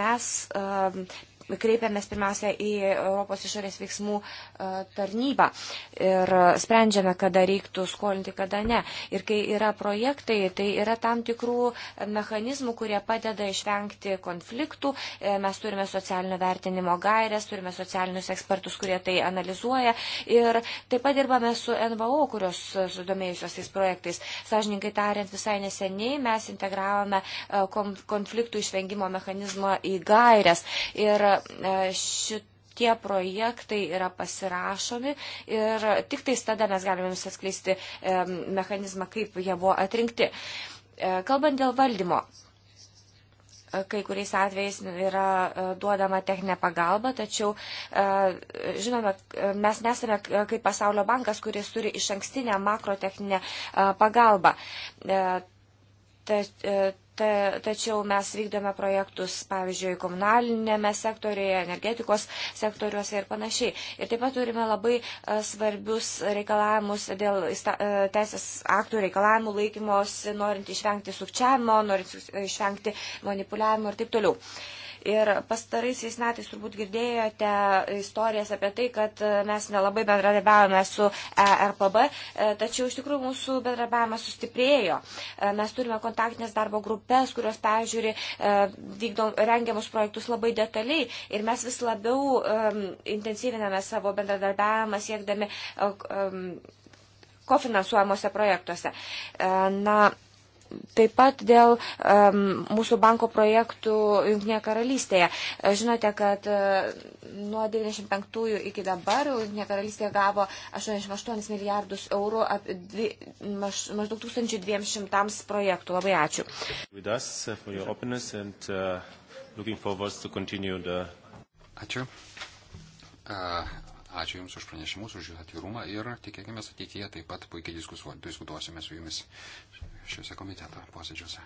mes kreipiamės pirmiausia į Europos išorės veiksmų e, tarnybą ir sprendžiame, kada reiktų skolinti, kada ne. Ir kai yra projektai, tai yra tam tikrų mechanizmų, kurie padeda išvengti konfliktų. E, mes turime socialinio vertinimo gairias, turime socialinius ekspertus, kurie tai analizuoja. Ir taip pat dirbame su NVO, kurios sudomėjusios tais projektais. Sažininkai tariant, visai neseniai mes integravome e, konfliktų išvengimo mechanizmą į gairias. Ir E, šitie projektai yra pasirašomi ir tik tais tada mes galime jums atskleisti e, mechanizmą, kaip jie buvo atrinkti. E, kalbant dėl valdymo, kai kuriais atvejais yra duodama techninė pagalba, tačiau, žinome, mes nesame kaip pasaulio bankas, kuris turi iš ankstinę makrotechninę pagalbą. Ta, ta, tačiau mes vykdome projektus, pavyzdžiui, komunalinėme sektorėje, energetikos sektoriuose ir panašiai. Ir taip pat turime labai e, svarbius reikalavimus dėl e, teisės aktų reikalavimų laikymos, norint išvengti sukčiavimo, norint išvengti manipuliavimo ir taip toliau. Uh, Ir pastaraisiais metais turbūt girdėjote istorijas apie tai, kad e, mes nelabai bendradarbiavome su ERPB, e, tačiau iš tikrųjų mūsų bendradarbiavimas sustiprėjo. E, mes turime kontaktinės darbo grupės, kurios peržiūri vykdom, rengiamus projektus labai detaliai ir mes vis labiau um, intensyviname savo bendradarbiavimą siekdami um, kofinansuojamuose projektuose. Na, Taip pat dėl um, mūsų banko projektų Junktinėje karalystėje. E, žinote, kad uh, nuo 95 iki dabar Junktinė karalystė gavo 88 milijardus eurų, ap, dvi, maž, maždaug 1200 projektų. Labai ačiū. Uh, and, uh, the... Ačiū. Uh, Ačiū Jums už pranešimus, už jų atvirumą ir tikėkime ateityje taip pat puikiai diskutuosime su Jumis šiuose komiteto posėdžiuose.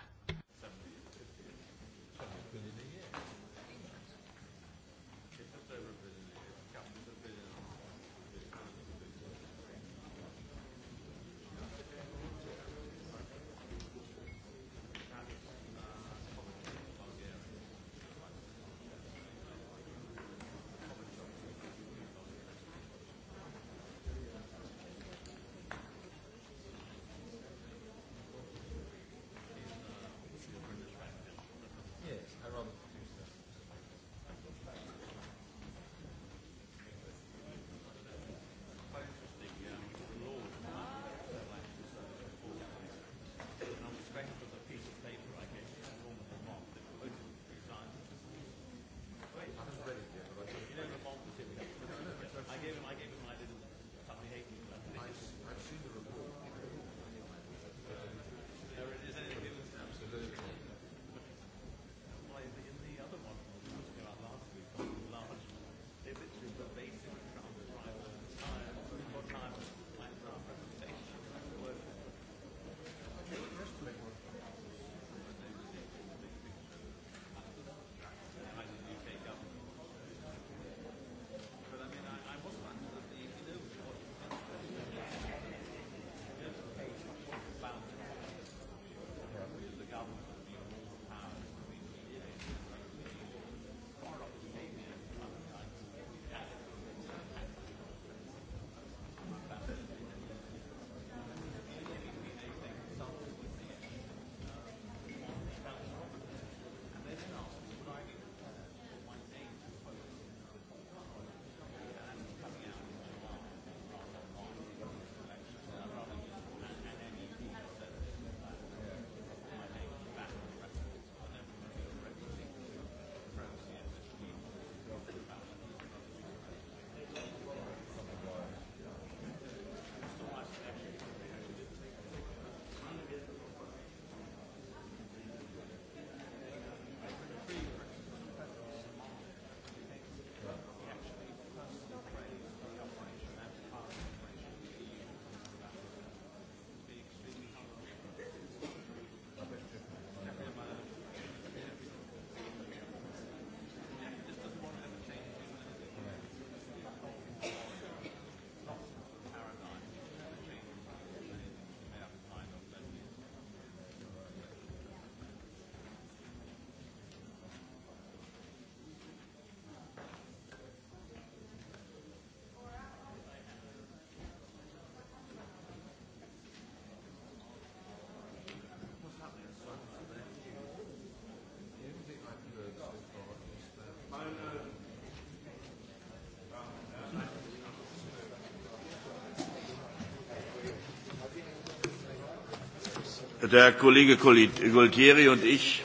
der Kollege Goltieri und ich.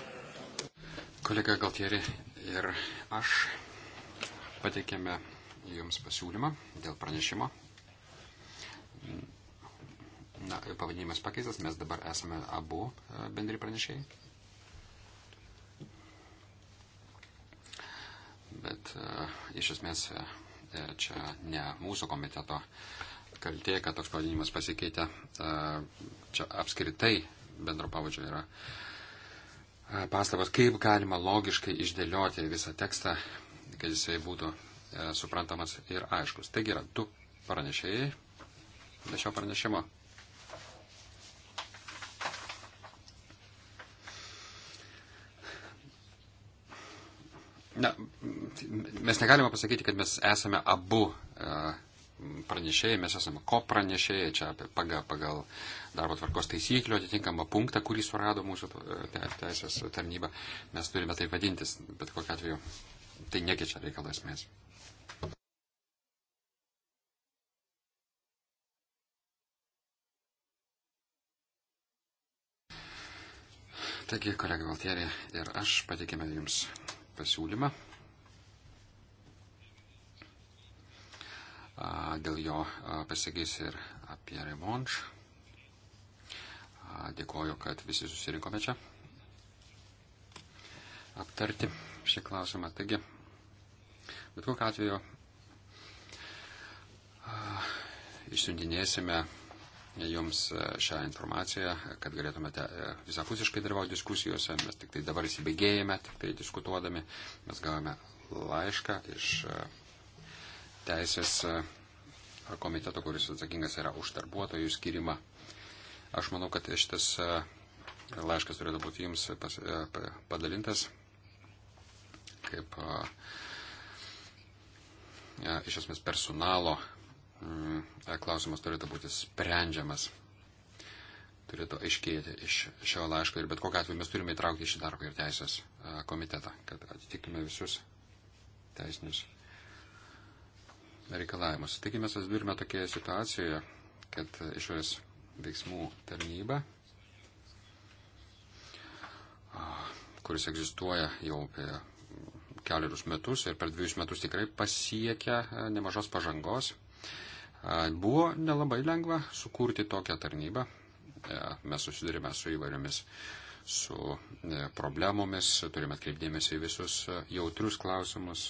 Kolega Galtieri ir aš pateikėme Jums pasiūlymą dėl pranešimo. Na, pavadinimas pakeistas, mes dabar esame abu e, bendri pranešėjai. Bet e, iš esmės e, čia ne mūsų komiteto kaltė, kad toks pavadinimas pasikeitė. Čia apskritai bendro pavadžio yra e, pastabos, kaip galima logiškai išdėlioti visą tekstą, kad jisai būtų e, suprantamas ir aiškus. Taigi yra du pranešėjai be šio pranešimo. Na, mes negalime pasakyti, kad mes esame abu pranešėjai, mes esame ko pranešėjai, čia pagal, pagal darbo tvarkos taisyklių atitinkamą punktą, kurį surado mūsų teisės tarnyba, mes turime tai vadintis, bet kokiu atveju tai nekeičia reikalą esmės. Taigi, kolega Valtierė ir aš patikėme Jums pasiūlymą Dėl jo pasakys ir apie remonš. Dėkoju, kad visi susirinkome čia aptarti šį klausimą. Taigi, bet kokiu atveju išsiuntinėsime jums šią informaciją, kad galėtumėte visapusiškai dalyvauti diskusijose. Mes tik tai dabar įsibėgėjame, tik tai diskutuodami. Mes gavome laišką iš teisės e, komiteto, kuris atsakingas yra už darbuotojų skirimą. Aš manau, kad šitas e, laiškas turėtų būti jums pas, e, padalintas kaip ja, iš esmės personalo m, klausimas turėtų būti sprendžiamas, turėtų aiškėti iš šio laiško ir bet kokiu atveju mes turime įtraukti šį darbą ir teisės komitetą, kad atitikime visus teisinius reikalavimus. Taigi mes atsidurime tokioje situacijoje, kad išorės veiksmų tarnyba, kuris egzistuoja jau apie keliarius metus ir per dviejus metus tikrai pasiekia nemažos pažangos. Buvo nelabai lengva sukurti tokią tarnybą. E, mes susidurime su įvairiomis su e, problemomis, turime atkreipdėmėsi į visus e, jautrius klausimus,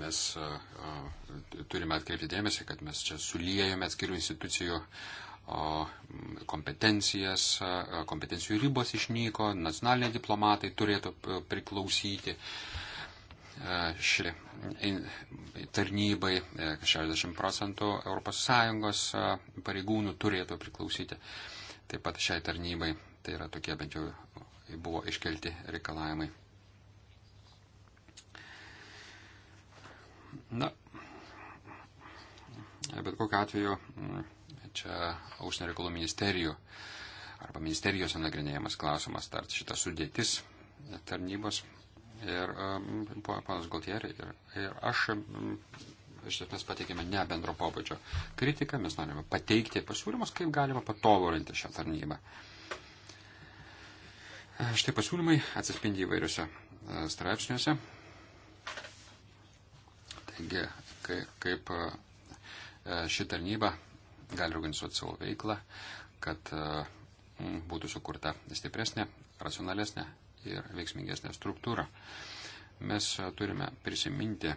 mes turime atkreipti dėmesį, kad mes čia sulijėjome atskirų institucijų kompetencijas, kompetencijų ribos išnyko, nacionaliniai diplomatai turėtų priklausyti šri tarnybai, 60 e, procentų ES pareigūnų turėtų priklausyti taip pat šiai tarnybai. Tai yra tokie bent jau buvo iškelti reikalavimai. Na, bet kokiu atveju mm, čia užsienio reikalų ministerijų arba ministerijos nagrinėjamas klausimas, tai ar šita sudėtis tarnybos. Ir mm, panas Galtieri ir, ir aš mm, iš esmės pateikėme ne bendro pobūdžio kritiką, mes norime pateikti pasiūlymus, kaip galima patobulinti šią tarnybą. Štai pasiūlymai atsispindi įvairiuose e, straipsniuose, kaip e, ši tarnyba gali organizuoti savo veiklą, kad e, būtų sukurta stipresnė, racionalesnė ir veiksmingesnė struktūra. Mes e, turime prisiminti,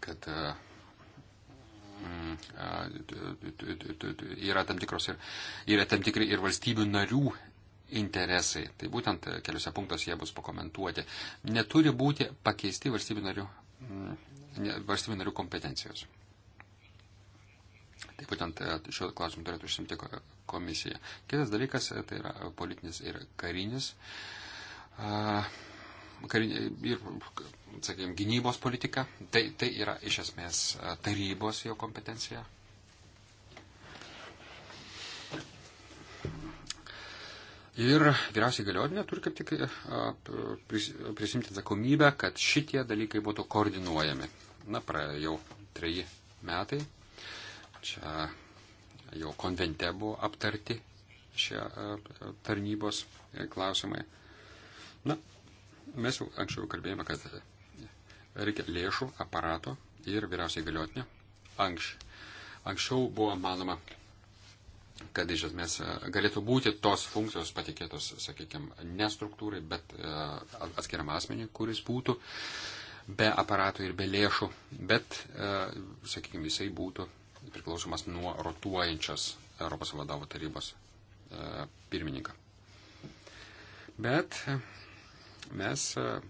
kad mm, yra tam, tikros ir, yra tam tikri ir valstybių narių interesai. Tai būtent e, keliuose punktuose jie bus pakomentuoti. Neturi būti pakeisti valstybių narių, valstybių narių kompetencijos. Tai būtent e, šiuo klausimu turėtų užsimti komisija. Kitas dalykas e, tai yra politinis ir karinis. Karinė, ir, sakykime, gynybos politika, tai, tai yra iš esmės tarybos jo kompetencija, Ir vyriausiai galiotinė turi kaip tik prisimti atsakomybę, kad šitie dalykai būtų koordinuojami. Na, praėjo jau treji metai. Čia jau konvente buvo aptarti šie tarnybos klausimai. Na, mes jau anksčiau kalbėjome, kad reikia lėšų, aparato ir vyriausiai galiotinė. Anks, anksčiau buvo manoma, kad iš esmės e, galėtų būti tos funkcijos patikėtos, sakykime, ne struktūrai, bet e, atskiriam asmeniui, kuris būtų be aparatų ir be lėšų, bet, e, sakykime, jisai būtų priklausomas nuo rotuojančios Europos vadovų tarybos pirmininką. Bet mes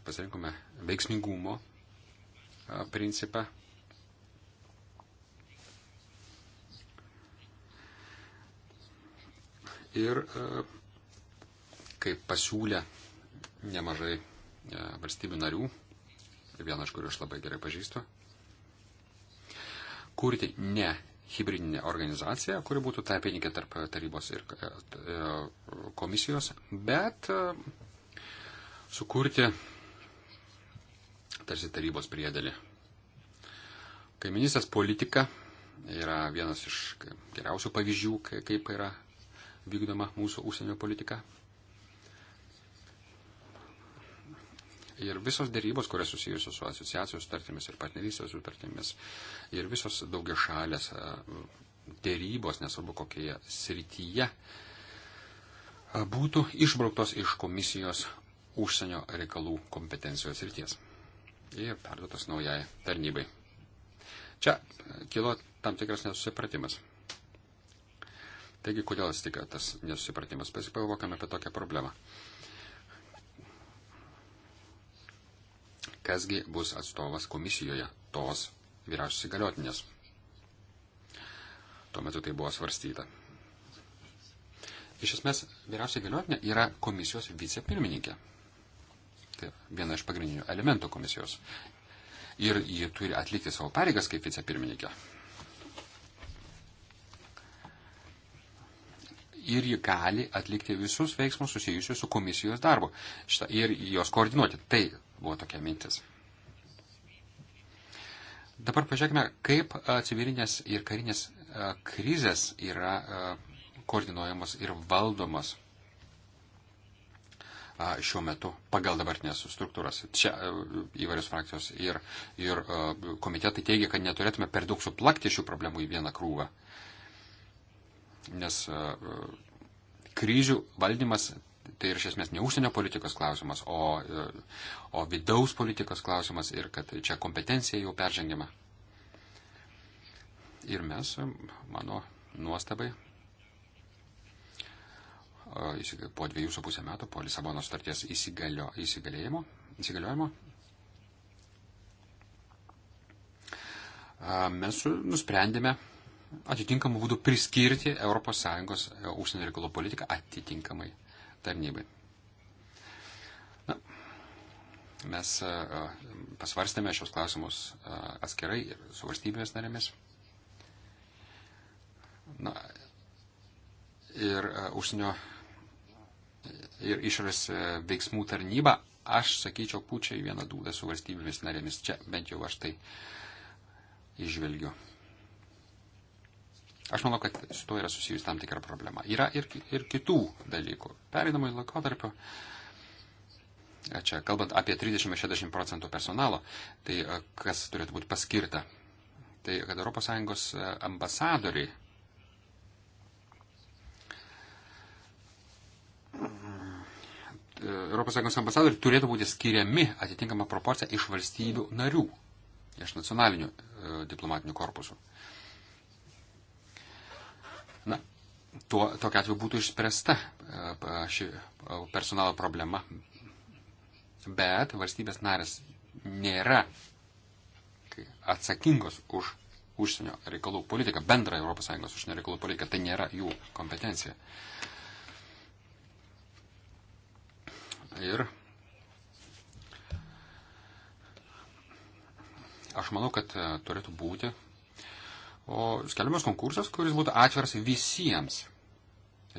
pasirinkome veiksmingumo principą ir e, kaip pasiūlė nemažai e, valstybių narių, vieną iš kurių aš labai gerai pažįstu, kurti ne hybridinę organizaciją, kuri būtų tarpininkė tarp tarybos ir e, komisijos, bet sukurti tarsi tarybos priedelį. Kaiminystės politika yra vienas iš geriausių pavyzdžių, kaip yra vykdoma mūsų užsienio politika. Ir visos dėrybos, kurias susijusios su asociacijos sutartimis ir partnerystės sutartimis, ir visos daugia šalės dėrybos, nesvarbu kokioje srityje, būtų išbrauktos iš komisijos užsienio reikalų kompetencijos srities ir perduotas naujai tarnybai. Čia kilo tam tikras nesusipratimas. Taigi, kodėl atsitika tas nesusipratimas? Pasipagalvokime apie tokią problemą. Kasgi bus atstovas komisijoje tos vyriausios įgaliotinės? Tuo metu tai buvo svarstyta. Iš esmės, vyriausiai galiotinė yra komisijos vicepirmininkė. Tai viena iš pagrindinių elementų komisijos. Ir ji turi atlikti savo pareigas kaip vicepirmininkė. ir ji gali atlikti visus veiksmus susijusius su komisijos darbu šitą, ir jos koordinuoti. Tai buvo tokia mintis. Dabar pažiūrėkime, kaip civilinės ir karinės krizės yra koordinuojamos ir valdomos šiuo metu pagal dabartinės struktūras. Čia įvairios frakcijos ir, ir komitetai teigia, kad neturėtume per daug suplakti šių problemų į vieną krūvą. Uh, nes e, kryžių valdymas tai ir iš esmės ne užsienio politikos klausimas, o, e, o vidaus politikos klausimas ir kad čia kompetencija jau peržengiama. Ir mes, e, mano nuostabai, po dviejų su pusę metų, po Lisabono starties įsigalio, įsigaliojimo, įsigaliojimo, mes nusprendėme atitinkamų būdų priskirti ES e, užsienio reikalų politiką atitinkamai tarnybai. Na, mes e, e, pasvarstėme šios klausimus atskirai ir su valstybės narėmis. Na, ir užsienio ir išorės veiksmų tarnyba, aš sakyčiau, pučia į vieną dūdą su valstybėmis narėmis. Čia bent jau aš tai išvelgiu. Aš manau, kad su to yra susijusi tam tikra problema. Yra ir, ir kitų dalykų. Pereinamai laikotarpio, čia kalbant apie 30-60 procentų personalo, tai kas turėtų būti paskirta, tai kad ES ambasadoriai ES ambasadoriai turėtų būti skiriami atitinkamą proporciją iš valstybių narių, iš nacionalinių e, diplomatinių korpusų. E, Na, tuo, tokia atveju būtų išspręsta e, ši e, personalo problema. Bet valstybės narės nėra atsakingos už užsienio reikalų politiką, bendrą ES užsienio reikalų politiką, tai nėra jų kompetencija. Ir aš manau, kad e, turėtų būti o skelbiamas konkursas, kuris būtų atviras visiems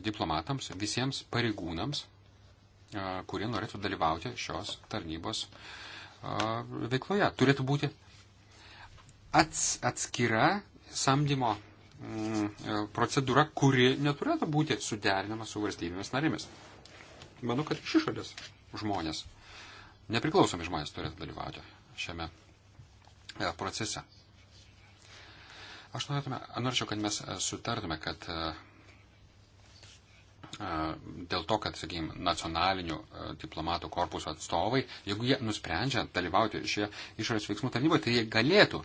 diplomatams, visiems pareigūnams, kurie norėtų dalyvauti šios tarnybos veikloje. Turėtų būti ats, atskira samdymo mm, e, procedūra, kuri neturėtų būti suderinama su valstybėmis narėmis. Manau, kad iš išorės žmonės, nepriklausomi žmonės turėtų dalyvauti šiame e, procese. Aš norėtume, norėčiau, kad mes e, sutartume, kad e, e, dėl to, kad, sakykime, nacionalinių diplomatų korpuso atstovai, jeigu jie nusprendžia dalyvauti šioje išorės veiksmų tarnyboje, tai jie galėtų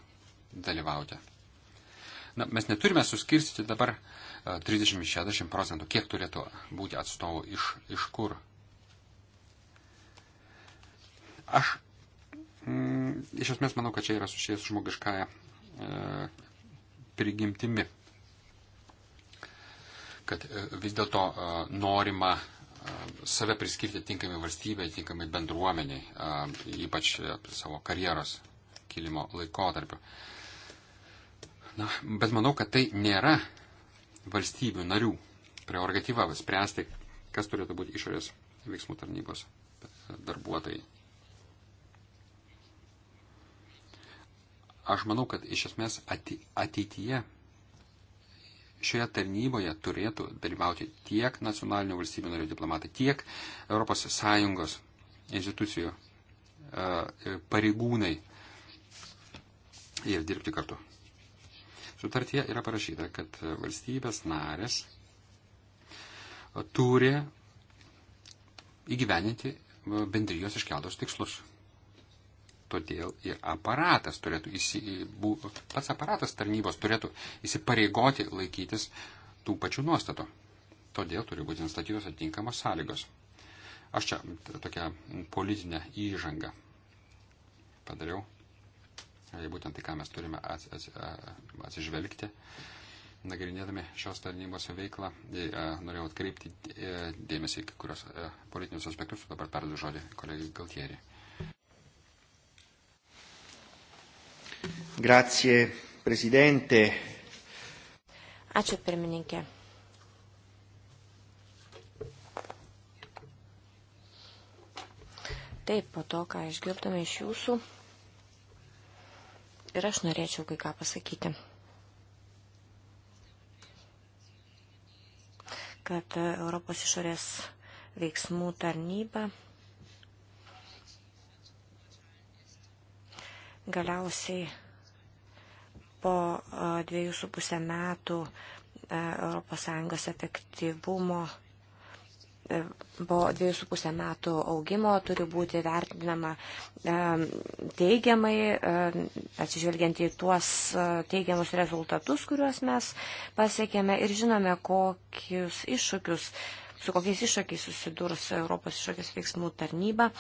dalyvauti. Na, mes neturime suskirstyti dabar 30-60 procentų, kiek turėtų būti atstovų iš, iš kur. Aš mm, iš esmės manau, kad čia yra susijęs žmogiškąją e, prigimtimi. Kad e, vis dėlto e, norima e, save priskirti tinkamai valstybei, tinkamai bendruomeniai, ypač savo karjeros kilimo laikotarpiu. Na, bet manau, kad tai nėra valstybių narių prerogatyva spręsti, kas turėtų būti išorės veiksmų tarnybos darbuotojai. Aš manau, kad iš esmės ateityje šioje tarnyboje turėtų dalyvauti tiek nacionalinių valstybių narių diplomatai, tiek ES institucijų e, e, pareigūnai ir dirbti kartu. Sutartyje yra parašyta, kad valstybės narės turi įgyveninti bendrijos iškeltus tikslus. Todėl ir aparatas turėtų, įsi, bu, pats aparatas tarnybos turėtų įsipareigoti laikytis tų pačių nuostatų. Todėl turi būti nustatytos atitinkamos sąlygos. Aš čia tokią politinę įžangą padariau. Tai būtent tai, ką mes turime atsižvelgti, nagrinėdami šios tarnybos veiklą. E, norėjau atkreipti e, dėmesį į kai kurios e, politinius aspektus, dabar perdu žodį kolegai Galtieriai. Grazie, prezidentė. Ačiū, pirmininkė. Taip, po to, ką išgirdome iš jūsų, ir aš norėčiau kai ką pasakyti. Kad Europos išorės veiksmų tarnyba galiausiai po dviejų su pusę metų ES efektyvumo e, po dviejų su pusę metų augimo turi būti vertinama teigiamai, atsižvelgiant į tuos teigiamus rezultatus, kuriuos mes pasiekėme ir žinome, kokius iššūkius, su kokiais iššūkiais susidurs Europos iššūkis veiksmų tarnyba,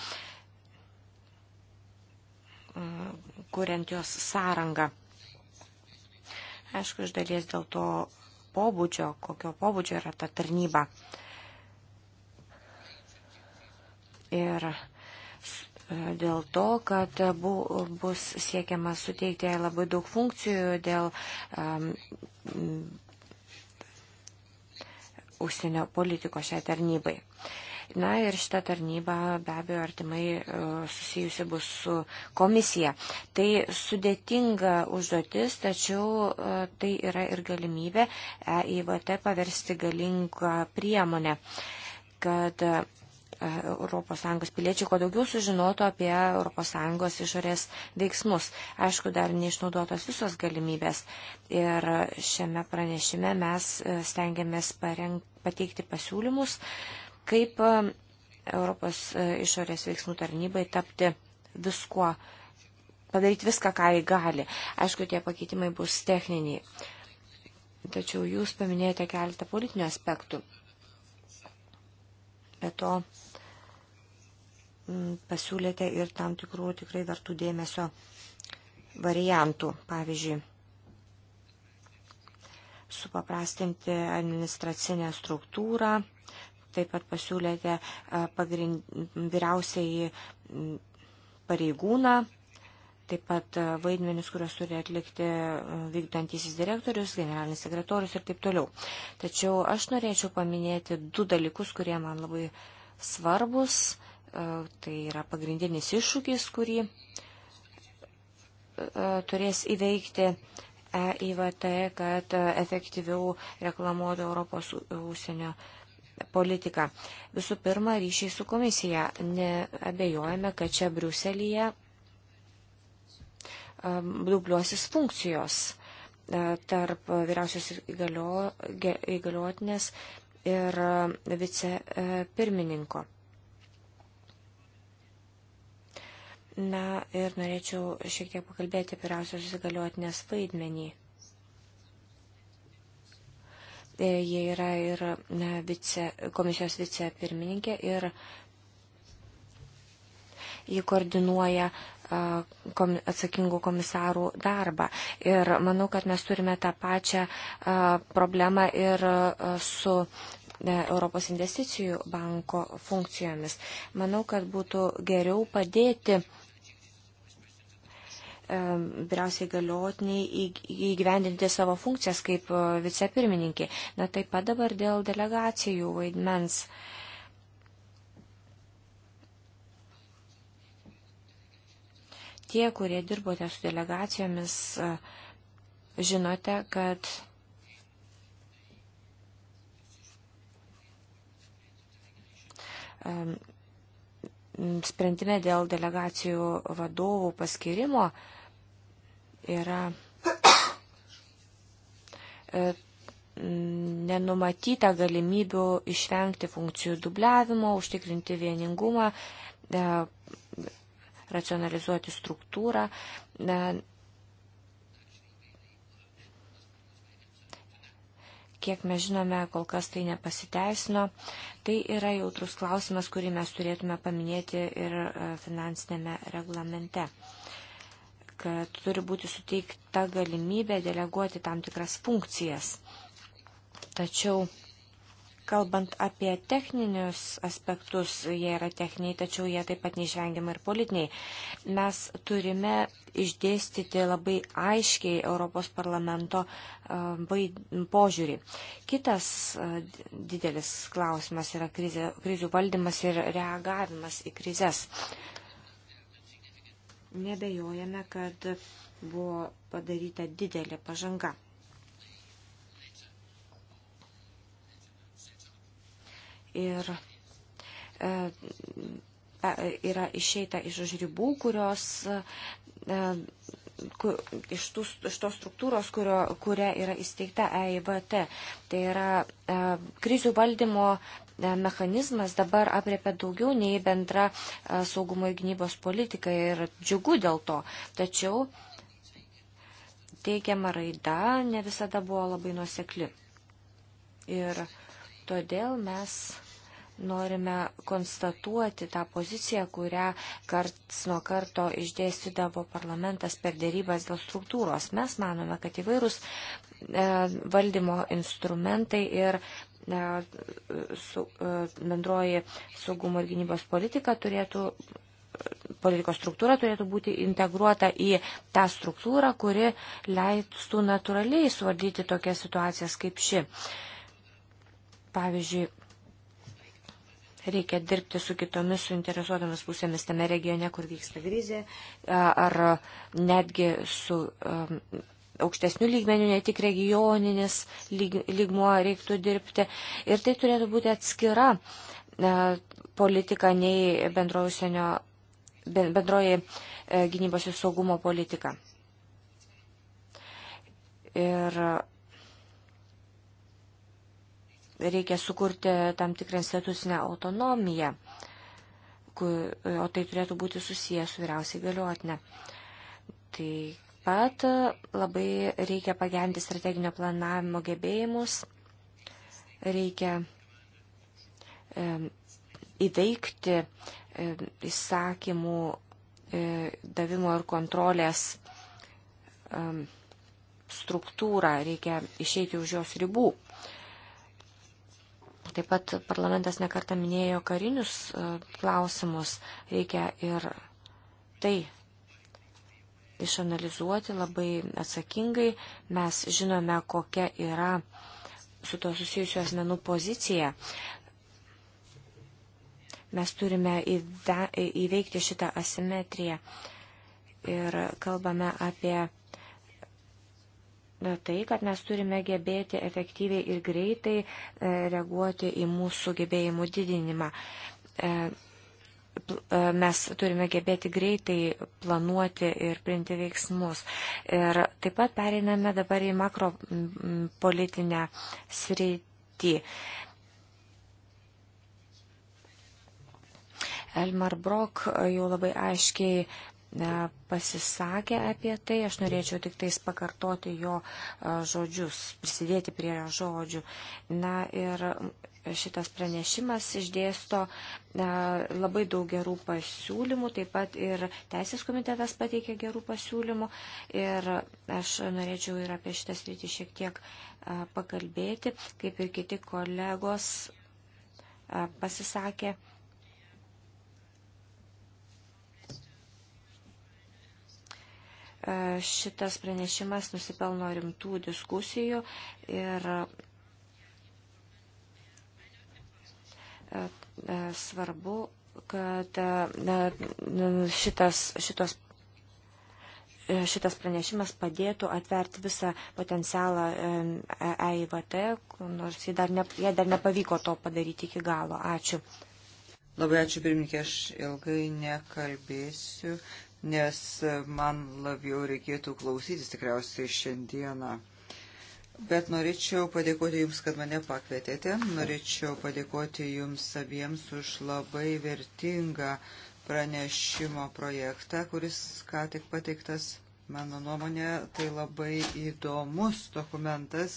kuriant jos sąrangą. Aišku, iš dalies dėl to pobūdžio, kokio pobūdžio yra ta tarnyba. Ir e, dėl to, kad bu, bus siekiama suteikti jai labai daug funkcijų dėl um, užsienio politikos šiai tarnybai. Uh, Na ir šita tarnyba be abejo artimai e, susijusi bus su komisija. Tai sudėtinga užduotis, tačiau e, tai yra ir galimybė EIVT paversti galingą priemonę, kad ES piliečių, kuo daugiau sužinotų apie ES išorės veiksmus. Aišku, dar neišnaudotos visos galimybės. Ir šiame pranešime mes e, stengiamės pareng, pateikti pasiūlymus, uh, kaip e, Europos e, išorės veiksmų tarnybai tapti viskuo, padaryti viską, ką jį gali. Aišku, tie pakeitimai bus techniniai. Tačiau jūs paminėjote keletą politinių aspektų. Be to, pasiūlėte ir tam tikrų tikrai vertų dėmesio variantų. Pavyzdžiui, supaprastinti administracinę struktūrą Taip pat pasiūlėte pagrind, vyriausiai pareigūną taip pat vaidmenis, kuriuos turi atlikti vykdantisis direktorius, generalinis sekretorius ir taip toliau. Tačiau aš norėčiau paminėti du dalykus, kurie man labai svarbus. Tai yra pagrindinis iššūkis, kurį turės įveikti EIVT, kad efektyviau reklamuotų Europos užsienio politiką. Visų pirma, ryšiai su komisija. Neabejojame, kad čia Briuselyje um, dubliuosis funkcijos uh, tarp vyriausios įgalio, įgaliotinės ir uh, vicepirmininko. Na ir norėčiau šiek tiek pakalbėti apie vyriausios įgaliotinės vaidmenį. E, jie yra ir vice, komisijos vicepirmininkė ir jį koordinuoja atsakingų komisarų darbą. Ir manau, kad mes turime tą pačią problemą ir su e, Europos investicijų banko funkcijomis. Manau, kad būtų geriau padėti E, vyriausiai galiotiniai įgyvendinti savo funkcijas kaip e, vicepirmininkė. Na taip pat dabar dėl delegacijų vaidmens. Tie, kurie dirbote su delegacijomis, e, žinote, kad sprendime dėl delegacijų vadovų paskirimo yra e, nenumatyta galimybių išvengti funkcijų dubliavimo, užtikrinti vieningumą, e, racionalizuoti struktūrą. E, kiek mes žinome, kol kas tai nepasiteisino. Tai yra jautrus klausimas, kurį mes turėtume paminėti ir finansinėme reglamente kad turi būti suteikta galimybė deleguoti tam tikras funkcijas. Tačiau, kalbant apie techninius aspektus, jie yra techniniai, tačiau jie taip pat neišvengiamai ir politiniai. Mes turime išdėstyti labai aiškiai Europos parlamento požiūrį. Kitas didelis klausimas yra krizių valdymas ir reagavimas į krizės nebejojame, kad buvo padaryta didelė pažanga. Ir e, e yra išeita iš už ribų, kurios e, kur, iš, tų, iš tos struktūros, kurio, kuria yra įsteigta EIVT. Tai yra e, krizių valdymo E, mechanizmas dabar apriepia daugiau nei bendra e, saugumo ir gynybos politika ir džiugu dėl to. Tačiau teigiama raida ne visada buvo labai nuosekli. Ir todėl mes norime konstatuoti tą poziciją, kurią karts nuo karto išdėstydavo parlamentas per dėrybas dėl struktūros. Mes manome, kad įvairūs e, valdymo instrumentai ir su, e, bendroji saugumo ir gynybos politika turėtų politikos struktūra turėtų būti integruota į tą struktūrą, kuri leistų natūraliai suvaldyti tokias situacijas kaip ši. Pavyzdžiui, reikia dirbti su kitomis suinteresuotomis pusėmis tame regione, kur vyksta krizė, ar netgi su aukštesnių lygmenių, ne tik regioninis lyg, lygmuo reiktų dirbti. Ir tai turėtų būti atskira e, politika nei bendrojusienio, bendroji e, gynybos ir saugumo politika. Ir reikia sukurti tam tikrą institucinę autonomiją, o tai turėtų būti susijęs su vyriausiai galiuotne. Tai pat labai reikia pagerinti strateginio planavimo gebėjimus, reikia įveikti įsakymų e, davimo ir kontrolės struktūrą, reikia išeiti už jos ribų. Taip pat parlamentas nekartą minėjo karinius e, klausimus, reikia ir tai išanalizuoti labai atsakingai. Mes žinome, kokia yra su to susijusių asmenų pozicija. Mes turime įveikti šitą asimetriją ir kalbame apie tai, kad mes turime gebėti efektyviai ir greitai e, reaguoti į mūsų gebėjimų didinimą. E, E, mes turime gebėti greitai planuoti ir priimti veiksmus. Ir taip pat pereiname dabar į makropolitinę sritį. Elmar Brok jau labai aiškiai e, pasisakė apie tai, aš norėčiau tik tais pakartoti jo e, žodžius, prisidėti prie žodžių. Na ir šitas pranešimas išdėsto e, labai daug gerų pasiūlymų, taip pat ir Teisės komitetas pateikė gerų pasiūlymų ir aš norėčiau ir apie šitą sritį šiek tiek e, pakalbėti, kaip ir kiti kolegos e, pasisakė. šitas pranešimas nusipelno rimtų diskusijų ir E, svarbu, kad e, šitas, šitos e, šitas pranešimas padėtų atverti visą potencialą EIVT, nors jie dar, ne, jie dar nepavyko to padaryti iki galo. Ačiū. Labai ačiū, pirmininkė, aš ilgai nekalbėsiu, nes man labiau reikėtų klausytis tikriausiai šiandieną. Bet norėčiau padėkoti Jums, kad mane pakvietėte. Norėčiau padėkoti Jums abiems už labai vertingą pranešimo projektą, kuris ką tik pateiktas. Mano nuomonė, tai labai įdomus dokumentas.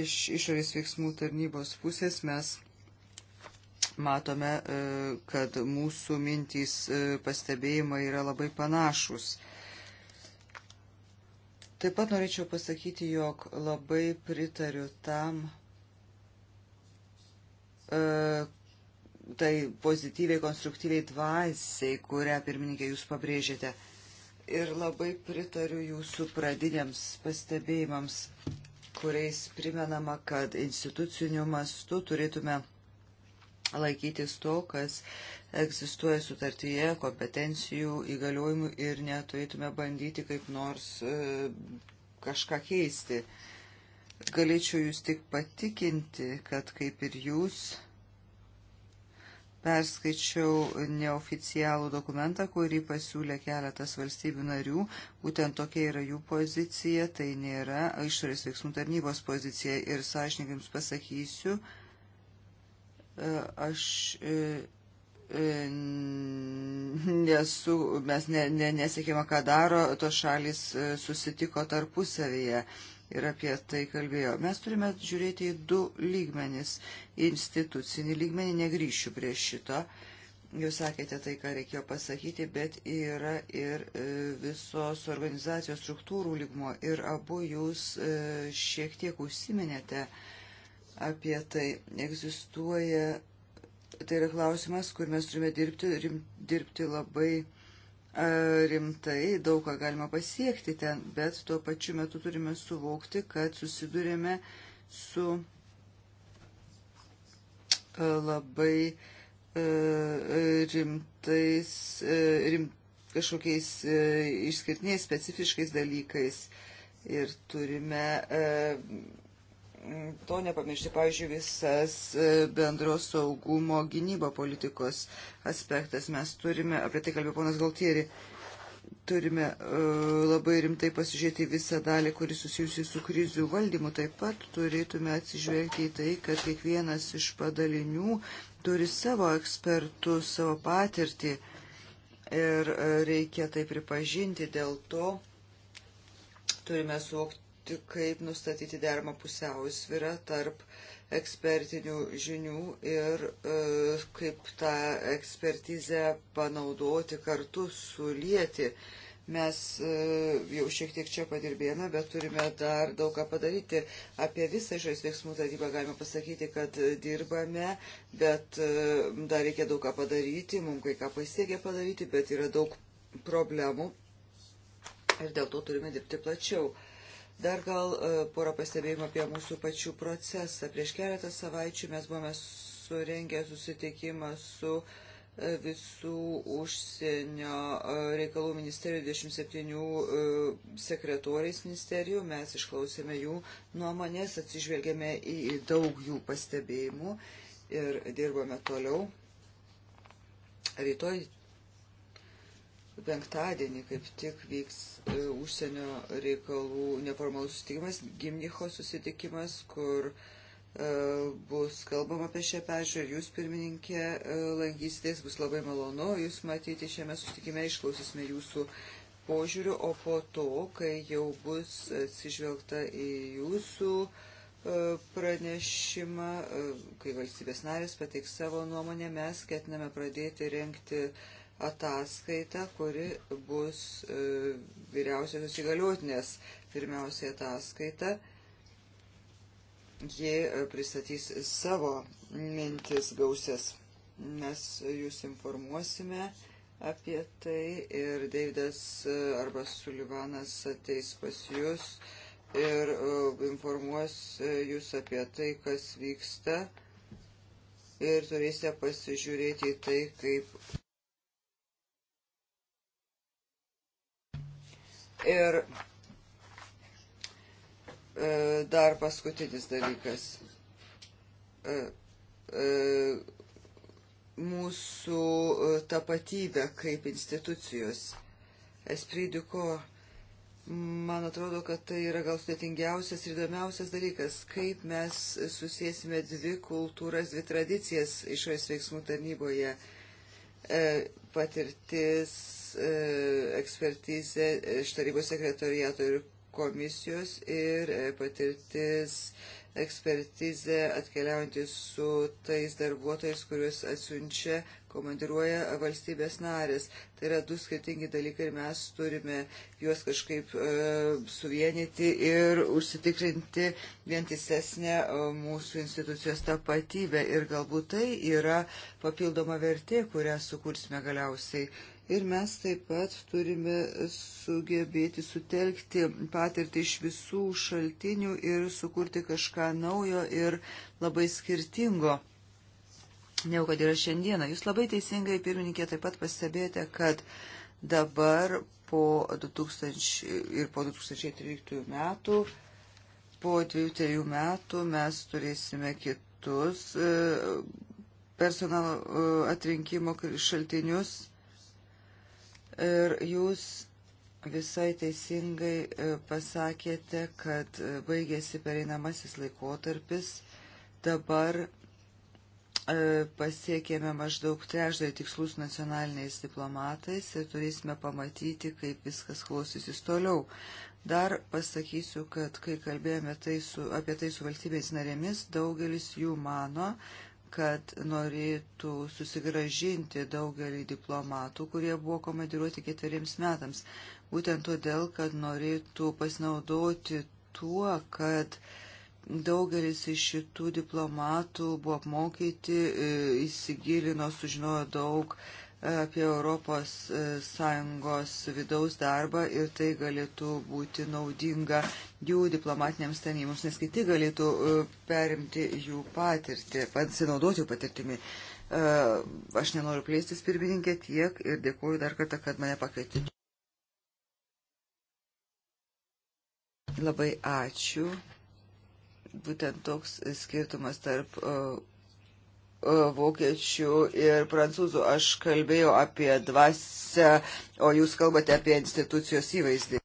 Iš išorės veiksmų tarnybos pusės mes matome, e, kad mūsų mintys e, pastebėjimai yra labai panašus. Taip pat norėčiau pasakyti, jog labai pritariu tam, e, tai pozityviai, konstruktyviai dvasiai, kurią pirmininkė jūs pabrėžėte. Ir labai pritariu jūsų pradiniams pastebėjimams, kuriais primenama, kad instituciniu mastu turėtume laikytis to, kas egzistuoja sutartyje, kompetencijų, įgaliojimų ir neturėtume bandyti kaip nors e, kažką keisti. Galėčiau jūs tik patikinti, kad kaip ir jūs perskaičiau neoficialų dokumentą, kurį pasiūlė keletas valstybių narių. Būtent tokia yra jų pozicija, tai nėra išorės veiksmų tarnybos pozicija. Ir sąžininkai jums pasakysiu, e, aš e, E, nesu, mes ne, ne, nesiekime, ką daro, tos šalis e, susitiko tarpusavyje ir apie tai kalbėjo. Mes turime žiūrėti į du lygmenis. Institucinį lygmenį negryšiu prie šito. Jūs sakėte tai, ką reikėjo pasakyti, bet yra ir e, visos organizacijos struktūrų lygmo ir abu jūs šiek tiek užsiminėte apie tai. Egzistuoja Tai yra klausimas, kur mes turime dirbti, rim, dirbti labai rimtai, daug ką galima pasiekti ten, bet tuo pačiu metu turime suvokti, kad susidurėme su labai rimtais, rim, kažkokiais išskirtiniais specifiškais dalykais ir turime to nepamiršti, pavyzdžiui, visas e, bendros saugumo gynybo politikos aspektas. Mes turime, apie tai kalbėjo ponas Galtieri, turime e, labai rimtai pasižiūrėti visą dalį, kuri susijusi su krizių valdymu. Taip pat turėtume atsižvelgti į tai, kad kiekvienas iš padalinių turi savo ekspertus, savo patirtį ir e, reikia tai pripažinti. Dėl to turime suvokti galvoti, kaip nustatyti dermą pusiausvyrą tarp ekspertinių žinių ir e, kaip tą ekspertizę panaudoti kartu, sulieti. Mes e, jau šiek tiek čia padirbėjome, bet turime dar daug ką padaryti. Apie visą išorės veiksmų tarybą galime pasakyti, kad dirbame, bet e, dar reikia daug ką padaryti, mums kai ką pasiekė padaryti, bet yra daug problemų ir dėl to turime dirbti plačiau. E, Dar gal e, porą pastebėjimų apie mūsų pačių procesą. Prieš keletą savaičių mes buvome surengę susitikimą su e, visų užsienio e, reikalų ministerijų 27 sekretoriais ministerijų. Mes išklausėme jų nuomonės, atsižvelgėme į daug jų pastebėjimų ir dirbame toliau. Rytoj penktadienį kaip tik vyks e, užsienio reikalų neformalus susitikimas, Gimnicho susitikimas, kur e, bus kalbama apie šią peržiūrą ir jūs, pirmininkė, e, lankysitės, bus labai malonu jūs matyti šiame susitikime, išklausysime jūsų požiūrių, o po to, kai jau bus atsižvelgta į jūsų pranešimą, kai valstybės narės pateiks savo nuomonę, mes ketiname pradėti renkti uh, ataskaitą, kuri bus e, vyriausiosios įgaliotinės pirmiausiai ataskaita. Ji e, pristatys savo mintis gausias. Mes jūs informuosime apie tai ir Deividas e, arba Sulivanas ateis pas jūs ir informuos jūs apie tai, kas vyksta ir turėsite pasižiūrėti į tai, kaip Ir e, dar paskutinis dalykas. E, e, mūsų tapatybė kaip institucijos. Espridiko, man atrodo, kad tai yra gal sudėtingiausias ir įdomiausias dalykas, kaip mes susėsime dvi kultūras, dvi tradicijas išorės veiksmų tarnyboje patirtis, e, ekspertizė iš e, tarybos sekretoriato ir komisijos ir e, patirtis, ekspertizė atkeliaujantis su tais darbuotojais, kuriuos atsiunčia komandiruoja valstybės narės. Tai yra du skirtingi dalykai ir mes turime juos kažkaip e, suvienyti ir užsitikrinti vientisesnę e, mūsų institucijos tapatybę. Ir galbūt tai yra papildoma vertė, kurią sukursime galiausiai. Ir mes taip pat turime sugebėti sutelkti patirtį iš visų šaltinių ir sukurti kažką naujo ir labai skirtingo negu kad yra šiandieną. Jūs labai teisingai, pirmininkė, taip pat pastebėjote, kad dabar po 2000 ir po 2013 metų, po 2-3 metų mes turėsime kitus e, personalo e, atrinkimo šaltinius ir jūs visai teisingai e, pasakėte, kad baigėsi pereinamasis laikotarpis, dabar E, pasiekėme maždaug trešdai tikslus nacionaliniais diplomatais ir turėsime pamatyti, kaip viskas klostysis toliau. Dar pasakysiu, kad kai kalbėjome tai su, apie tai su valstybės narėmis, daugelis jų mano, kad norėtų susigražinti daugelį diplomatų, kurie buvo komandiruoti ketveriems metams. Būtent todėl, kad norėtų pasinaudoti tuo, kad uh, Daugelis iš šitų diplomatų buvo apmokyti, e, įsigilino, sužinojo daug e, apie Europos e, Sąjungos vidaus darbą ir tai galėtų būti naudinga jų diplomatiniams tarnybams, nes kiti galėtų perimti jų patirtį, pasinaudoti jų patirtimi. Aš nenoriu plėstis pirmininkė tiek ir dėkuoju dar kartą, kad mane pakvietėte. Labai ačiū būtent toks skirtumas tarp e, e, vokiečių ir prancūzų. Aš kalbėjau apie dvasę, o jūs kalbate apie institucijos įvaizdį.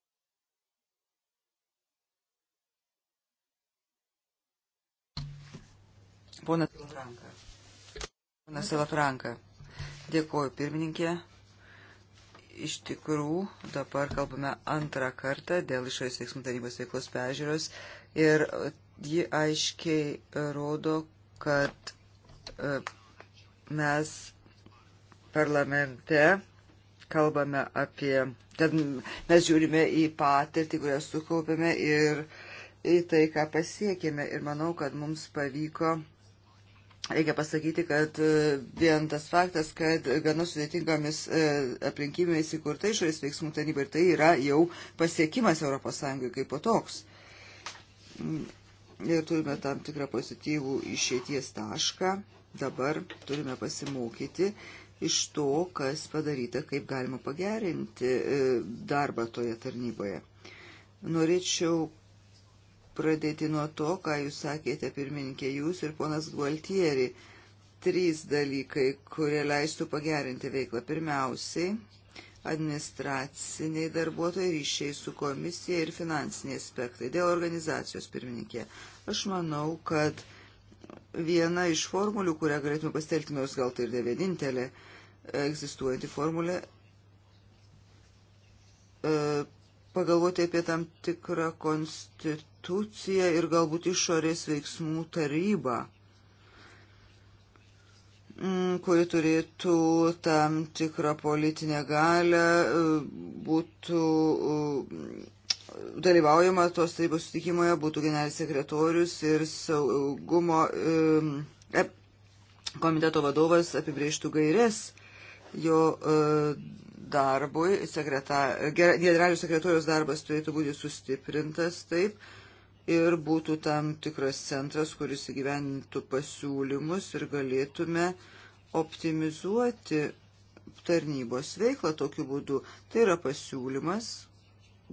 Ponas Salafranka. Ponas Salafranka. Dėkuoju, pirmininkė. Iš tikrųjų, dabar kalbame antrą kartą dėl išorės veiksmų tarybos veiklos pežiūros ir ji aiškiai rodo, kad e, mes parlamente kalbame apie, kad mes žiūrime į patirtį, kurią sukaupėme ir į tai, ką pasiekėme. Ir manau, kad mums pavyko Reikia pasakyti, kad e, vien tas faktas, kad gana sudėtingomis e, aplinkybėmis įkurta išorės veiksmų taryba ir tai yra jau pasiekimas ES kaip po toks ir turime tam tikrą pozityvų išėties tašką. Dabar turime pasimokyti iš to, kas padaryta, kaip galima pagerinti e, darbą toje tarnyboje. Norėčiau pradėti nuo to, ką jūs sakėte, pirmininkė, jūs ir ponas Gualtieri. Trys dalykai, kurie leistų pagerinti veiklą. Pirmiausiai, administraciniai darbuotojai, ryšiai su komisija ir finansiniai aspektai. Dėl organizacijos pirmininkė, aš manau, kad viena iš formulių, kurią galėtume pastelti, nors gal tai ir ne vienintelė e, egzistuojanti formulė, e, pagalvoti apie tam tikrą konstituciją ir galbūt išorės veiksmų tarybą Mm, kuri turėtų tam tikrą politinę galę, e, būtų e, dalyvaujama tos tarybos sutikimuoje, būtų generalinis sekretorius ir saugumo e, komiteto vadovas apibrėžtų gairias jo darbui, generalinis sekretorius darbas turėtų būti sustiprintas taip, ir būtų tam tikras centras, kuris įgyvenintų pasiūlymus ir galėtume optimizuoti tarnybos veiklą tokiu būdu. Tai yra pasiūlymas,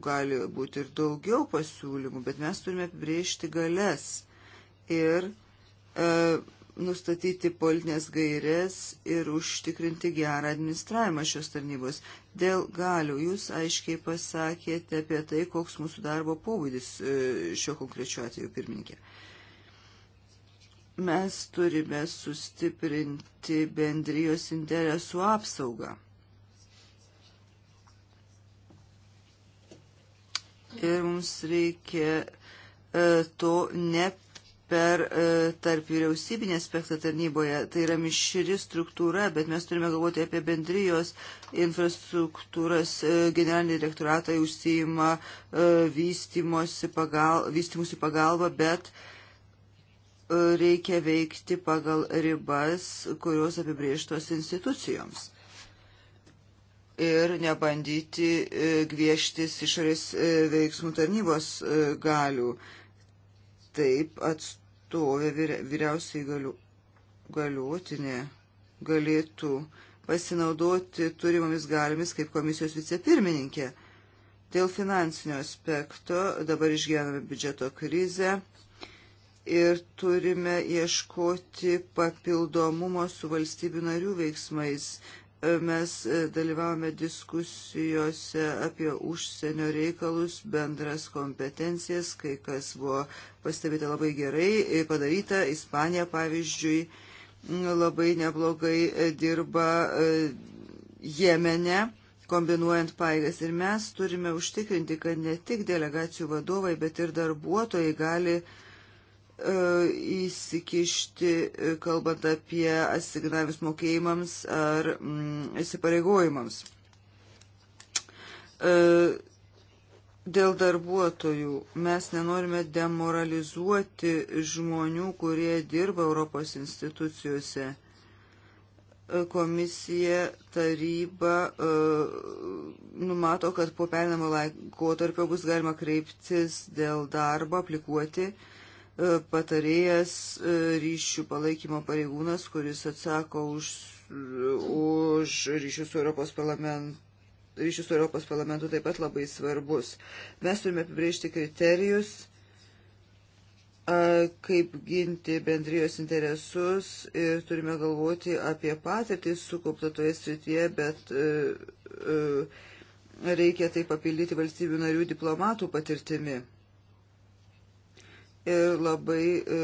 gali būti ir daugiau pasiūlymų, bet mes turime apibriežti galės ir e, nustatyti politinės gairės ir užtikrinti gerą administravimą šios tarnybos. Dėl galių jūs aiškiai pasakėte apie tai, koks mūsų darbo pobūdis e, šio konkrečio atveju pirmininkė. Mes turime sustiprinti bendrijos interesų apsaugą. Ir mums reikia e, to ne per e, tarp vyriausybinį aspektą tarnyboje. Tai yra mišri struktūra, bet mes turime galvoti apie bendrijos infrastruktūras. E, Generaliniai direktoratai užsijima e, pagal, vystimusi pagalba, bet reikia veikti pagal ribas, kurios apibrieštos institucijoms ir nebandyti gvieštis išorės veiksmų tarnybos galių. Taip ats, atstovė vyriausiai galiu, galiuotinė galėtų pasinaudoti turimomis galimis kaip komisijos vicepirmininkė. Dėl finansinio aspekto dabar išgyvename biudžeto krizę ir turime ieškoti papildomumo su valstybių narių veiksmais Mes e, dalyvavome diskusijose apie užsienio reikalus, bendras kompetencijas, kai kas buvo pastebėta labai gerai, e, padaryta Ispanija, pavyzdžiui, labai neblogai e, dirba Jemene kombinuojant paėgas. Ir mes turime užtikrinti, kad ne tik delegacijų vadovai, bet ir darbuotojai gali uh, E, įsikišti, e, kalbant apie asignavimus mokėjimams ar mm, įsipareigojimams. E, dėl darbuotojų mes nenorime demoralizuoti žmonių, kurie dirba Europos institucijose. Komisija, taryba numato, kad po perinamo laikotarpio bus galima kreiptis dėl darbo, aplikuoti uh, E, patarėjas e, ryšių palaikymo pareigūnas, kuris atsako už, už ryšius su Europos parlamentu ryšių su Europos parlamentu taip pat labai svarbus. Mes turime apibrėžti kriterijus, kaip ginti bendrijos interesus ir turime galvoti apie patirtį sukauptą toje srityje, bet e, reikia tai papildyti valstybių narių diplomatų patirtimi ir labai e,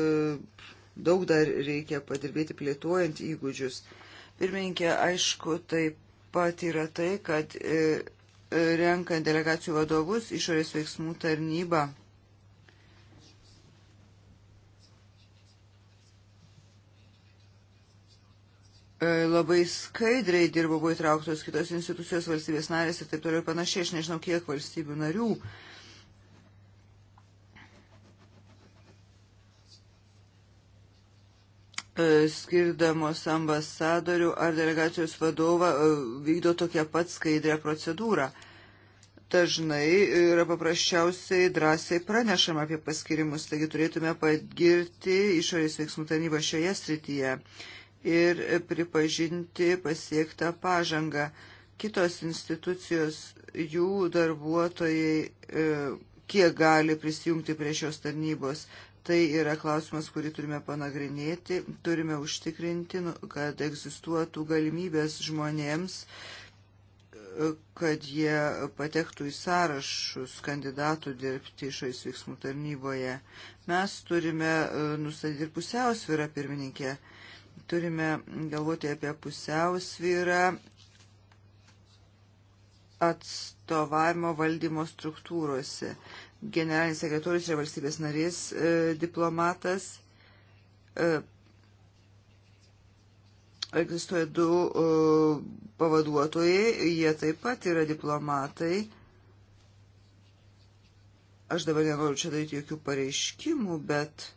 daug dar reikia padirbėti plėtuojant įgūdžius. Pirmininkė, aišku, taip pat yra tai, kad e, e, renkant delegacijų vadovus išorės veiksmų tarnyba labai skaidriai dirbo, buvo įtrauktos kitos institucijos valstybės narės ir taip toliau ir panašiai. Aš nežinau, kiek valstybių narių uh, E, skirdamos ambasadorių ar delegacijos vadovą e, vykdo tokią pat skaidrę procedūrą. Dažnai yra paprasčiausiai drąsiai pranešama apie paskirimus, taigi turėtume pagirti išorės veiksmų tarnybą šioje srityje ir pripažinti pasiektą pažangą. Kitos institucijos, jų darbuotojai, e, kiek gali prisijungti prie šios tarnybos tai yra klausimas, kurį turime panagrinėti. Turime užtikrinti, nu, kad egzistuotų galimybės žmonėms, kad jie patektų į sąrašus kandidatų dirbti išais veiksmų tarnyboje. Mes turime e, nustatyti ir pusiausvyrą pirmininkę. Turime galvoti apie pusiausvyrą atstovavimo valdymo struktūrose generalinis sekretorius yra valstybės narės e, diplomatas. E, egzistuoja du e, pavaduotojai, jie taip pat yra diplomatai. Aš dabar nenoriu čia daryti jokių pareiškimų, bet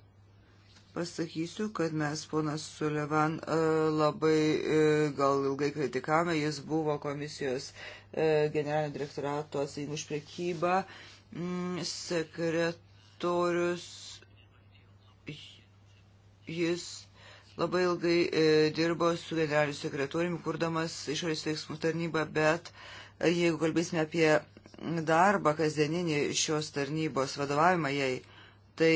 pasakysiu, kad mes ponas Sulevan e, labai e, gal ilgai kritikavome, jis buvo komisijos e, generalinio direktorato atsakingų už priekybą Mm, sekretorius, jis labai ilgai e, dirbo su generaliu sekretoriumi, kurdamas išorės veiksmų tarnybą, bet e, jeigu kalbėsime apie darbą kasdieninį šios tarnybos vadovavimą jai, tai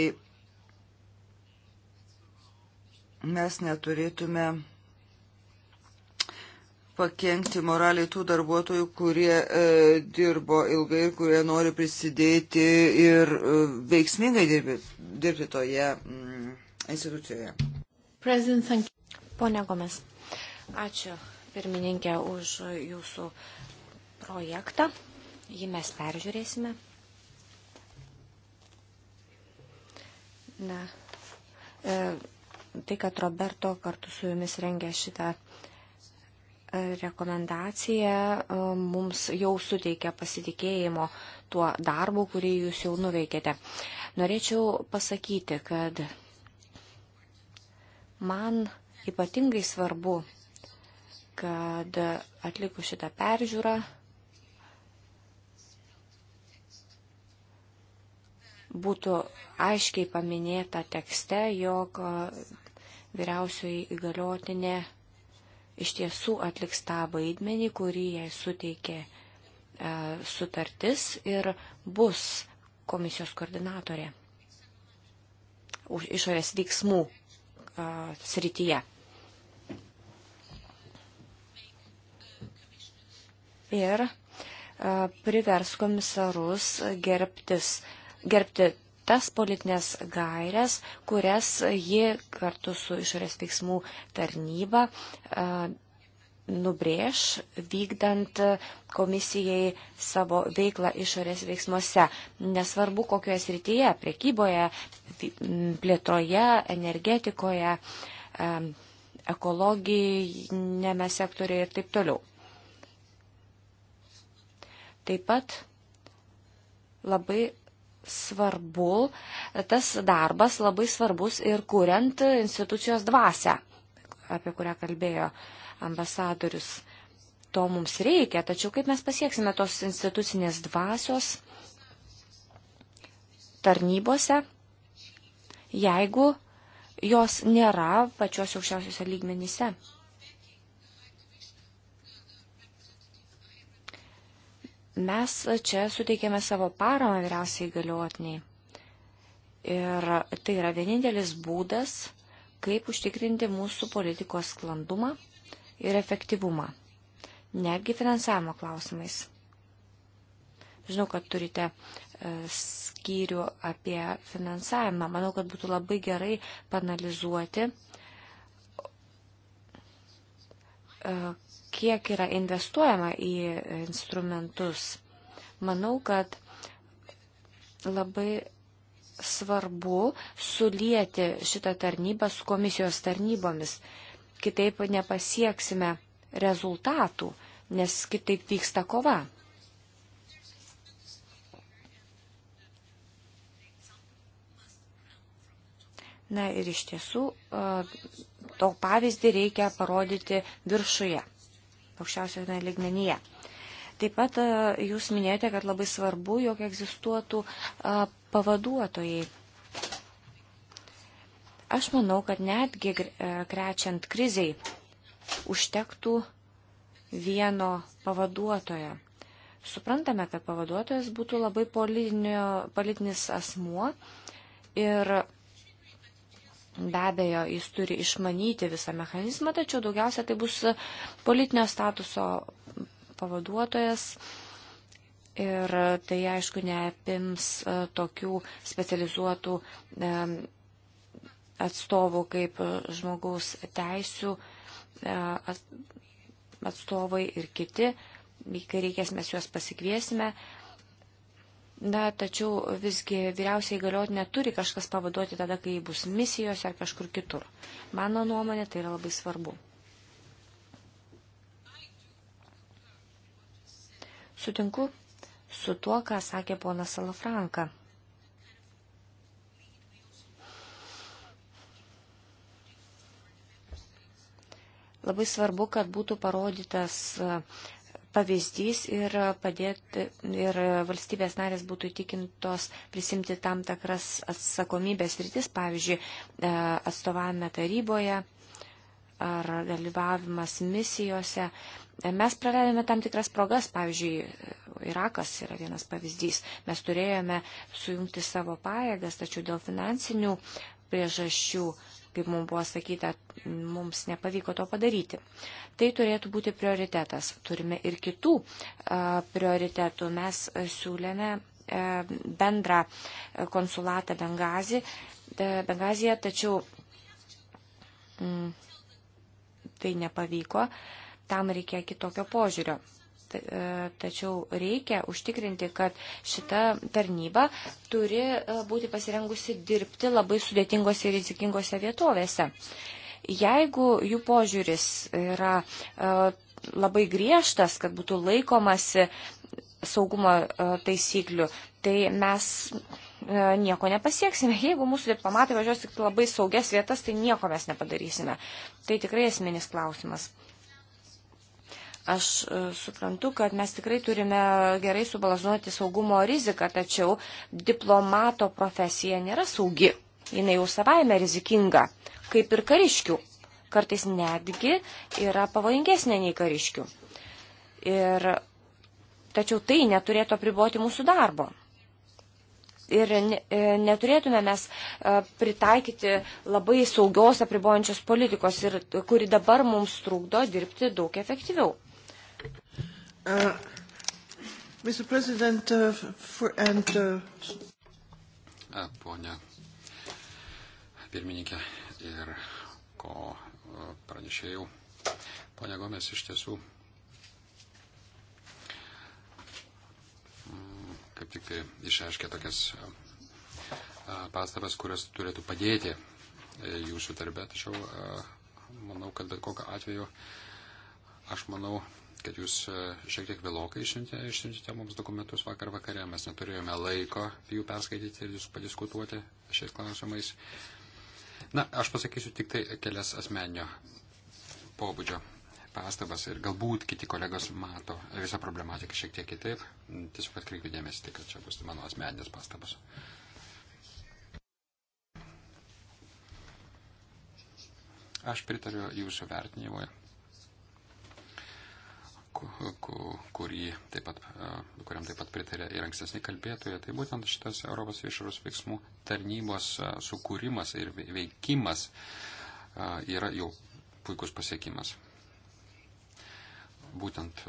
mes neturėtume pakengti moraliai tų darbuotojų, kurie e, dirbo ilgai ir kurie nori prisidėti ir e, veiksmingai dirbi, dirbti toje mm, institucijoje. President, Pone Gomes, ačiū pirmininkė už jūsų projektą. Jį mes peržiūrėsime. Na, e, tai, kad Roberto kartu su jumis rengia šitą rekomendacija e, mums jau suteikia pasitikėjimo tuo darbu, kurį jūs jau nuveikėte. Norėčiau pasakyti, kad man ypatingai svarbu, kad atlikus šitą peržiūrą būtų aiškiai paminėta tekste, jog e, vyriausioji įgaliotinė iš tiesų atliks tą vaidmenį, kurį jai suteikė e, sutartis ir bus komisijos koordinatorė išorės veiksmų e, srityje. Ir e, privers komisarus gerbtis, gerbti tas politinės gairias, kurias ji kartu su išorės veiksmų tarnyba e, nubrėž vykdant komisijai savo veiklą išorės veiksmuose. Nesvarbu, kokioje srityje - priekyboje, plėtroje, energetikoje, e, ekologinėme sektoriuje ir taip toliau. Taip pat labai svarbu, tas darbas labai svarbus ir kuriant institucijos dvasę, apie kurią kalbėjo ambasadorius. To mums reikia, tačiau kaip mes pasieksime tos institucinės dvasios tarnybose, jeigu jos nėra pačios aukščiausiose lygmenyse. Mes čia suteikėme savo paramą vyriausiai galiotiniai. Ir tai yra vienintelis būdas, kaip užtikrinti mūsų politikos sklandumą ir efektyvumą, netgi finansavimo klausimais. Žinau, kad turite e, skyrių apie finansavimą. Manau, kad būtų labai gerai panalizuoti, e, kiek yra investuojama į instrumentus. Manau, kad labai svarbu sulieti šitą tarnybą su komisijos tarnybomis. Kitaip nepasieksime rezultatų, nes kitaip vyksta kova. Na ir iš tiesų to pavyzdį reikia parodyti viršuje aukščiausioje ligmenyje. Taip pat e, jūs minėjote, kad labai svarbu, jog egzistuotų e, pavaduotojai. Aš manau, kad netgi e, krečiant kriziai užtektų vieno pavaduotojo. Suprantame, kad pavaduotojas būtų labai politinio, politinis asmuo ir Be abejo, jis turi išmanyti visą mechanizmą, tačiau daugiausia tai bus politinio statuso pavaduotojas. Ir tai aišku neapims e, tokių specializuotų e, atstovų kaip žmogaus teisų e, atstovai ir kiti. Kai reikės, mes juos pasikviesime. Na, tačiau visgi vyriausiai galiotinė turi kažkas pavaduoti tada, kai bus misijos ar kažkur kitur. Mano nuomonė tai yra labai svarbu. Sutinku su tuo, ką sakė ponas Salafranka. Labai svarbu, kad būtų parodytas uh, pavyzdys ir, padėti, ir valstybės narės būtų įtikintos prisimti tam takras atsakomybės rytis, pavyzdžiui, e, atstovavime taryboje ar dalyvavimas misijose. E, mes praradėme tam tikras progas, pavyzdžiui, Irakas yra vienas pavyzdys. Mes turėjome sujungti savo pajėgas, tačiau dėl finansinių priežasčių kaip mums buvo sakyta, mums nepavyko to padaryti. Tai turėtų būti prioritetas. Turime ir kitų prioritetų. Mes siūlėme bendrą konsulatą Bengazį, Bengaziją, tačiau mm, tai nepavyko. Tam reikia kitokio požiūrio. E, tačiau reikia užtikrinti, kad šita tarnyba turi e, būti pasirengusi dirbti labai sudėtingose ir rizikingose vietovėse. Jeigu jų požiūris yra e, labai griežtas, kad būtų laikomasi saugumo taisyklių, tai mes nieko nepasieksime. Jeigu mūsų diplomatai važiuos tik labai saugias vietas, tai nieko mes nepadarysime. Tai tikrai esminis klausimas. Aš e, suprantu, kad mes tikrai turime gerai subalansuoti saugumo riziką, tačiau diplomato profesija nėra saugi. Jis jau savaime rizikinga, kaip ir kariškių. Kartais netgi yra pavojingesnė nei kariškių. Ir, tačiau tai neturėtų apriboti mūsų darbo. Ir e, neturėtume mes e, pritaikyti labai saugios apribojančios politikos, ir, kuri dabar mums trukdo dirbti daug efektyviau. Uh, Mr. President, uh, for, and, uh... Pone pirmininkė ir ko uh, pranešėjau, ponia Gomes iš tiesų mm, kaip tik tai išaiškė tokias uh, uh, pastabas, kurios turėtų padėti jūsų darbė, tačiau manau, kad bet kokiu atveju, aš manau, kad jūs e, šiek tiek vėlokai išsiuntėte mums dokumentus vakar vakare, mes neturėjome laiko jų perskaityti ir jūs padiskutuoti šiais klausimais. Na, aš pasakysiu tik tai kelias asmenio pobūdžio pastabas ir galbūt kiti kolegos mato visą problematiką šiek tiek kitaip. Tiesiog atkreipiu dėmesį, tai, kad čia bus mano asmeninės pastabas. Aš pritariu jūsų vertinimui kurį taip pat, e, kuriam taip pat pritarė ir ankstesni kalbėtojai, tai būtent šitas Europos išoros veiksmų tarnybos e, sukūrimas ir veikimas e, yra jau puikus pasiekimas. Būtent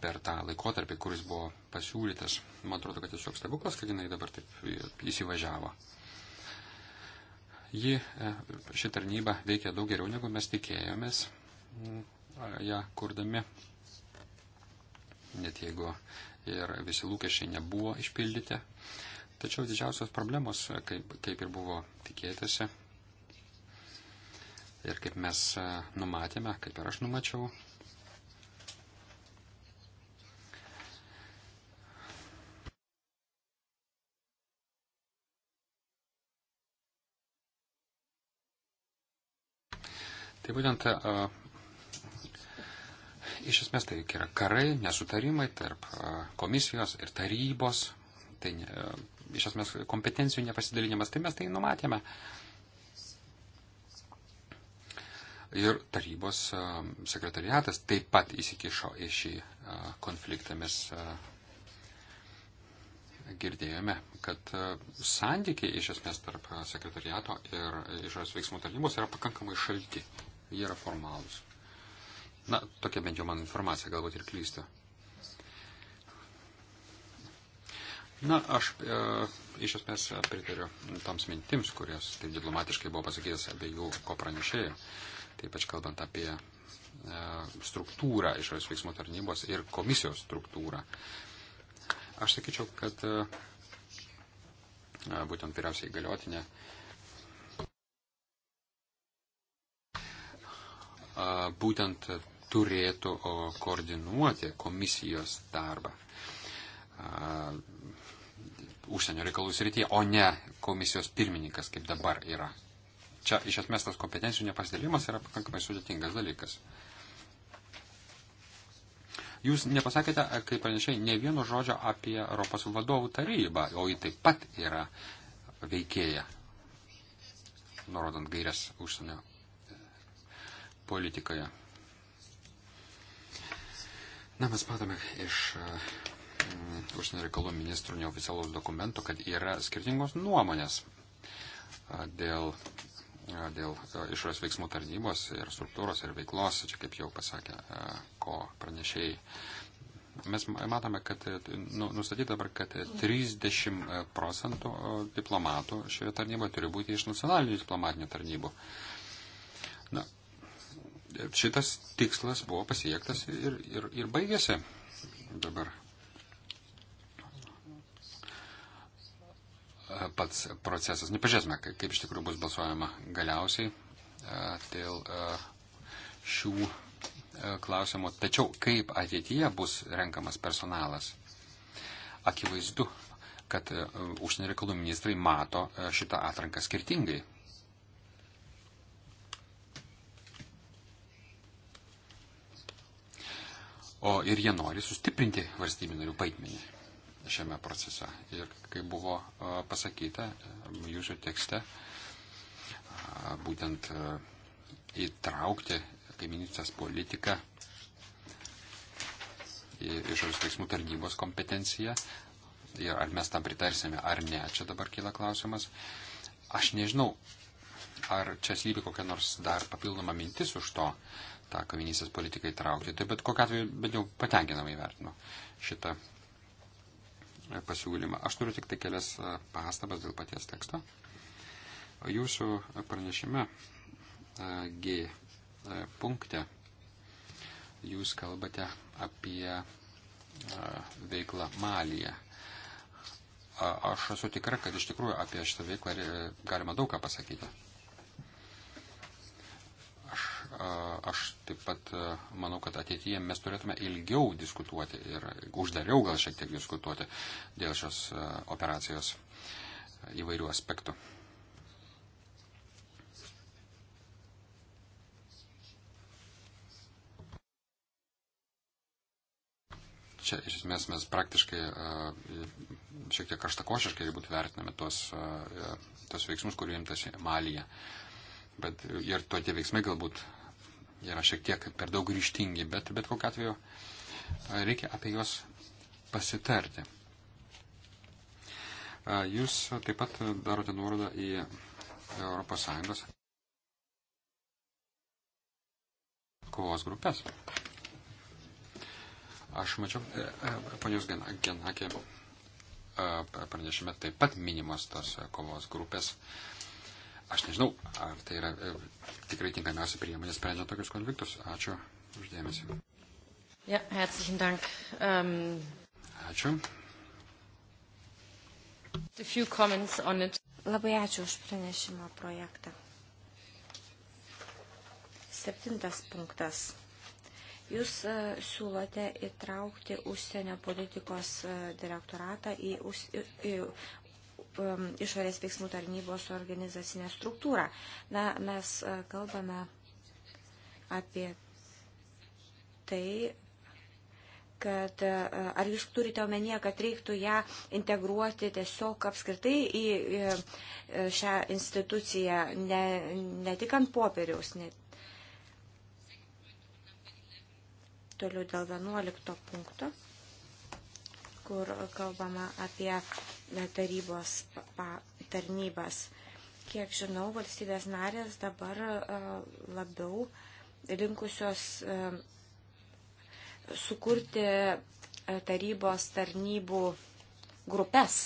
per tą laikotarpį, kuris buvo pasiūlytas, man atrodo, kad tiesiog stebuklas, kad jinai dabar taip įsivažiavo. Ji, ši tarnyba veikia daug geriau, negu mes tikėjomės ją ja, kurdami net jeigu ir visi lūkesčiai nebuvo išpildyti. Tačiau didžiausios problemos, kaip, kaip ir buvo tikėtasi, ir kaip mes e, numatėme, kaip ir aš numačiau, Tai būtent e, Iš esmės tai yra karai, nesutarimai tarp e, komisijos ir tarybos, tai e, iš esmės kompetencijų nepasidalinimas, tai mes tai numatėme. Ir tarybos e, sekretariatas taip pat įsikišo į šį konfliktą. Mes girdėjome, kad santykiai iš esmės tarp sekretariato ir išorės veiksmų tarnybos yra pakankamai šalti. Jie yra formalūs. Na, tokia bent jau mano informacija, galbūt ir klystu. Na, aš e, iš esmės e, pritariu toms mintims, kurios taip diplomatiškai buvo pasakytas abiejų ko pranešėjų, taip pat kalbant apie e, struktūrą išorės veiksmų tarnybos ir komisijos struktūrą. Aš sakyčiau, kad e, būtent vyriausiai galiotinė e, būtent turėtų koordinuoti komisijos darbą užsienio reikalų srityje, o ne komisijos pirmininkas, kaip dabar yra. Čia iš esmės tas kompetencijų nepasidalimas yra pakankamai sudėtingas dalykas. Jūs nepasakėte, kaip pranešiai, ne vieno žodžio apie Europos vadovų tarybą, o ji taip pat yra veikėja, nurodant gairias užsienio e, politikoje. Na, mes matome iš e, užsienio reikalų ministrų neoficialaus dokumento, kad yra skirtingos nuomonės e, dėl, e, dėl išorės veiksmų tarnybos ir struktūros ir veiklos, čia kaip jau pasakė, ko pranešėjai. Mes matome, kad nu, nustatyta dabar, kad 30 procentų diplomatų šioje tarnyboje turi būti iš nacionalinių diplomatinių tarnybų. Na, šitas tikslas buvo pasiektas ir, ir, ir baigėsi dabar. Pats procesas. Nepažiūrėsime, kaip iš tikrųjų bus balsuojama galiausiai e, dėl e, šių e, klausimų. Tačiau kaip ateityje bus renkamas personalas? Akivaizdu, kad užsienio reikalų ministrai mato šitą atranką skirtingai. O ir jie nori sustiprinti valstybių narių vaidmenį šiame procese. Ir kaip buvo pasakyta jūsų tekste, būtent įtraukti kaiminystės politiką į išorės veiksmų tarnybos kompetenciją. Ir ar mes tam pritarsime ar ne, čia dabar kyla klausimas. Aš nežinau, ar čia slypi kokia nors dar papildoma mintis už to. Uh, tą kavinysės politiką įtraukti. Tai bet kokiu atveju bent jau patenkinamai vertinu šitą e, pasiūlymą. Aš turiu tik tai kelias e, pastabas dėl paties teksto. Jūsų pranešime e, G punkte jūs kalbate apie veiklą Malyje. Aš esu tikra, kad iš tikrųjų apie šitą veiklą galima daug ką pasakyti aš taip pat manau, kad ateityje mes turėtume ilgiau diskutuoti ir uždariau gal šiek tiek diskutuoti dėl šios operacijos įvairių aspektų. čia iš esmės mes praktiškai šiek tiek karštakošiškai galbūt vertiname tos, tos veiksmus, kurių imtasi Malija. Bet ir to tie veiksmai galbūt yra šiek tiek per daug ryštingi, bet bet kokiu atveju reikia apie juos pasitarti. Jūs taip pat darote nuorodą į ES kovos grupės. Aš mačiau, e, e, ponios Genakė pranešime taip pat minimos tos kovos grupės. E, Aš nežinau, ar tai yra e, tikrai tinkamiausia priemonė sprendžiant tokius konfliktus. Ačiū uždėmesi. Ja, herzlichen Dank. Um, ačiū. A few comments on it. Labai ačiū už pranešimo projektą. Septintas punktas. Jūs e, siūlote įtraukti užsienio politikos e, direktoratą į, už, į um, išorės veiksmų tarnybos organizacinę struktūrą. Na, mes uh, kalbame apie tai, kad uh, ar jūs turite omenyje, kad reiktų ją integruoti tiesiog apskritai į, į e, šią instituciją, ne, ne tik ant popieriaus. Ne... Toliau dėl 11 punkto kur kalbama apie tarybos tarnybas. Kiek žinau, valstybės narės dabar labiau linkusios sukurti tarybos tarnybų grupės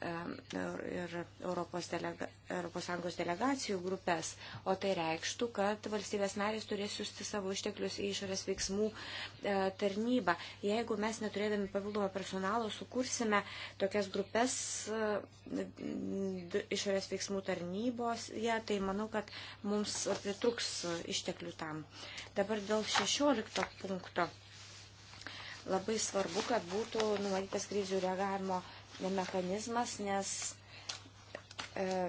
ir Europos, delega, Europos Sąjungos delegacijų grupės, o tai reikštų, kad valstybės narės turės siūsti savo išteklius į išorės veiksmų e, tarnybą. Jeigu mes neturėdami papildomą personalo sukursime tokias grupės e, išorės veiksmų tarnybos, ja, tai manau, kad mums pritruks išteklių tam. Dabar dėl 16 punkto. Labai svarbu, kad būtų numatytas krizių reagavimo uh, mechanizmas, nes e,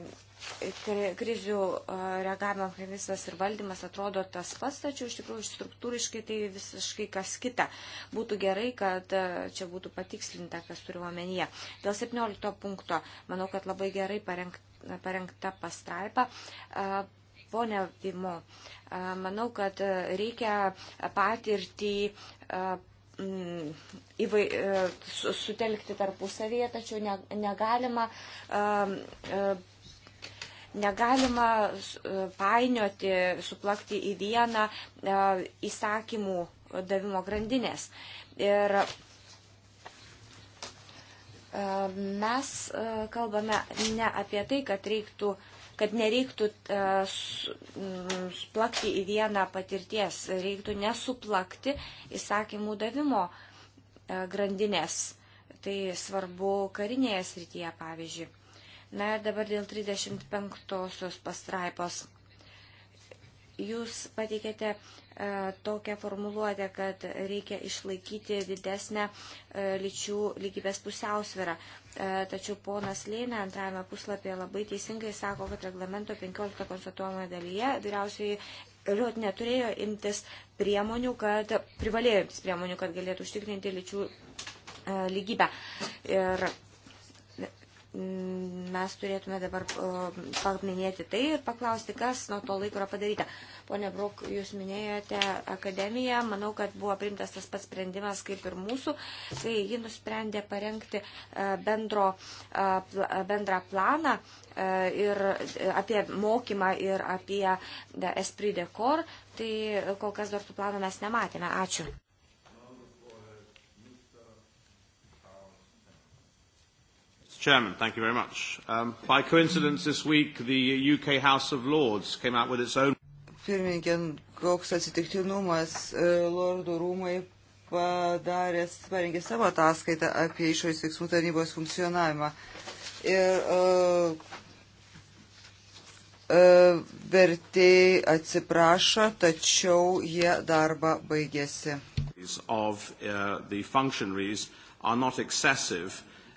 krizių e, reagavimo mechanizmas ir valdymas atrodo tas pats, tačiau iš tikrųjų struktūriškai tai visiškai kas kita. Būtų gerai, kad e, čia būtų patikslinta, kas turiu omenyje. Dėl 17 punkto, manau, kad labai gerai parengta pastraipa. Pone Vimo, manau, kad reikia patirtį Mm, įvai, e, sutelkti tarpusavėje, tačiau negalima, e, negalima e, painioti, suplakti į vieną įsakymų davimo grandinės. Ir mes kalbame ne apie tai, kad reiktų kad nereiktų e, plakti į vieną patirties, reiktų nesuplakti įsakymų davimo e, grandinės. Tai svarbu karinėje srityje, pavyzdžiui. Na ir dabar dėl 35 pastraipos. Jūs pateikėte e, tokią formuluotę, kad reikia išlaikyti didesnę e, lyčių lygybės pusiausvirą. E, tačiau ponas Lėnė antrajame puslapyje labai teisingai sako, kad reglamento 15 konstatuojamoje dalyje vyriausiai Liot neturėjo imtis priemonių, kad privalėjo imtis priemonių, kad galėtų užtikrinti lyčių lygybę. Ir mes turėtume dabar paminėti tai ir paklausti, kas nuo to laiko yra padaryta. Pone Brok, jūs minėjote akademiją, manau, kad buvo primtas tas pats sprendimas kaip ir mūsų, kai ji nusprendė parengti e, bendro, e, e, bendrą planą ir apie mokymą ir apie esprit de corps, tai kol kas dar tų planų mes nematėme. Ačiū. Chairman, thank you very much. Um, by coincidence, this week the UK House of Lords came out with its own. Pirmininkė, koks atsitiktinumas, e, Lordų rūmai padarė, parengė savo ataskaitą apie išorės veiksmų tarnybos funkcionavimą. Ir uh, uh, vertėjai atsiprašo, tačiau jie darbą baigėsi. Of, uh,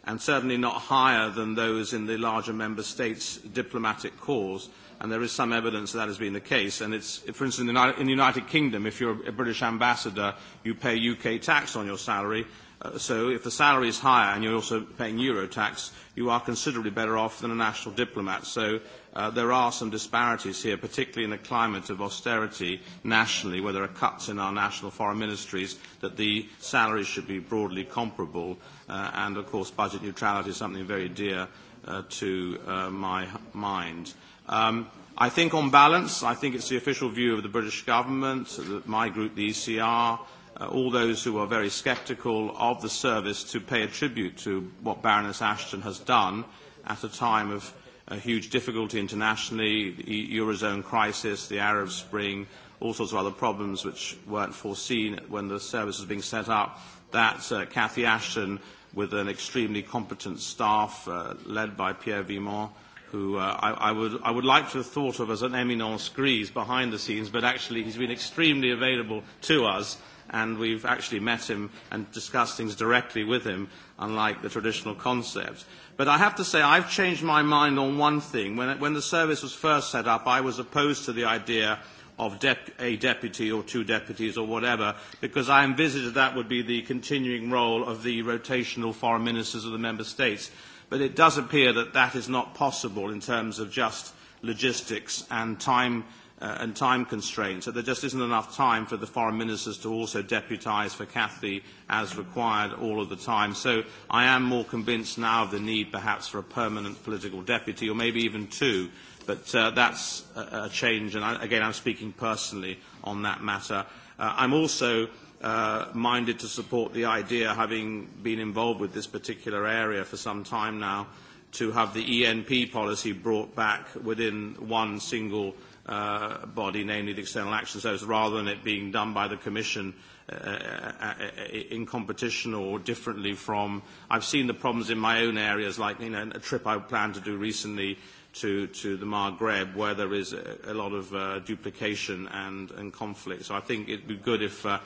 and certainly not higher than those in the larger member states' diplomatic corps. And there is some evidence that, that has been the case. And it's, for instance, in the, in the United Kingdom, if you're a British ambassador, you pay UK tax on your salary. Uh, so if the salary is higher and you're also paying Euro tax, you are considerably better off than a national diplomat. So uh, there are some disparities here, particularly in a climate of austerity nationally, where there are cuts in our national foreign ministries, that the salaries should be broadly comparable uh, and of course budget neutrality is something very dear uh, to uh, my mind. Um, I think on balance, I think it's the official view of the British government, the, my group, the ECR, uh, all those who are very sceptical of the service to pay a tribute to what Baroness Ashton has done at a time of a huge difficulty internationally, the e, Eurozone crisis, the Arab Spring, all sorts of other problems which weren't foreseen when the service was being set up, that uh, Cathy Ashton with an extremely competent staff uh, led by Pierre Vimont, who uh, I, I, would, I would like to have thought of as an eminence grise behind the scenes, but actually he's been extremely available to us, and we've actually met him and discussed things directly with him, unlike the traditional concept. But I have to say, I've changed my mind on one thing. When, when the service was first set up, I was opposed to the idea of dep a deputy or two deputies or whatever, because I envisage that would be the continuing role of the rotational foreign ministers of the member states. But it does appear that that is not possible in terms of just logistics and time uh, and time constraints. So there just isn't enough time for the foreign ministers to also deputise for Cathy as required all of the time. So I am more convinced now of the need perhaps for a permanent political deputy or maybe even two But uh, that's a, a change, and I, again, I'm speaking personally on that matter. Uh, I'm also uh, minded to support the idea, having been involved with this particular area for some time now, to have the ENP policy brought back within one single uh, body, namely the External Action Service, rather than it being done by the Commission uh, uh, uh in competition or differently from. I've seen the problems in my own areas, like you know, a trip I planned to do recently to, to the Maghreb, where there is a, a lot of uh, duplication and, and conflict. So I think it would be good if, uh,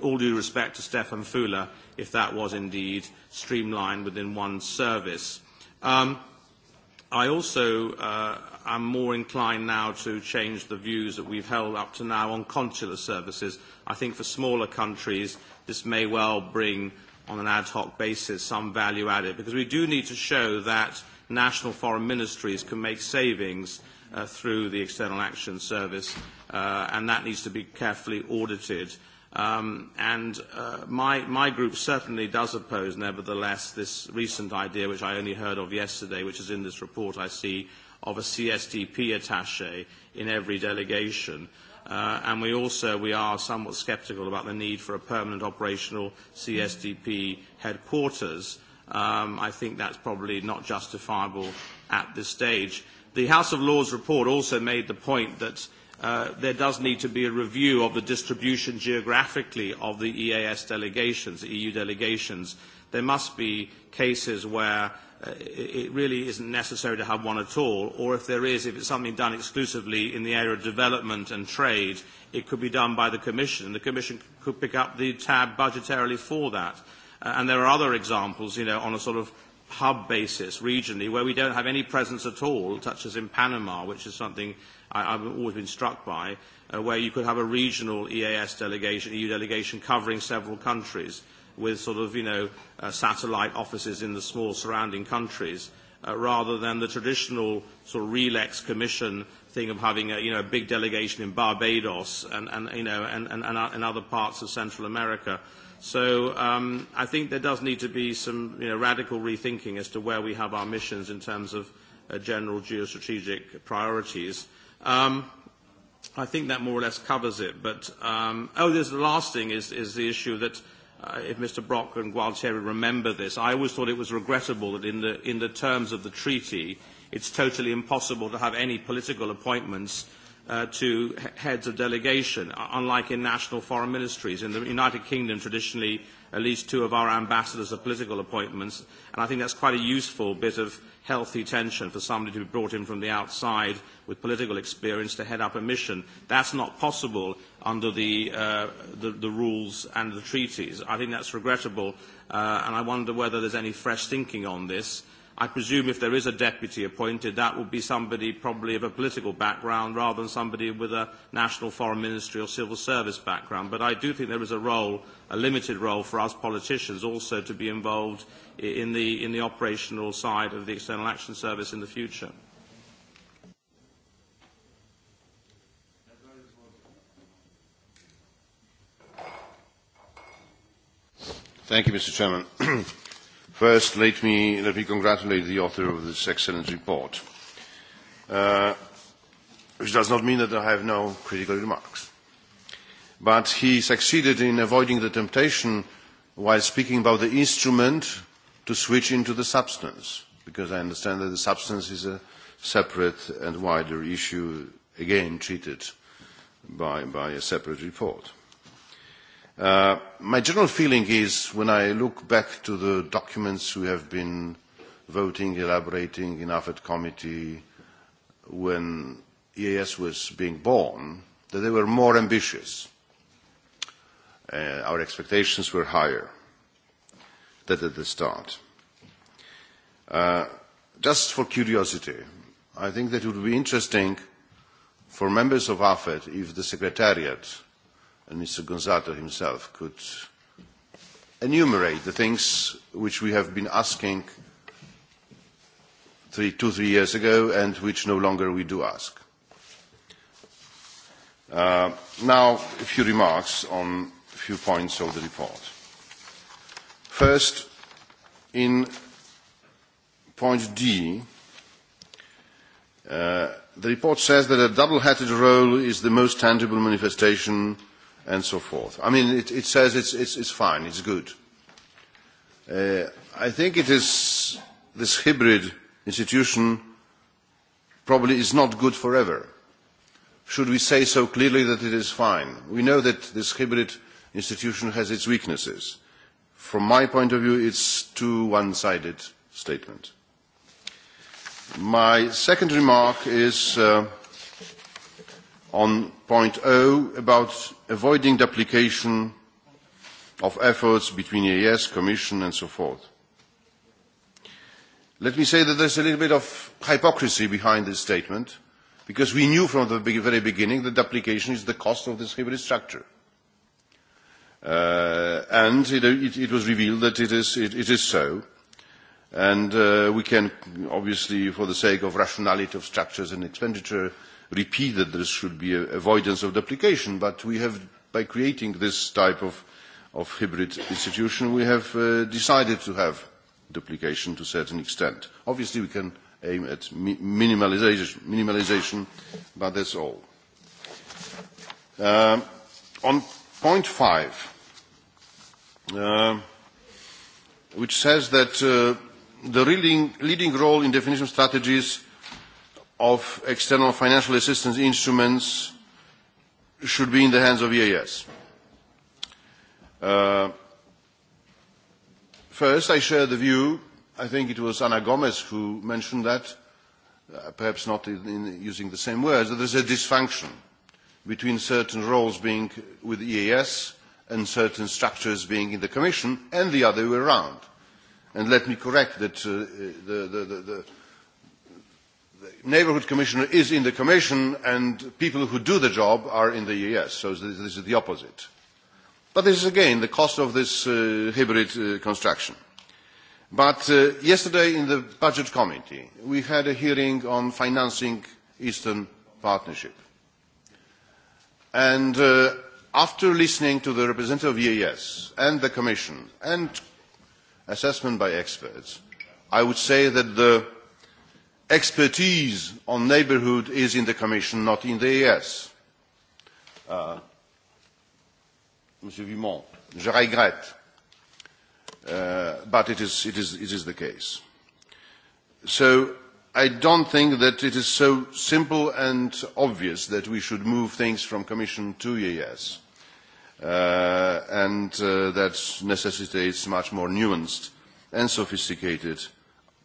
all due respect to Stefan Fula, if that was indeed streamlined within one service. Um, I also uh, am more inclined now to change the views that we've held up to now on consular services. I think for smaller countries, this may well bring on an ad hoc basis some value added because we do need to show that national foreign ministries can make savings uh, through the External Action Service, uh, and that needs to be carefully audited. Um, and uh, my, my group certainly does oppose, nevertheless, this recent idea, which I only heard of yesterday, which is in this report I see, of a CSDP attaché in every delegation. Uh, and we also we are somewhat sceptical about the need for a permanent operational CSDP headquarters um, I think that's probably not justifiable at this stage. The House of Lords report also made the point that uh, there does need to be a review of the distribution geographically of the EAS delegations, the EU delegations. There must be cases where uh, it really isn't necessary to have one at all, or if there is, if it's something done exclusively in the area of development and trade, it could be done by the Commission. The Commission could pick up the tab budgetarily for that and there are other examples, you know, on a sort of hub basis regionally where we don't have any presence at all, such as in Panama, which is something I, I've always been struck by, uh, where you could have a regional EAS delegation, EU delegation covering several countries with sort of, you know, uh, satellite offices in the small surrounding countries uh, rather than the traditional sort of relax commission thing of having a, you know, a big delegation in Barbados and, and, you know, and, and, and other parts of Central America. Uh, So um, I think there does need to be some you know, radical rethinking as to where we have our missions in terms of uh, general geostrategic priorities. Um, I think that more or less covers it. But um, oh, there's the last thing is, is the issue that uh, if Mr. Brock and Gualtieri remember this, I always thought it was regrettable that in the, in the terms of the treaty, it's totally impossible to have any political appointments uh, to heads of delegation, unlike in national foreign ministries. In the United Kingdom, traditionally, at least two of our ambassadors are political appointments, and I think that's quite a useful bit of healthy tension for somebody to be brought in from the outside with political experience to head up a mission. That's not possible under the, uh, the, the rules and the treaties. I think that's regrettable, uh, and I wonder whether there's any fresh thinking on this. I presume if there is a deputy appointed, that will be somebody probably of a political background rather than somebody with a national foreign ministry or civil service background. But I do think there is a role, a limited role for us politicians also to be involved in the, in the operational side of the External Action Service in the future. Thank you, Mr. Chairman. *clears throat* First, let me, let me congratulate the author of this excellent report, uh, which does not mean that I have no critical remarks. But he succeeded in avoiding the temptation while speaking about the instrument to switch into the substance, because I understand that the substance is a separate and wider issue, again treated by, by a separate report. Uh, my general feeling is when I look back to the documents we have been voting, elaborating in AFED committee when EAS was being born, that they were more ambitious. Uh, our expectations were higher than at the start. Uh, just for curiosity, I think that it would be interesting for members of AFED if the Secretariat and Mr. Gonzato himself could enumerate the things which we have been asking three, two, three years ago and which no longer we do ask. Uh, now, a few remarks on a few points of the report. First, in point D, uh, the report says that a double-headed role is the most tangible manifestation uh, and so forth. I mean, it, it says it's, it's, it's fine, it's good. Uh, I think it is this hybrid institution probably is not good forever. Should we say so clearly that it is fine? We know that this hybrid institution has its weaknesses. From my point of view, it's too one-sided statement. My second remark is uh, on point O about avoiding duplication of efforts between EAS, Commission and so forth. Let me say that there's a little bit of hypocrisy behind this statement because we knew from the very beginning that duplication is the cost of this hybrid structure. Uh, and it, it, it was revealed that it is, it, it is so. And uh, we can obviously, for the sake of rationality of structures and expenditure, uh, repeated, there should be avoidance of duplication, but we have, by creating this type of, of hybrid institution, we have uh, decided to have duplication to a certain extent. Obviously, we can aim at mi minimalization, minimalization, but that's all. Uh, on point five, uh, which says that uh, the leading, leading role in definition strategies uh, of external financial assistance instruments should be in the hands of EAS. Uh, first, I share the view, I think it was Ana Gomez who mentioned that, uh, perhaps not in, in using the same words, that there's a dysfunction between certain roles being with EAS and certain structures being in the Commission and the other way around. And let me correct that uh, uh the, the, the, the neighbourhood commissioner is in the commission and people who do the job are in the EES, so this, this is the opposite. But this is again the cost of this uh, hybrid uh, construction. But uh, yesterday in the budget committee we had a hearing on financing Eastern Partnership. And uh, after listening to the representative of EES and the Commission and assessment by experts, I would say that the expertise on neighbourhood is in the Commission, not in the ES. Uh, Monsieur Vimont, je regrette, uh, but it is, it, is, it is the case. So I don't think that it is so simple and obvious that we should move things from Commission to EAS, uh, and uh, that necessitates much more nuanced and sophisticated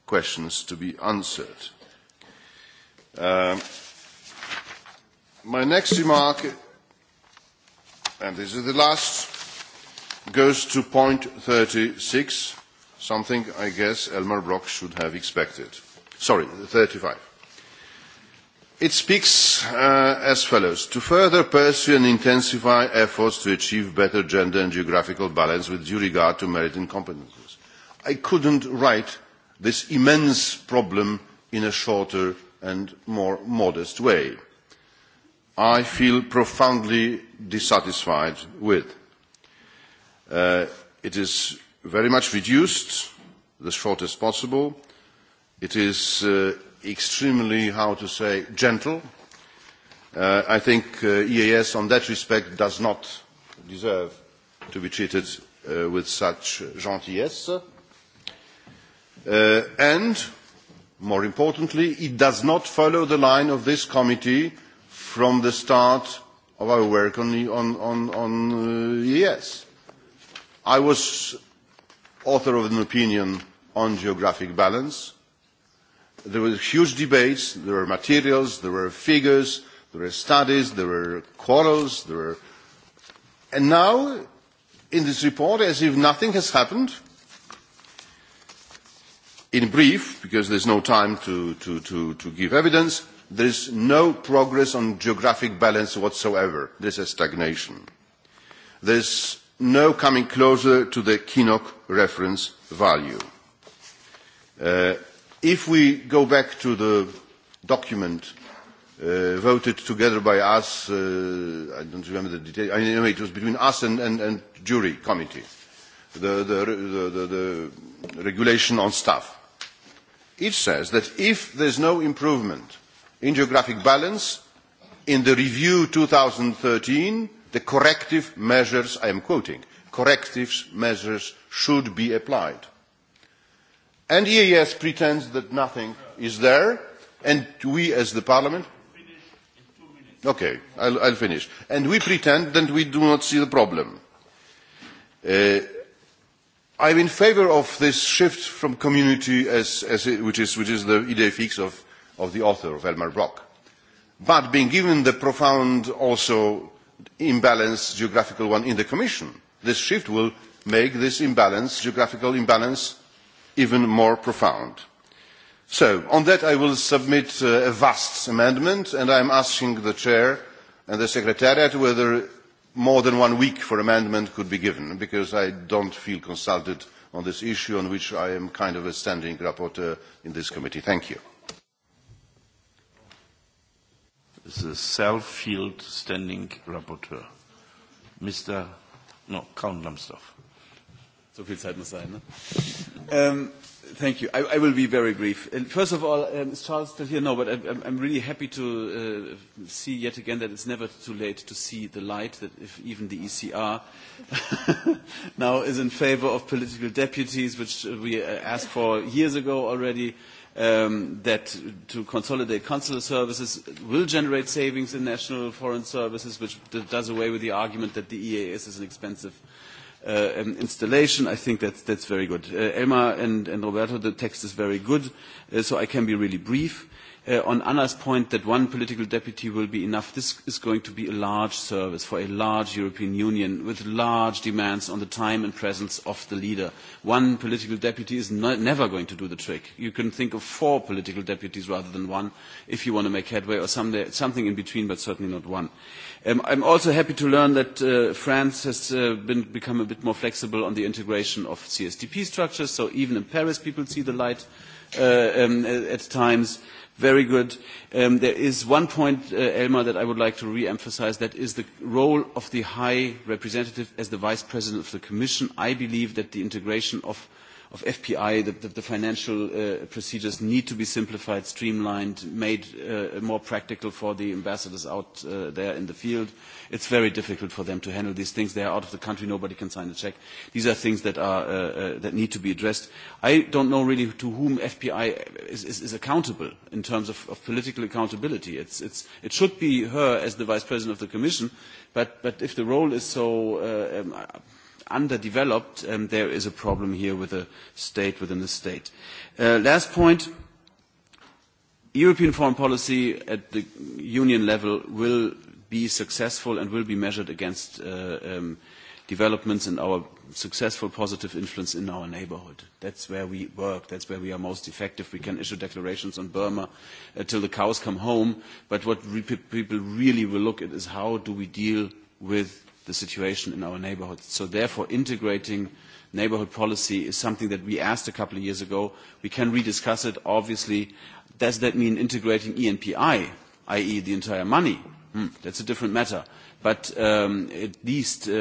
questions to be answered. Um, my next remark, and this is the last, goes to point 36, something I guess Elmar Brock should have expected. Sorry, 35. It speaks uh, as follows. To further pursue and intensify efforts to achieve better gender and geographical balance with due regard to merit and competences. I couldn't write this immense problem in a shorter and more modest way. I feel profoundly dissatisfied with. Uh, it is very much reduced, the shortest possible. It is uh, extremely, how to say, gentle. Uh, I think uh, EAS on that respect does not deserve to be treated uh, with such gentillesse. Uh, and More importantly, it does not follow the line of this committee from the start of our work on, e, on, on, on uh, ES. I was author of an opinion on geographic balance. There were huge debates, there were materials, there were figures, there were studies, there were quarrels, there were... And now, in this report, as if nothing has happened, In brief, because there's no time to, to, to, to give evidence, there is no progress on geographic balance whatsoever. There's a stagnation. There's no coming closer to the Kinnock reference value. Uh, if we go back to the document uh, voted together by us, uh, I don't remember the detail, I mean, anyway, it was between us and, and, and jury committee, the, the, the, the, the regulation on staff it says that if there is no improvement in geographic balance in the review two thousand and thirteen the corrective measures i am quoting corrective measures should be applied. and eeas pretends that nothing is there and we as the parliament okay i'll, I'll finish and we pretend that we do not see the problem. Uh, I'm in favour of this shift from community, as, as it, which, is, which is the idea fix of, of the author, of Elmar Brock. But being given the profound also imbalance, geographical one, in the Commission, this shift will make this imbalance, geographical imbalance, even more profound. So, on that I will submit uh, a vast amendment, and I'm asking the Chair and the Secretariat whether more than one week for amendment could be given because I don't feel consulted on this issue on which I am kind of a standing rapporteur in this committee. Thank you. This is self-field standing rapporteur. Mr. No, Count Lambsdorff. So viel Zeit muss sein, ne? ähm, Thank you. I, I will be very brief. And first of all, um, uh, is Charles still here? No, but I'm, I'm really happy to uh, see yet again that it's never too late to see the light, that if even the ECR *laughs* now is in favor of political deputies, which we uh, asked for years ago already, um, that to consolidate consular services will generate savings in national foreign services, which does away with the argument that the EAS is an expensive uh, uh, um, installation. I think that's, that's very good. Uh, Elmar and, and Roberto, the text is very good, uh, so I can be really brief. Uh, on Anna's point that one political deputy will be enough, this is going to be a large service for a large European Union with large demands on the time and presence of the leader. One political deputy is not, never going to do the trick. You can think of four political deputies rather than one if you want to make headway or someday, something in between, but certainly not one. Uh, Um, I'm also happy to learn that uh, France has uh, been, become a bit more flexible on the integration of CSDP structures, so even in Paris people see the light uh, um, at times. Very good. Um, there is one point, uh, Elmar, that I would like to re-emphasize. That is the role of the High Representative as the Vice President of the Commission. I believe that the integration of uh, of FPI, the, the, the financial uh, procedures need to be simplified, streamlined, made uh, more practical for the ambassadors out uh, there in the field. It's very difficult for them to handle these things. They are out of the country. Nobody can sign a check. These are things that, are, uh, uh, that need to be addressed. I don't know really to whom FPI is, is, is accountable in terms of, of political accountability. It's, it's, it should be her as the vice president of the commission, but, but if the role is so... Uh, um, underdeveloped, um, there is a problem here with a state within a state. Uh, last point, European foreign policy at the Union level will be successful and will be measured against uh, um, developments in our successful positive influence in our neighborhood. That's where we work. That's where we are most effective. We can issue declarations on Burma uh, till the cows come home. But what re- people really will look at is how do we deal with the situation in our neighborhoods. So therefore, integrating neighborhood policy is something that we asked a couple of years ago. We can rediscuss it, obviously. Does that mean integrating ENPI, i.e. the entire money? Hmm, that's a different matter. But um, at least uh, uh,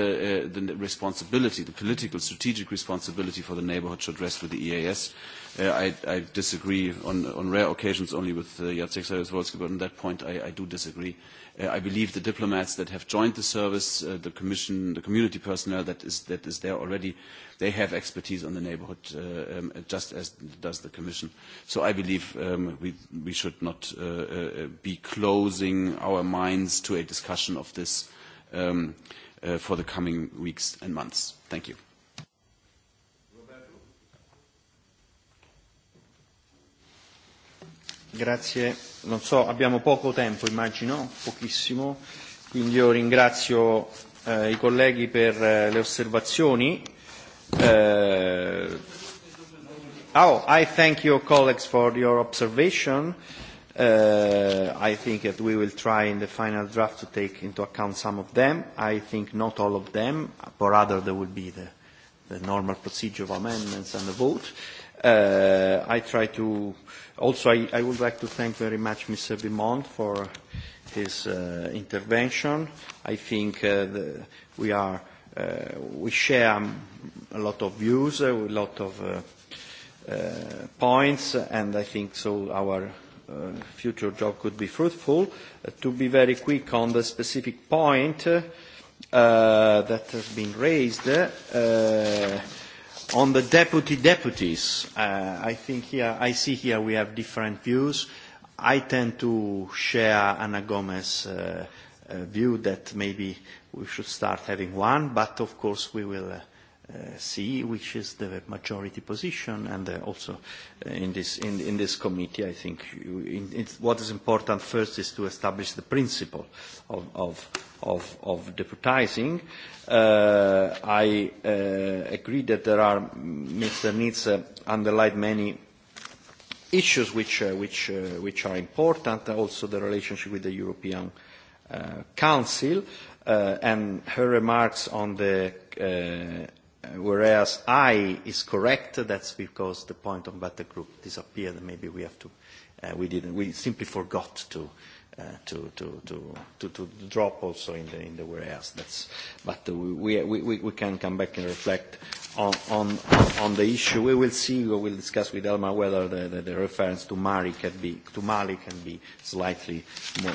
the responsibility, the political strategic responsibility for the neighborhood should rest with the EAS Uh, I, I disagree on, on rare occasions only with uh, Jacek Saryusz-Wolski, but on that point I, I do disagree. Uh, I believe the diplomats that have joined the service, uh, the commission, the community personnel that is, that is there already, they have expertise on the neighborhood, uh, um, just as does the commission. So I believe um, we, we should not uh, uh, be closing our minds to a discussion of this um, uh, for the coming weeks and months. Thank you. Grazie. Non so, abbiamo poco tempo, immagino, pochissimo, quindi io ringrazio eh, i colleghi per eh, le osservazioni. Eh, oh, I thank your colleagues for your observation. Uh, I think that we will try in the final draft to take into account some of them. I think not all of them, but rather there will be the, the normal procedure of amendments and the vote. Uh, I try to uh, Also, I, I would like to thank very much Mr. Beaumont for his uh, intervention. I think uh, the, we are uh, we share a lot of views, uh, a lot of uh, uh, points, and I think so our uh, future job could be fruitful. Uh, to be very quick on the specific point uh, that has been raised, uh, On the deputy deputies, uh, I think here, I see here we have different views. I tend to share Anna Gomez's uh, uh, view that maybe we should start having one, but of course we will uh, uh, C, which is the majority position, and uh, also uh, in this, in, in this committee, I think you, in, it's, what is important first is to establish the principle of, of, of, of deputizing. Uh, I uh, agree that there are, Mr. Nietzsche uh, underlined many issues which, uh, which, uh, which are important, also the relationship with the European uh, Council, uh, and her remarks on the uh, Uh, whereas I is correct, that's because the point on battle group disappeared. Maybe we have to, uh, we didn't, we simply forgot to, uh, to, to, to, to, to drop also in the, in the whereas. That's, but uh, we, we, we, we can come back and reflect on, on, on the issue. We will see, we will discuss with Elmar whether the, the, the reference to Mali can be, to Mali can be slightly mo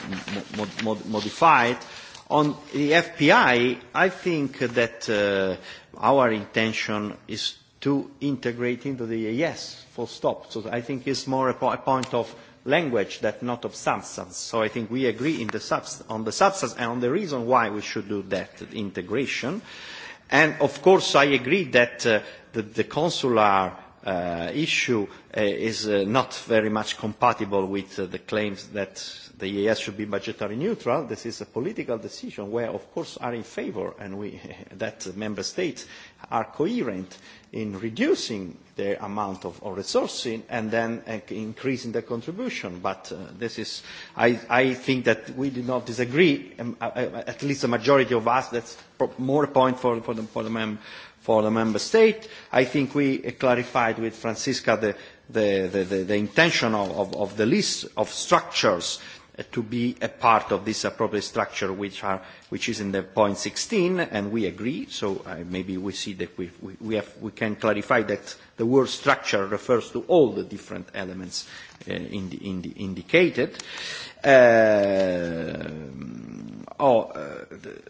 mo mod, modified. Uh, On the FPI, I think that uh, our intention is to integrate into the e AES, full stop. So I think it's more a, po a point of language that not of substance. So I think we agree in the subst on the substance and on the reason why we should do that integration. And of course, I agree that uh, the, the consular uh, issue uh, is uh, not very much compatible with uh, the claims that the EAS should be budgetary neutral. This is a political decision where, of course, are in favor and we, *laughs* that member states are coherent in reducing the amount of, of resourcing and then uh, increasing the contribution. But uh, this is, I, I think that we do not disagree, um, uh, uh at least the majority of us, that's more a point for, for, the, for, the mem for the member state. I think we clarified with Francisca the, the, the, the, the intention of, of, of the list of structures uh, to be a part of this appropriate structure which, are, which is in the point 16 and we agree so uh, maybe we see that we, we, we, have, we can clarify that the word structure refers to all the different elements uh, in the, in the indicated uh, oh, uh, the,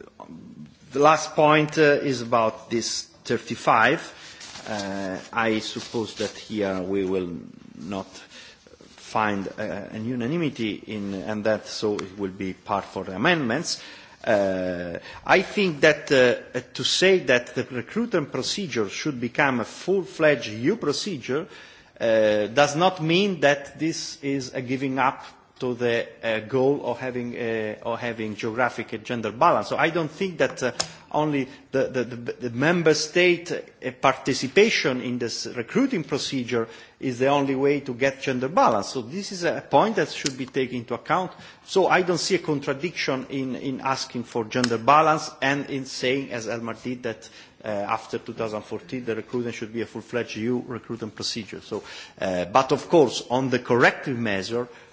the last point uh, is about this 35. Uh, I suppose that here we will not find uh, an unanimity in, and that so it will be part for amendments. Uh, I think that uh, to say that the recruitment procedure should become a full-fledged EU procedure uh, does not mean that this is a giving up to the uh, goal of having, uh, of having geographic and gender balance. So I don't think that uh, only the, the, the, the member state uh, participation in this recruiting procedure is the only way to get gender balance. So this is a point that should be taken into account. So I don't see a contradiction in, in asking for gender balance and in saying, as Elmar did, that uh, after 2014 the recruitment should be a full-fledged EU recruitment procedure. So, uh, but of course, on the corrective measure, uh,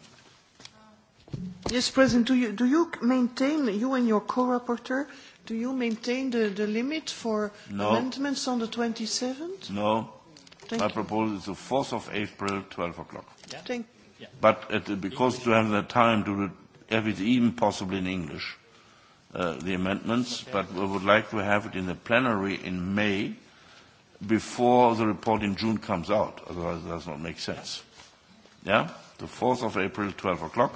Yes, President, do you, do you maintain, you and your co-rapporteur, do you maintain the, the limit for no. amendments on the 27th? No. Thank My you. proposal is the 4th of April, 12 o'clock. Yeah. Thank yeah. But at, uh, because English. to have the time to have it even possible in English, uh, the amendments, okay. but we would like to have it in the plenary in May before the report in June comes out. Otherwise, it does not make sense. Yeah? The 4th of April, 12 o'clock